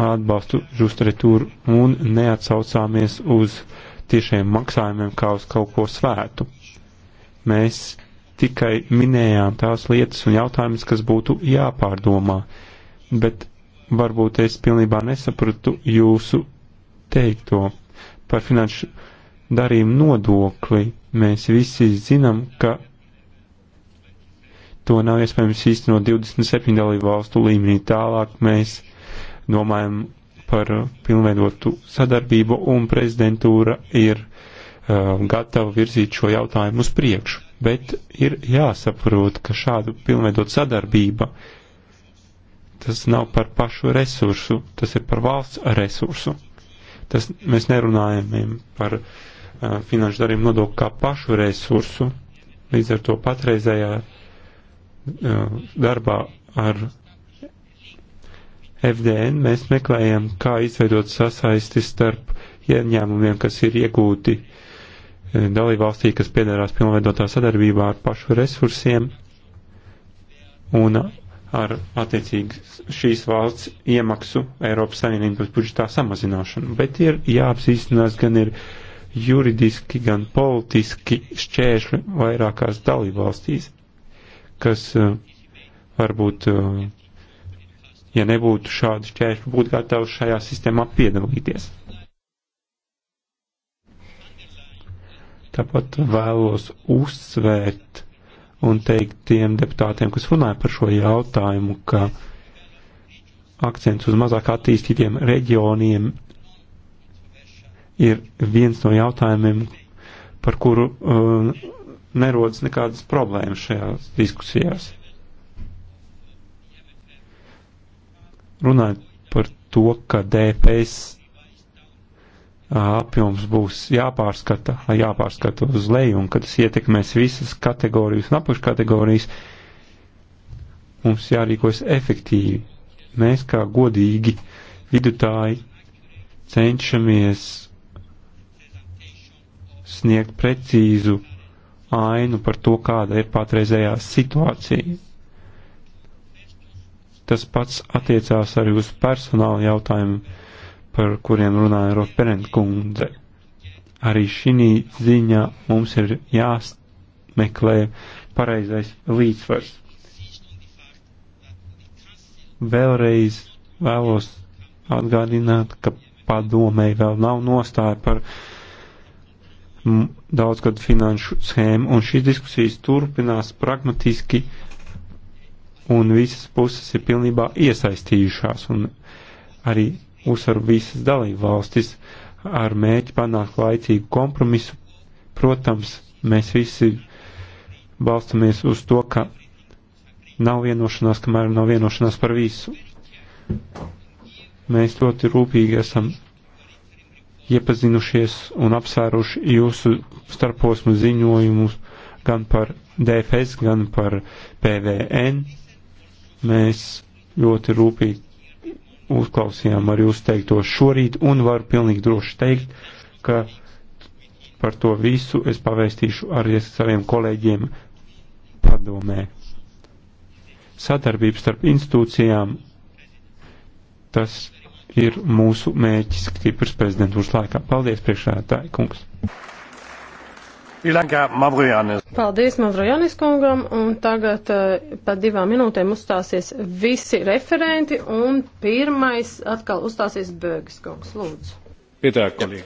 atbalstu žustretūru un neatsaucāmies uz tiešiem maksājumiem kā uz kaut ko svētu. Mēs tikai minējām tās lietas un jautājumus, kas būtu jāpārdomā, bet varbūt es pilnībā nesapratu jūsu teikto par finanšu darījumu nodokli. Mēs visi zinām, ka to nav iespējams īstenot 27 dalību valstu līmenī. Tālāk mēs domājam par pilnveidotu sadarbību un prezidentūra ir uh, gatava virzīt šo jautājumu uz priekšu. Bet ir jāsaprot, ka šādu pilnveidot sadarbība tas nav par pašu resursu, tas ir par valsts resursu. Tas mēs nerunājam par uh, finanšu darījumu nodokli kā pašu resursu. Līdz ar to patreizējā uh, darbā ar FDN mēs meklējam, kā izveidot sasaisti starp ieņēmumiem, kas ir iegūti eh, dalībvalstī, kas piedarās pilnveidotā sadarbībā ar pašu resursiem un ar attiecīgi šīs valsts iemaksu Eiropas Savienības budžetā samazināšanu. Bet ir jāapzīstinās gan ir juridiski, gan politiski šķēršļi vairākās dalībvalstīs, kas eh, varbūt uh, ja nebūtu šādi šķēršļi, būtu gatavi šajā sistēmā piedalīties. Tāpat vēlos uzsvērt un teikt tiem deputātiem, kas runāja par šo jautājumu, ka akcents uz mazāk attīstītiem reģioniem ir viens no jautājumiem, par kuru uh, nerodas nekādas problēmas šajās diskusijās. runājot par to, ka DPS apjoms būs jāpārskata, jāpārskata uz leju, un ka tas ietekmēs visas kategorijas un apakškategorijas, mums jārīkojas efektīvi. Mēs kā godīgi vidutāji cenšamies sniegt precīzu ainu par to, kāda ir patreizējā situācija. Tas pats attiecās arī uz personāla jautājumu, par kuriem runāja Roperenkundze. Arī šī ziņā mums ir jāmeklē pareizais līdzsvars. Vēlreiz vēlos atgādināt, ka padomēji vēl nav nostāja par daudzgadu finanšu schēmu, un šīs diskusijas turpinās pragmatiski un visas puses ir pilnībā iesaistījušās, un arī uzsver visas dalību valstis ar mēķi panākt laicīgu kompromisu. Protams, mēs visi balstamies uz to, ka nav vienošanās, kamēr nav vienošanās par visu. Mēs ļoti rūpīgi esam iepazinušies un apsvēruši jūsu starposmu ziņojumus gan par DFS, gan par PVN, Mēs ļoti rūpīgi uzklausījām ar jūs teikto šorīt un varu pilnīgi droši teikt, ka par to visu es pavēstīšu arī saviem kolēģiem padomē. Sadarbības starp institūcijām tas ir mūsu mēķis Kipras prezidentūras laikā. Paldies, priekšsēdētāji, kungs!
Paldies Mavrojanis kungam, un tagad eh, pa divām minūtēm uzstāsies visi referenti, un pirmais atkal uzstāsies Bēgas kungs. Lūdzu.
Pietāk, kolīgi.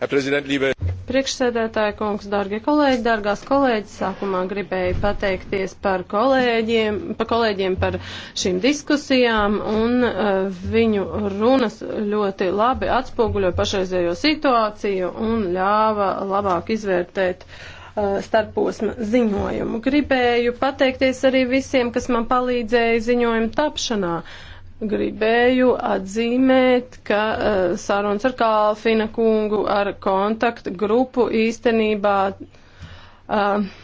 Herr Präsident, liebe
Priekšsēdētāja kungs, dārgie kolēģi, dārgās kolēģis, sākumā gribēju pateikties par kolēģiem, par kolēģiem par šīm diskusijām, un uh, viņu runas ļoti labi atspoguļo pašreizējo situāciju un ļāva labāk izvērtēt uh, starposma ziņojumu. Gribēju pateikties arī visiem, kas man palīdzēja ziņojumu tapšanā. Uh, gribēju atzīmēt, ka uh, sarunas ar Kalfina kungu, ar kontaktu grupu īstenībā uh,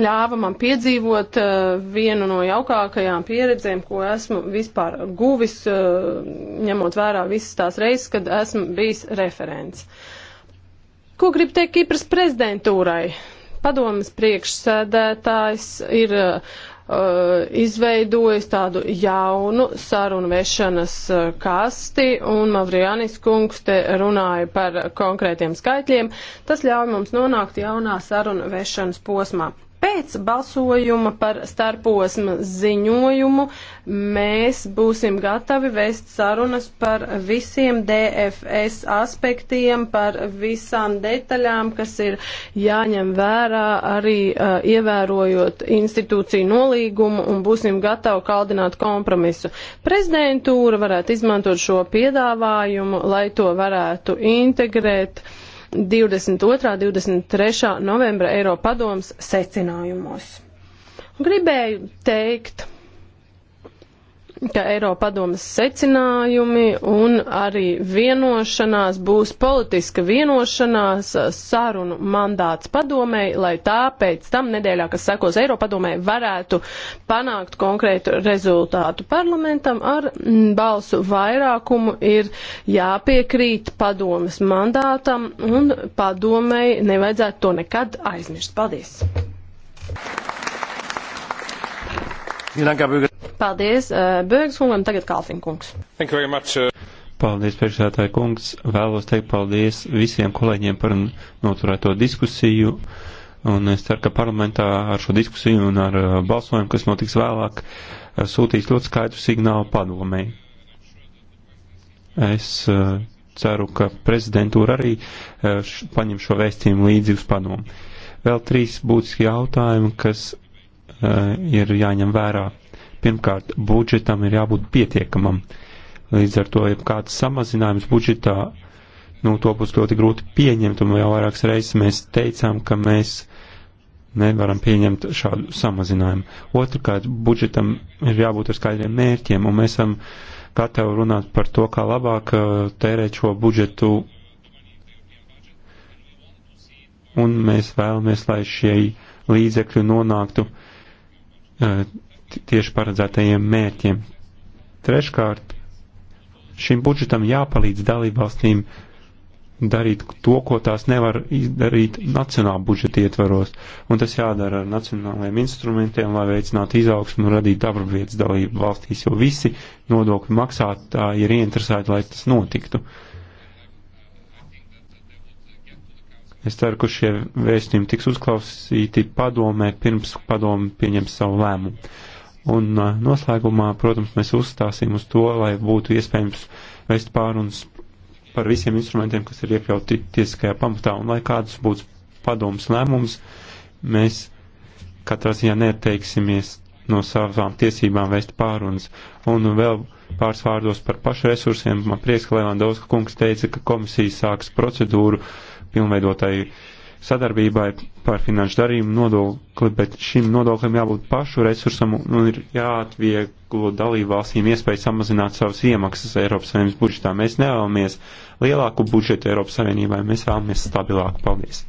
ļāva man piedzīvot uh, vienu no jaukākajām pieredzēm, ko esmu vispār guvis, uh, ņemot vērā visas tās reizes, kad esmu bijis referents. Ko grib teikt Kipras prezidentūrai? Padomas priekšsēdētājs ir uh, Uh, izveidojis tādu jaunu sarunu vešanas uh, kasti, un Mavrijanis kungs te runāja par konkrētiem skaitļiem. Tas ļauj mums nonākt jaunā sarunu vešanas posmā. Pēc balsojuma par starposma ziņojumu mēs būsim gatavi vēst sarunas par visiem DFS aspektiem, par visām detaļām, kas ir jāņem vērā arī uh, ievērojot institūciju nolīgumu un būsim gatavi kaldināt kompromisu. Prezidentūra varētu izmantot šo piedāvājumu, lai to varētu integrēt 22. un 23. novembra Eiropadomas secinājumos. Gribēju teikt, ka Eiropadomas secinājumi un arī vienošanās būs politiska vienošanās sarunu mandāts padomēji, lai tā pēc tam nedēļā, kas sekos Eiropadomēji, varētu panākt konkrētu rezultātu. Parlamentam ar mm, balsu vairākumu ir jāpiekrīt padomas mandātam un padomēji nevajadzētu to nekad aizmirst. Paldies! Thank you. Paldies, eh, Bēgas kungam, tagad Kalfin kungs.
Uh, paldies, priekšsētāji kungs. Vēlos teikt paldies visiem kolēģiem par noturēto diskusiju. Un es ceru, ka parlamentā ar šo diskusiju un ar eh, balsojumu, kas notiks vēlāk, eh, sūtīs ļoti skaidru signālu padomēji. Es ceru, ka prezidentūra arī paņem šo vēstījumu līdzi uz padomu. Vēl trīs būtiski jautājumi, kas Eh, ir jāņem vērā. Pirmkārt, budžetam ir jābūt pietiekamam. Līdz ar to, ja kāds samazinājums budžetā, nu, to būs ļoti grūti pieņemt, un jau vairākas reizes mēs teicām, ka mēs nevaram pieņemt šādu samazinājumu. Otrakārt, budžetam ir jābūt ar skaidriem mērķiem, un mēs esam gatavi runāt par to, kā labāk eh, tērēt šo budžetu. Un mēs vēlamies, lai šie līdzekļi nonāktu uh, tieši paredzētajiem mērķiem. Treškārt, šim budžetam jāpalīdz dalībvalstīm darīt to, ko tās nevar izdarīt nacionāla budžeta ietvaros, un tas jādara ar nacionālajiem instrumentiem, lai veicinātu izaugsmu un radītu darba vietas dalību valstīs, jo visi nodokļu maksātāji ir ieinteresēti, lai tas notiktu. Uh, Es ceru, ka šie vēstījumi tiks uzklausīti padomē, pirms padome pieņems savu lēmumu. Un noslēgumā, protams, mēs uzstāsim uz to, lai būtu iespējams vēst pārunas par visiem instrumentiem, kas ir iekļauti tiesiskajā pamatā, un lai kāds būtu padomas lēmums, mēs katrā ziņā neteiksimies no savām tiesībām vēst pārunas. Un vēl pāris vārdos par pašu resursiem. Man prieks, ka Levandovska kungs teica, ka komisija sāks procedūru uh, pilnveidotai sadarbībai par finanšu darījumu nodokli, bet šim nodoklim jābūt pašu resursam un ir jāatvieglo dalību valstīm iespēju samazināt savas iemaksas Eiropas Savienības budžetā. Mēs nevēlamies lielāku budžetu Eiropas Savienībai, mēs vēlamies stabilāku. Paldies!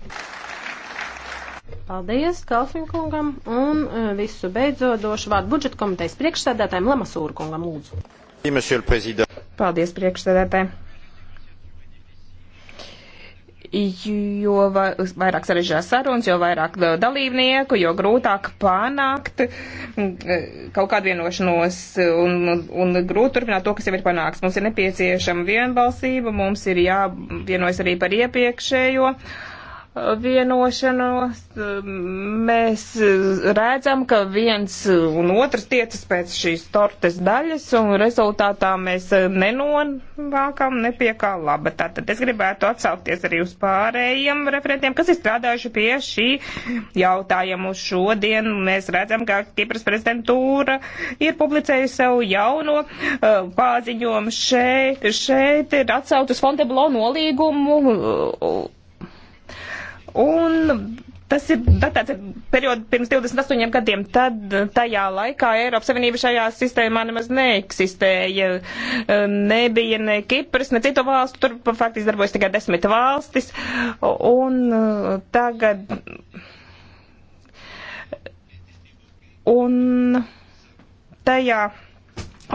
Paldies Kalfinkungam un e, visu beidzot došu vārdu budžeta komitejas priekšsēdētājiem Lamasūru kungam lūdzu.
Paldies
priekšsēdētājiem! jo vairāk sarežģās sarunas, jo vairāk dalībnieku, jo grūtāk panākt mm, e, kaut kādu vienošanos un, un grūti turpināt to, kas jau ir panāks. Mums ir nepieciešama vienbalsība, mums ir jāvienojas arī par iepriekšējo. Uh, vienošanos, mēs redzam, ka viens un otrs tiecas pēc šīs tortes daļas, un rezultātā mēs nenonākam ne pie kā laba. Tātad es gribētu atsaukties arī uz pārējiem referentiem, kas ir strādājuši pie šī jautājumu. Šodien mēs redzam, ka Kipras prezidentūra ir publicējusi sev jauno uh, paziņojumu. Šeit, šeit ir atsaukt uz Fonteblo nolīgumu. Uh, Un tas ir datēts periodu pirms 28 gadiem. Tad tajā laikā Eiropas Savienība šajā sistēmā nemaz neeksistēja. Ehm, nebija ne Kipras, ne citu valstu, tur faktiski darbojas tikai desmit valstis. Un eh, tagad. Un tajā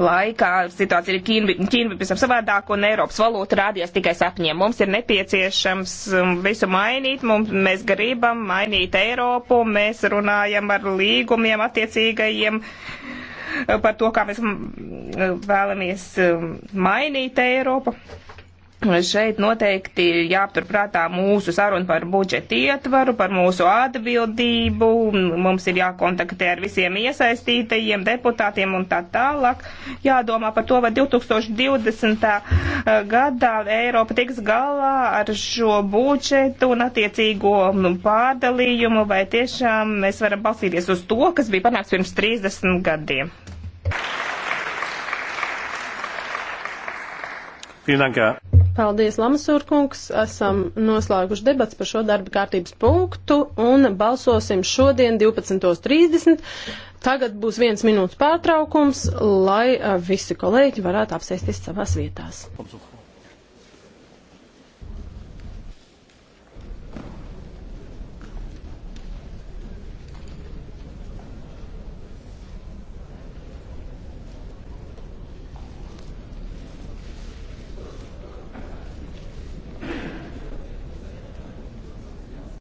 laikā situācija ir Ķīna visam savādāk un Eiropas valūta rādījās tikai sapņiem. Mums ir nepieciešams um, visu mainīt, mums, mēs gribam mainīt Eiropu, mēs runājam ar līgumiem attiecīgajiem uh, par to, kā mēs mm, uh, vēlamies um, mainīt Eiropu. Šeit noteikti ir jāpaturprātā mūsu saruna par budžeta ietvaru, par mūsu atbildību, mums ir jākontaktē ar visiem iesaistītajiem deputātiem un tā tālāk. Jādomā par to, vai 2020. Eh, gadā Eiropa tiks galā ar šo budžetu un attiecīgo mm, pārdalījumu, vai tiešām mēs varam balstīties uz to, kas bija panāks pirms 30
gadiem. Paldies, Lamasūrkungs. Esam noslēguši debats par šo darba kārtības punktu un balsosim šodien 12.30. Tagad būs viens minūtes pārtraukums, lai eh, visi kolēģi varētu apsēsties savās vietās. Paldies.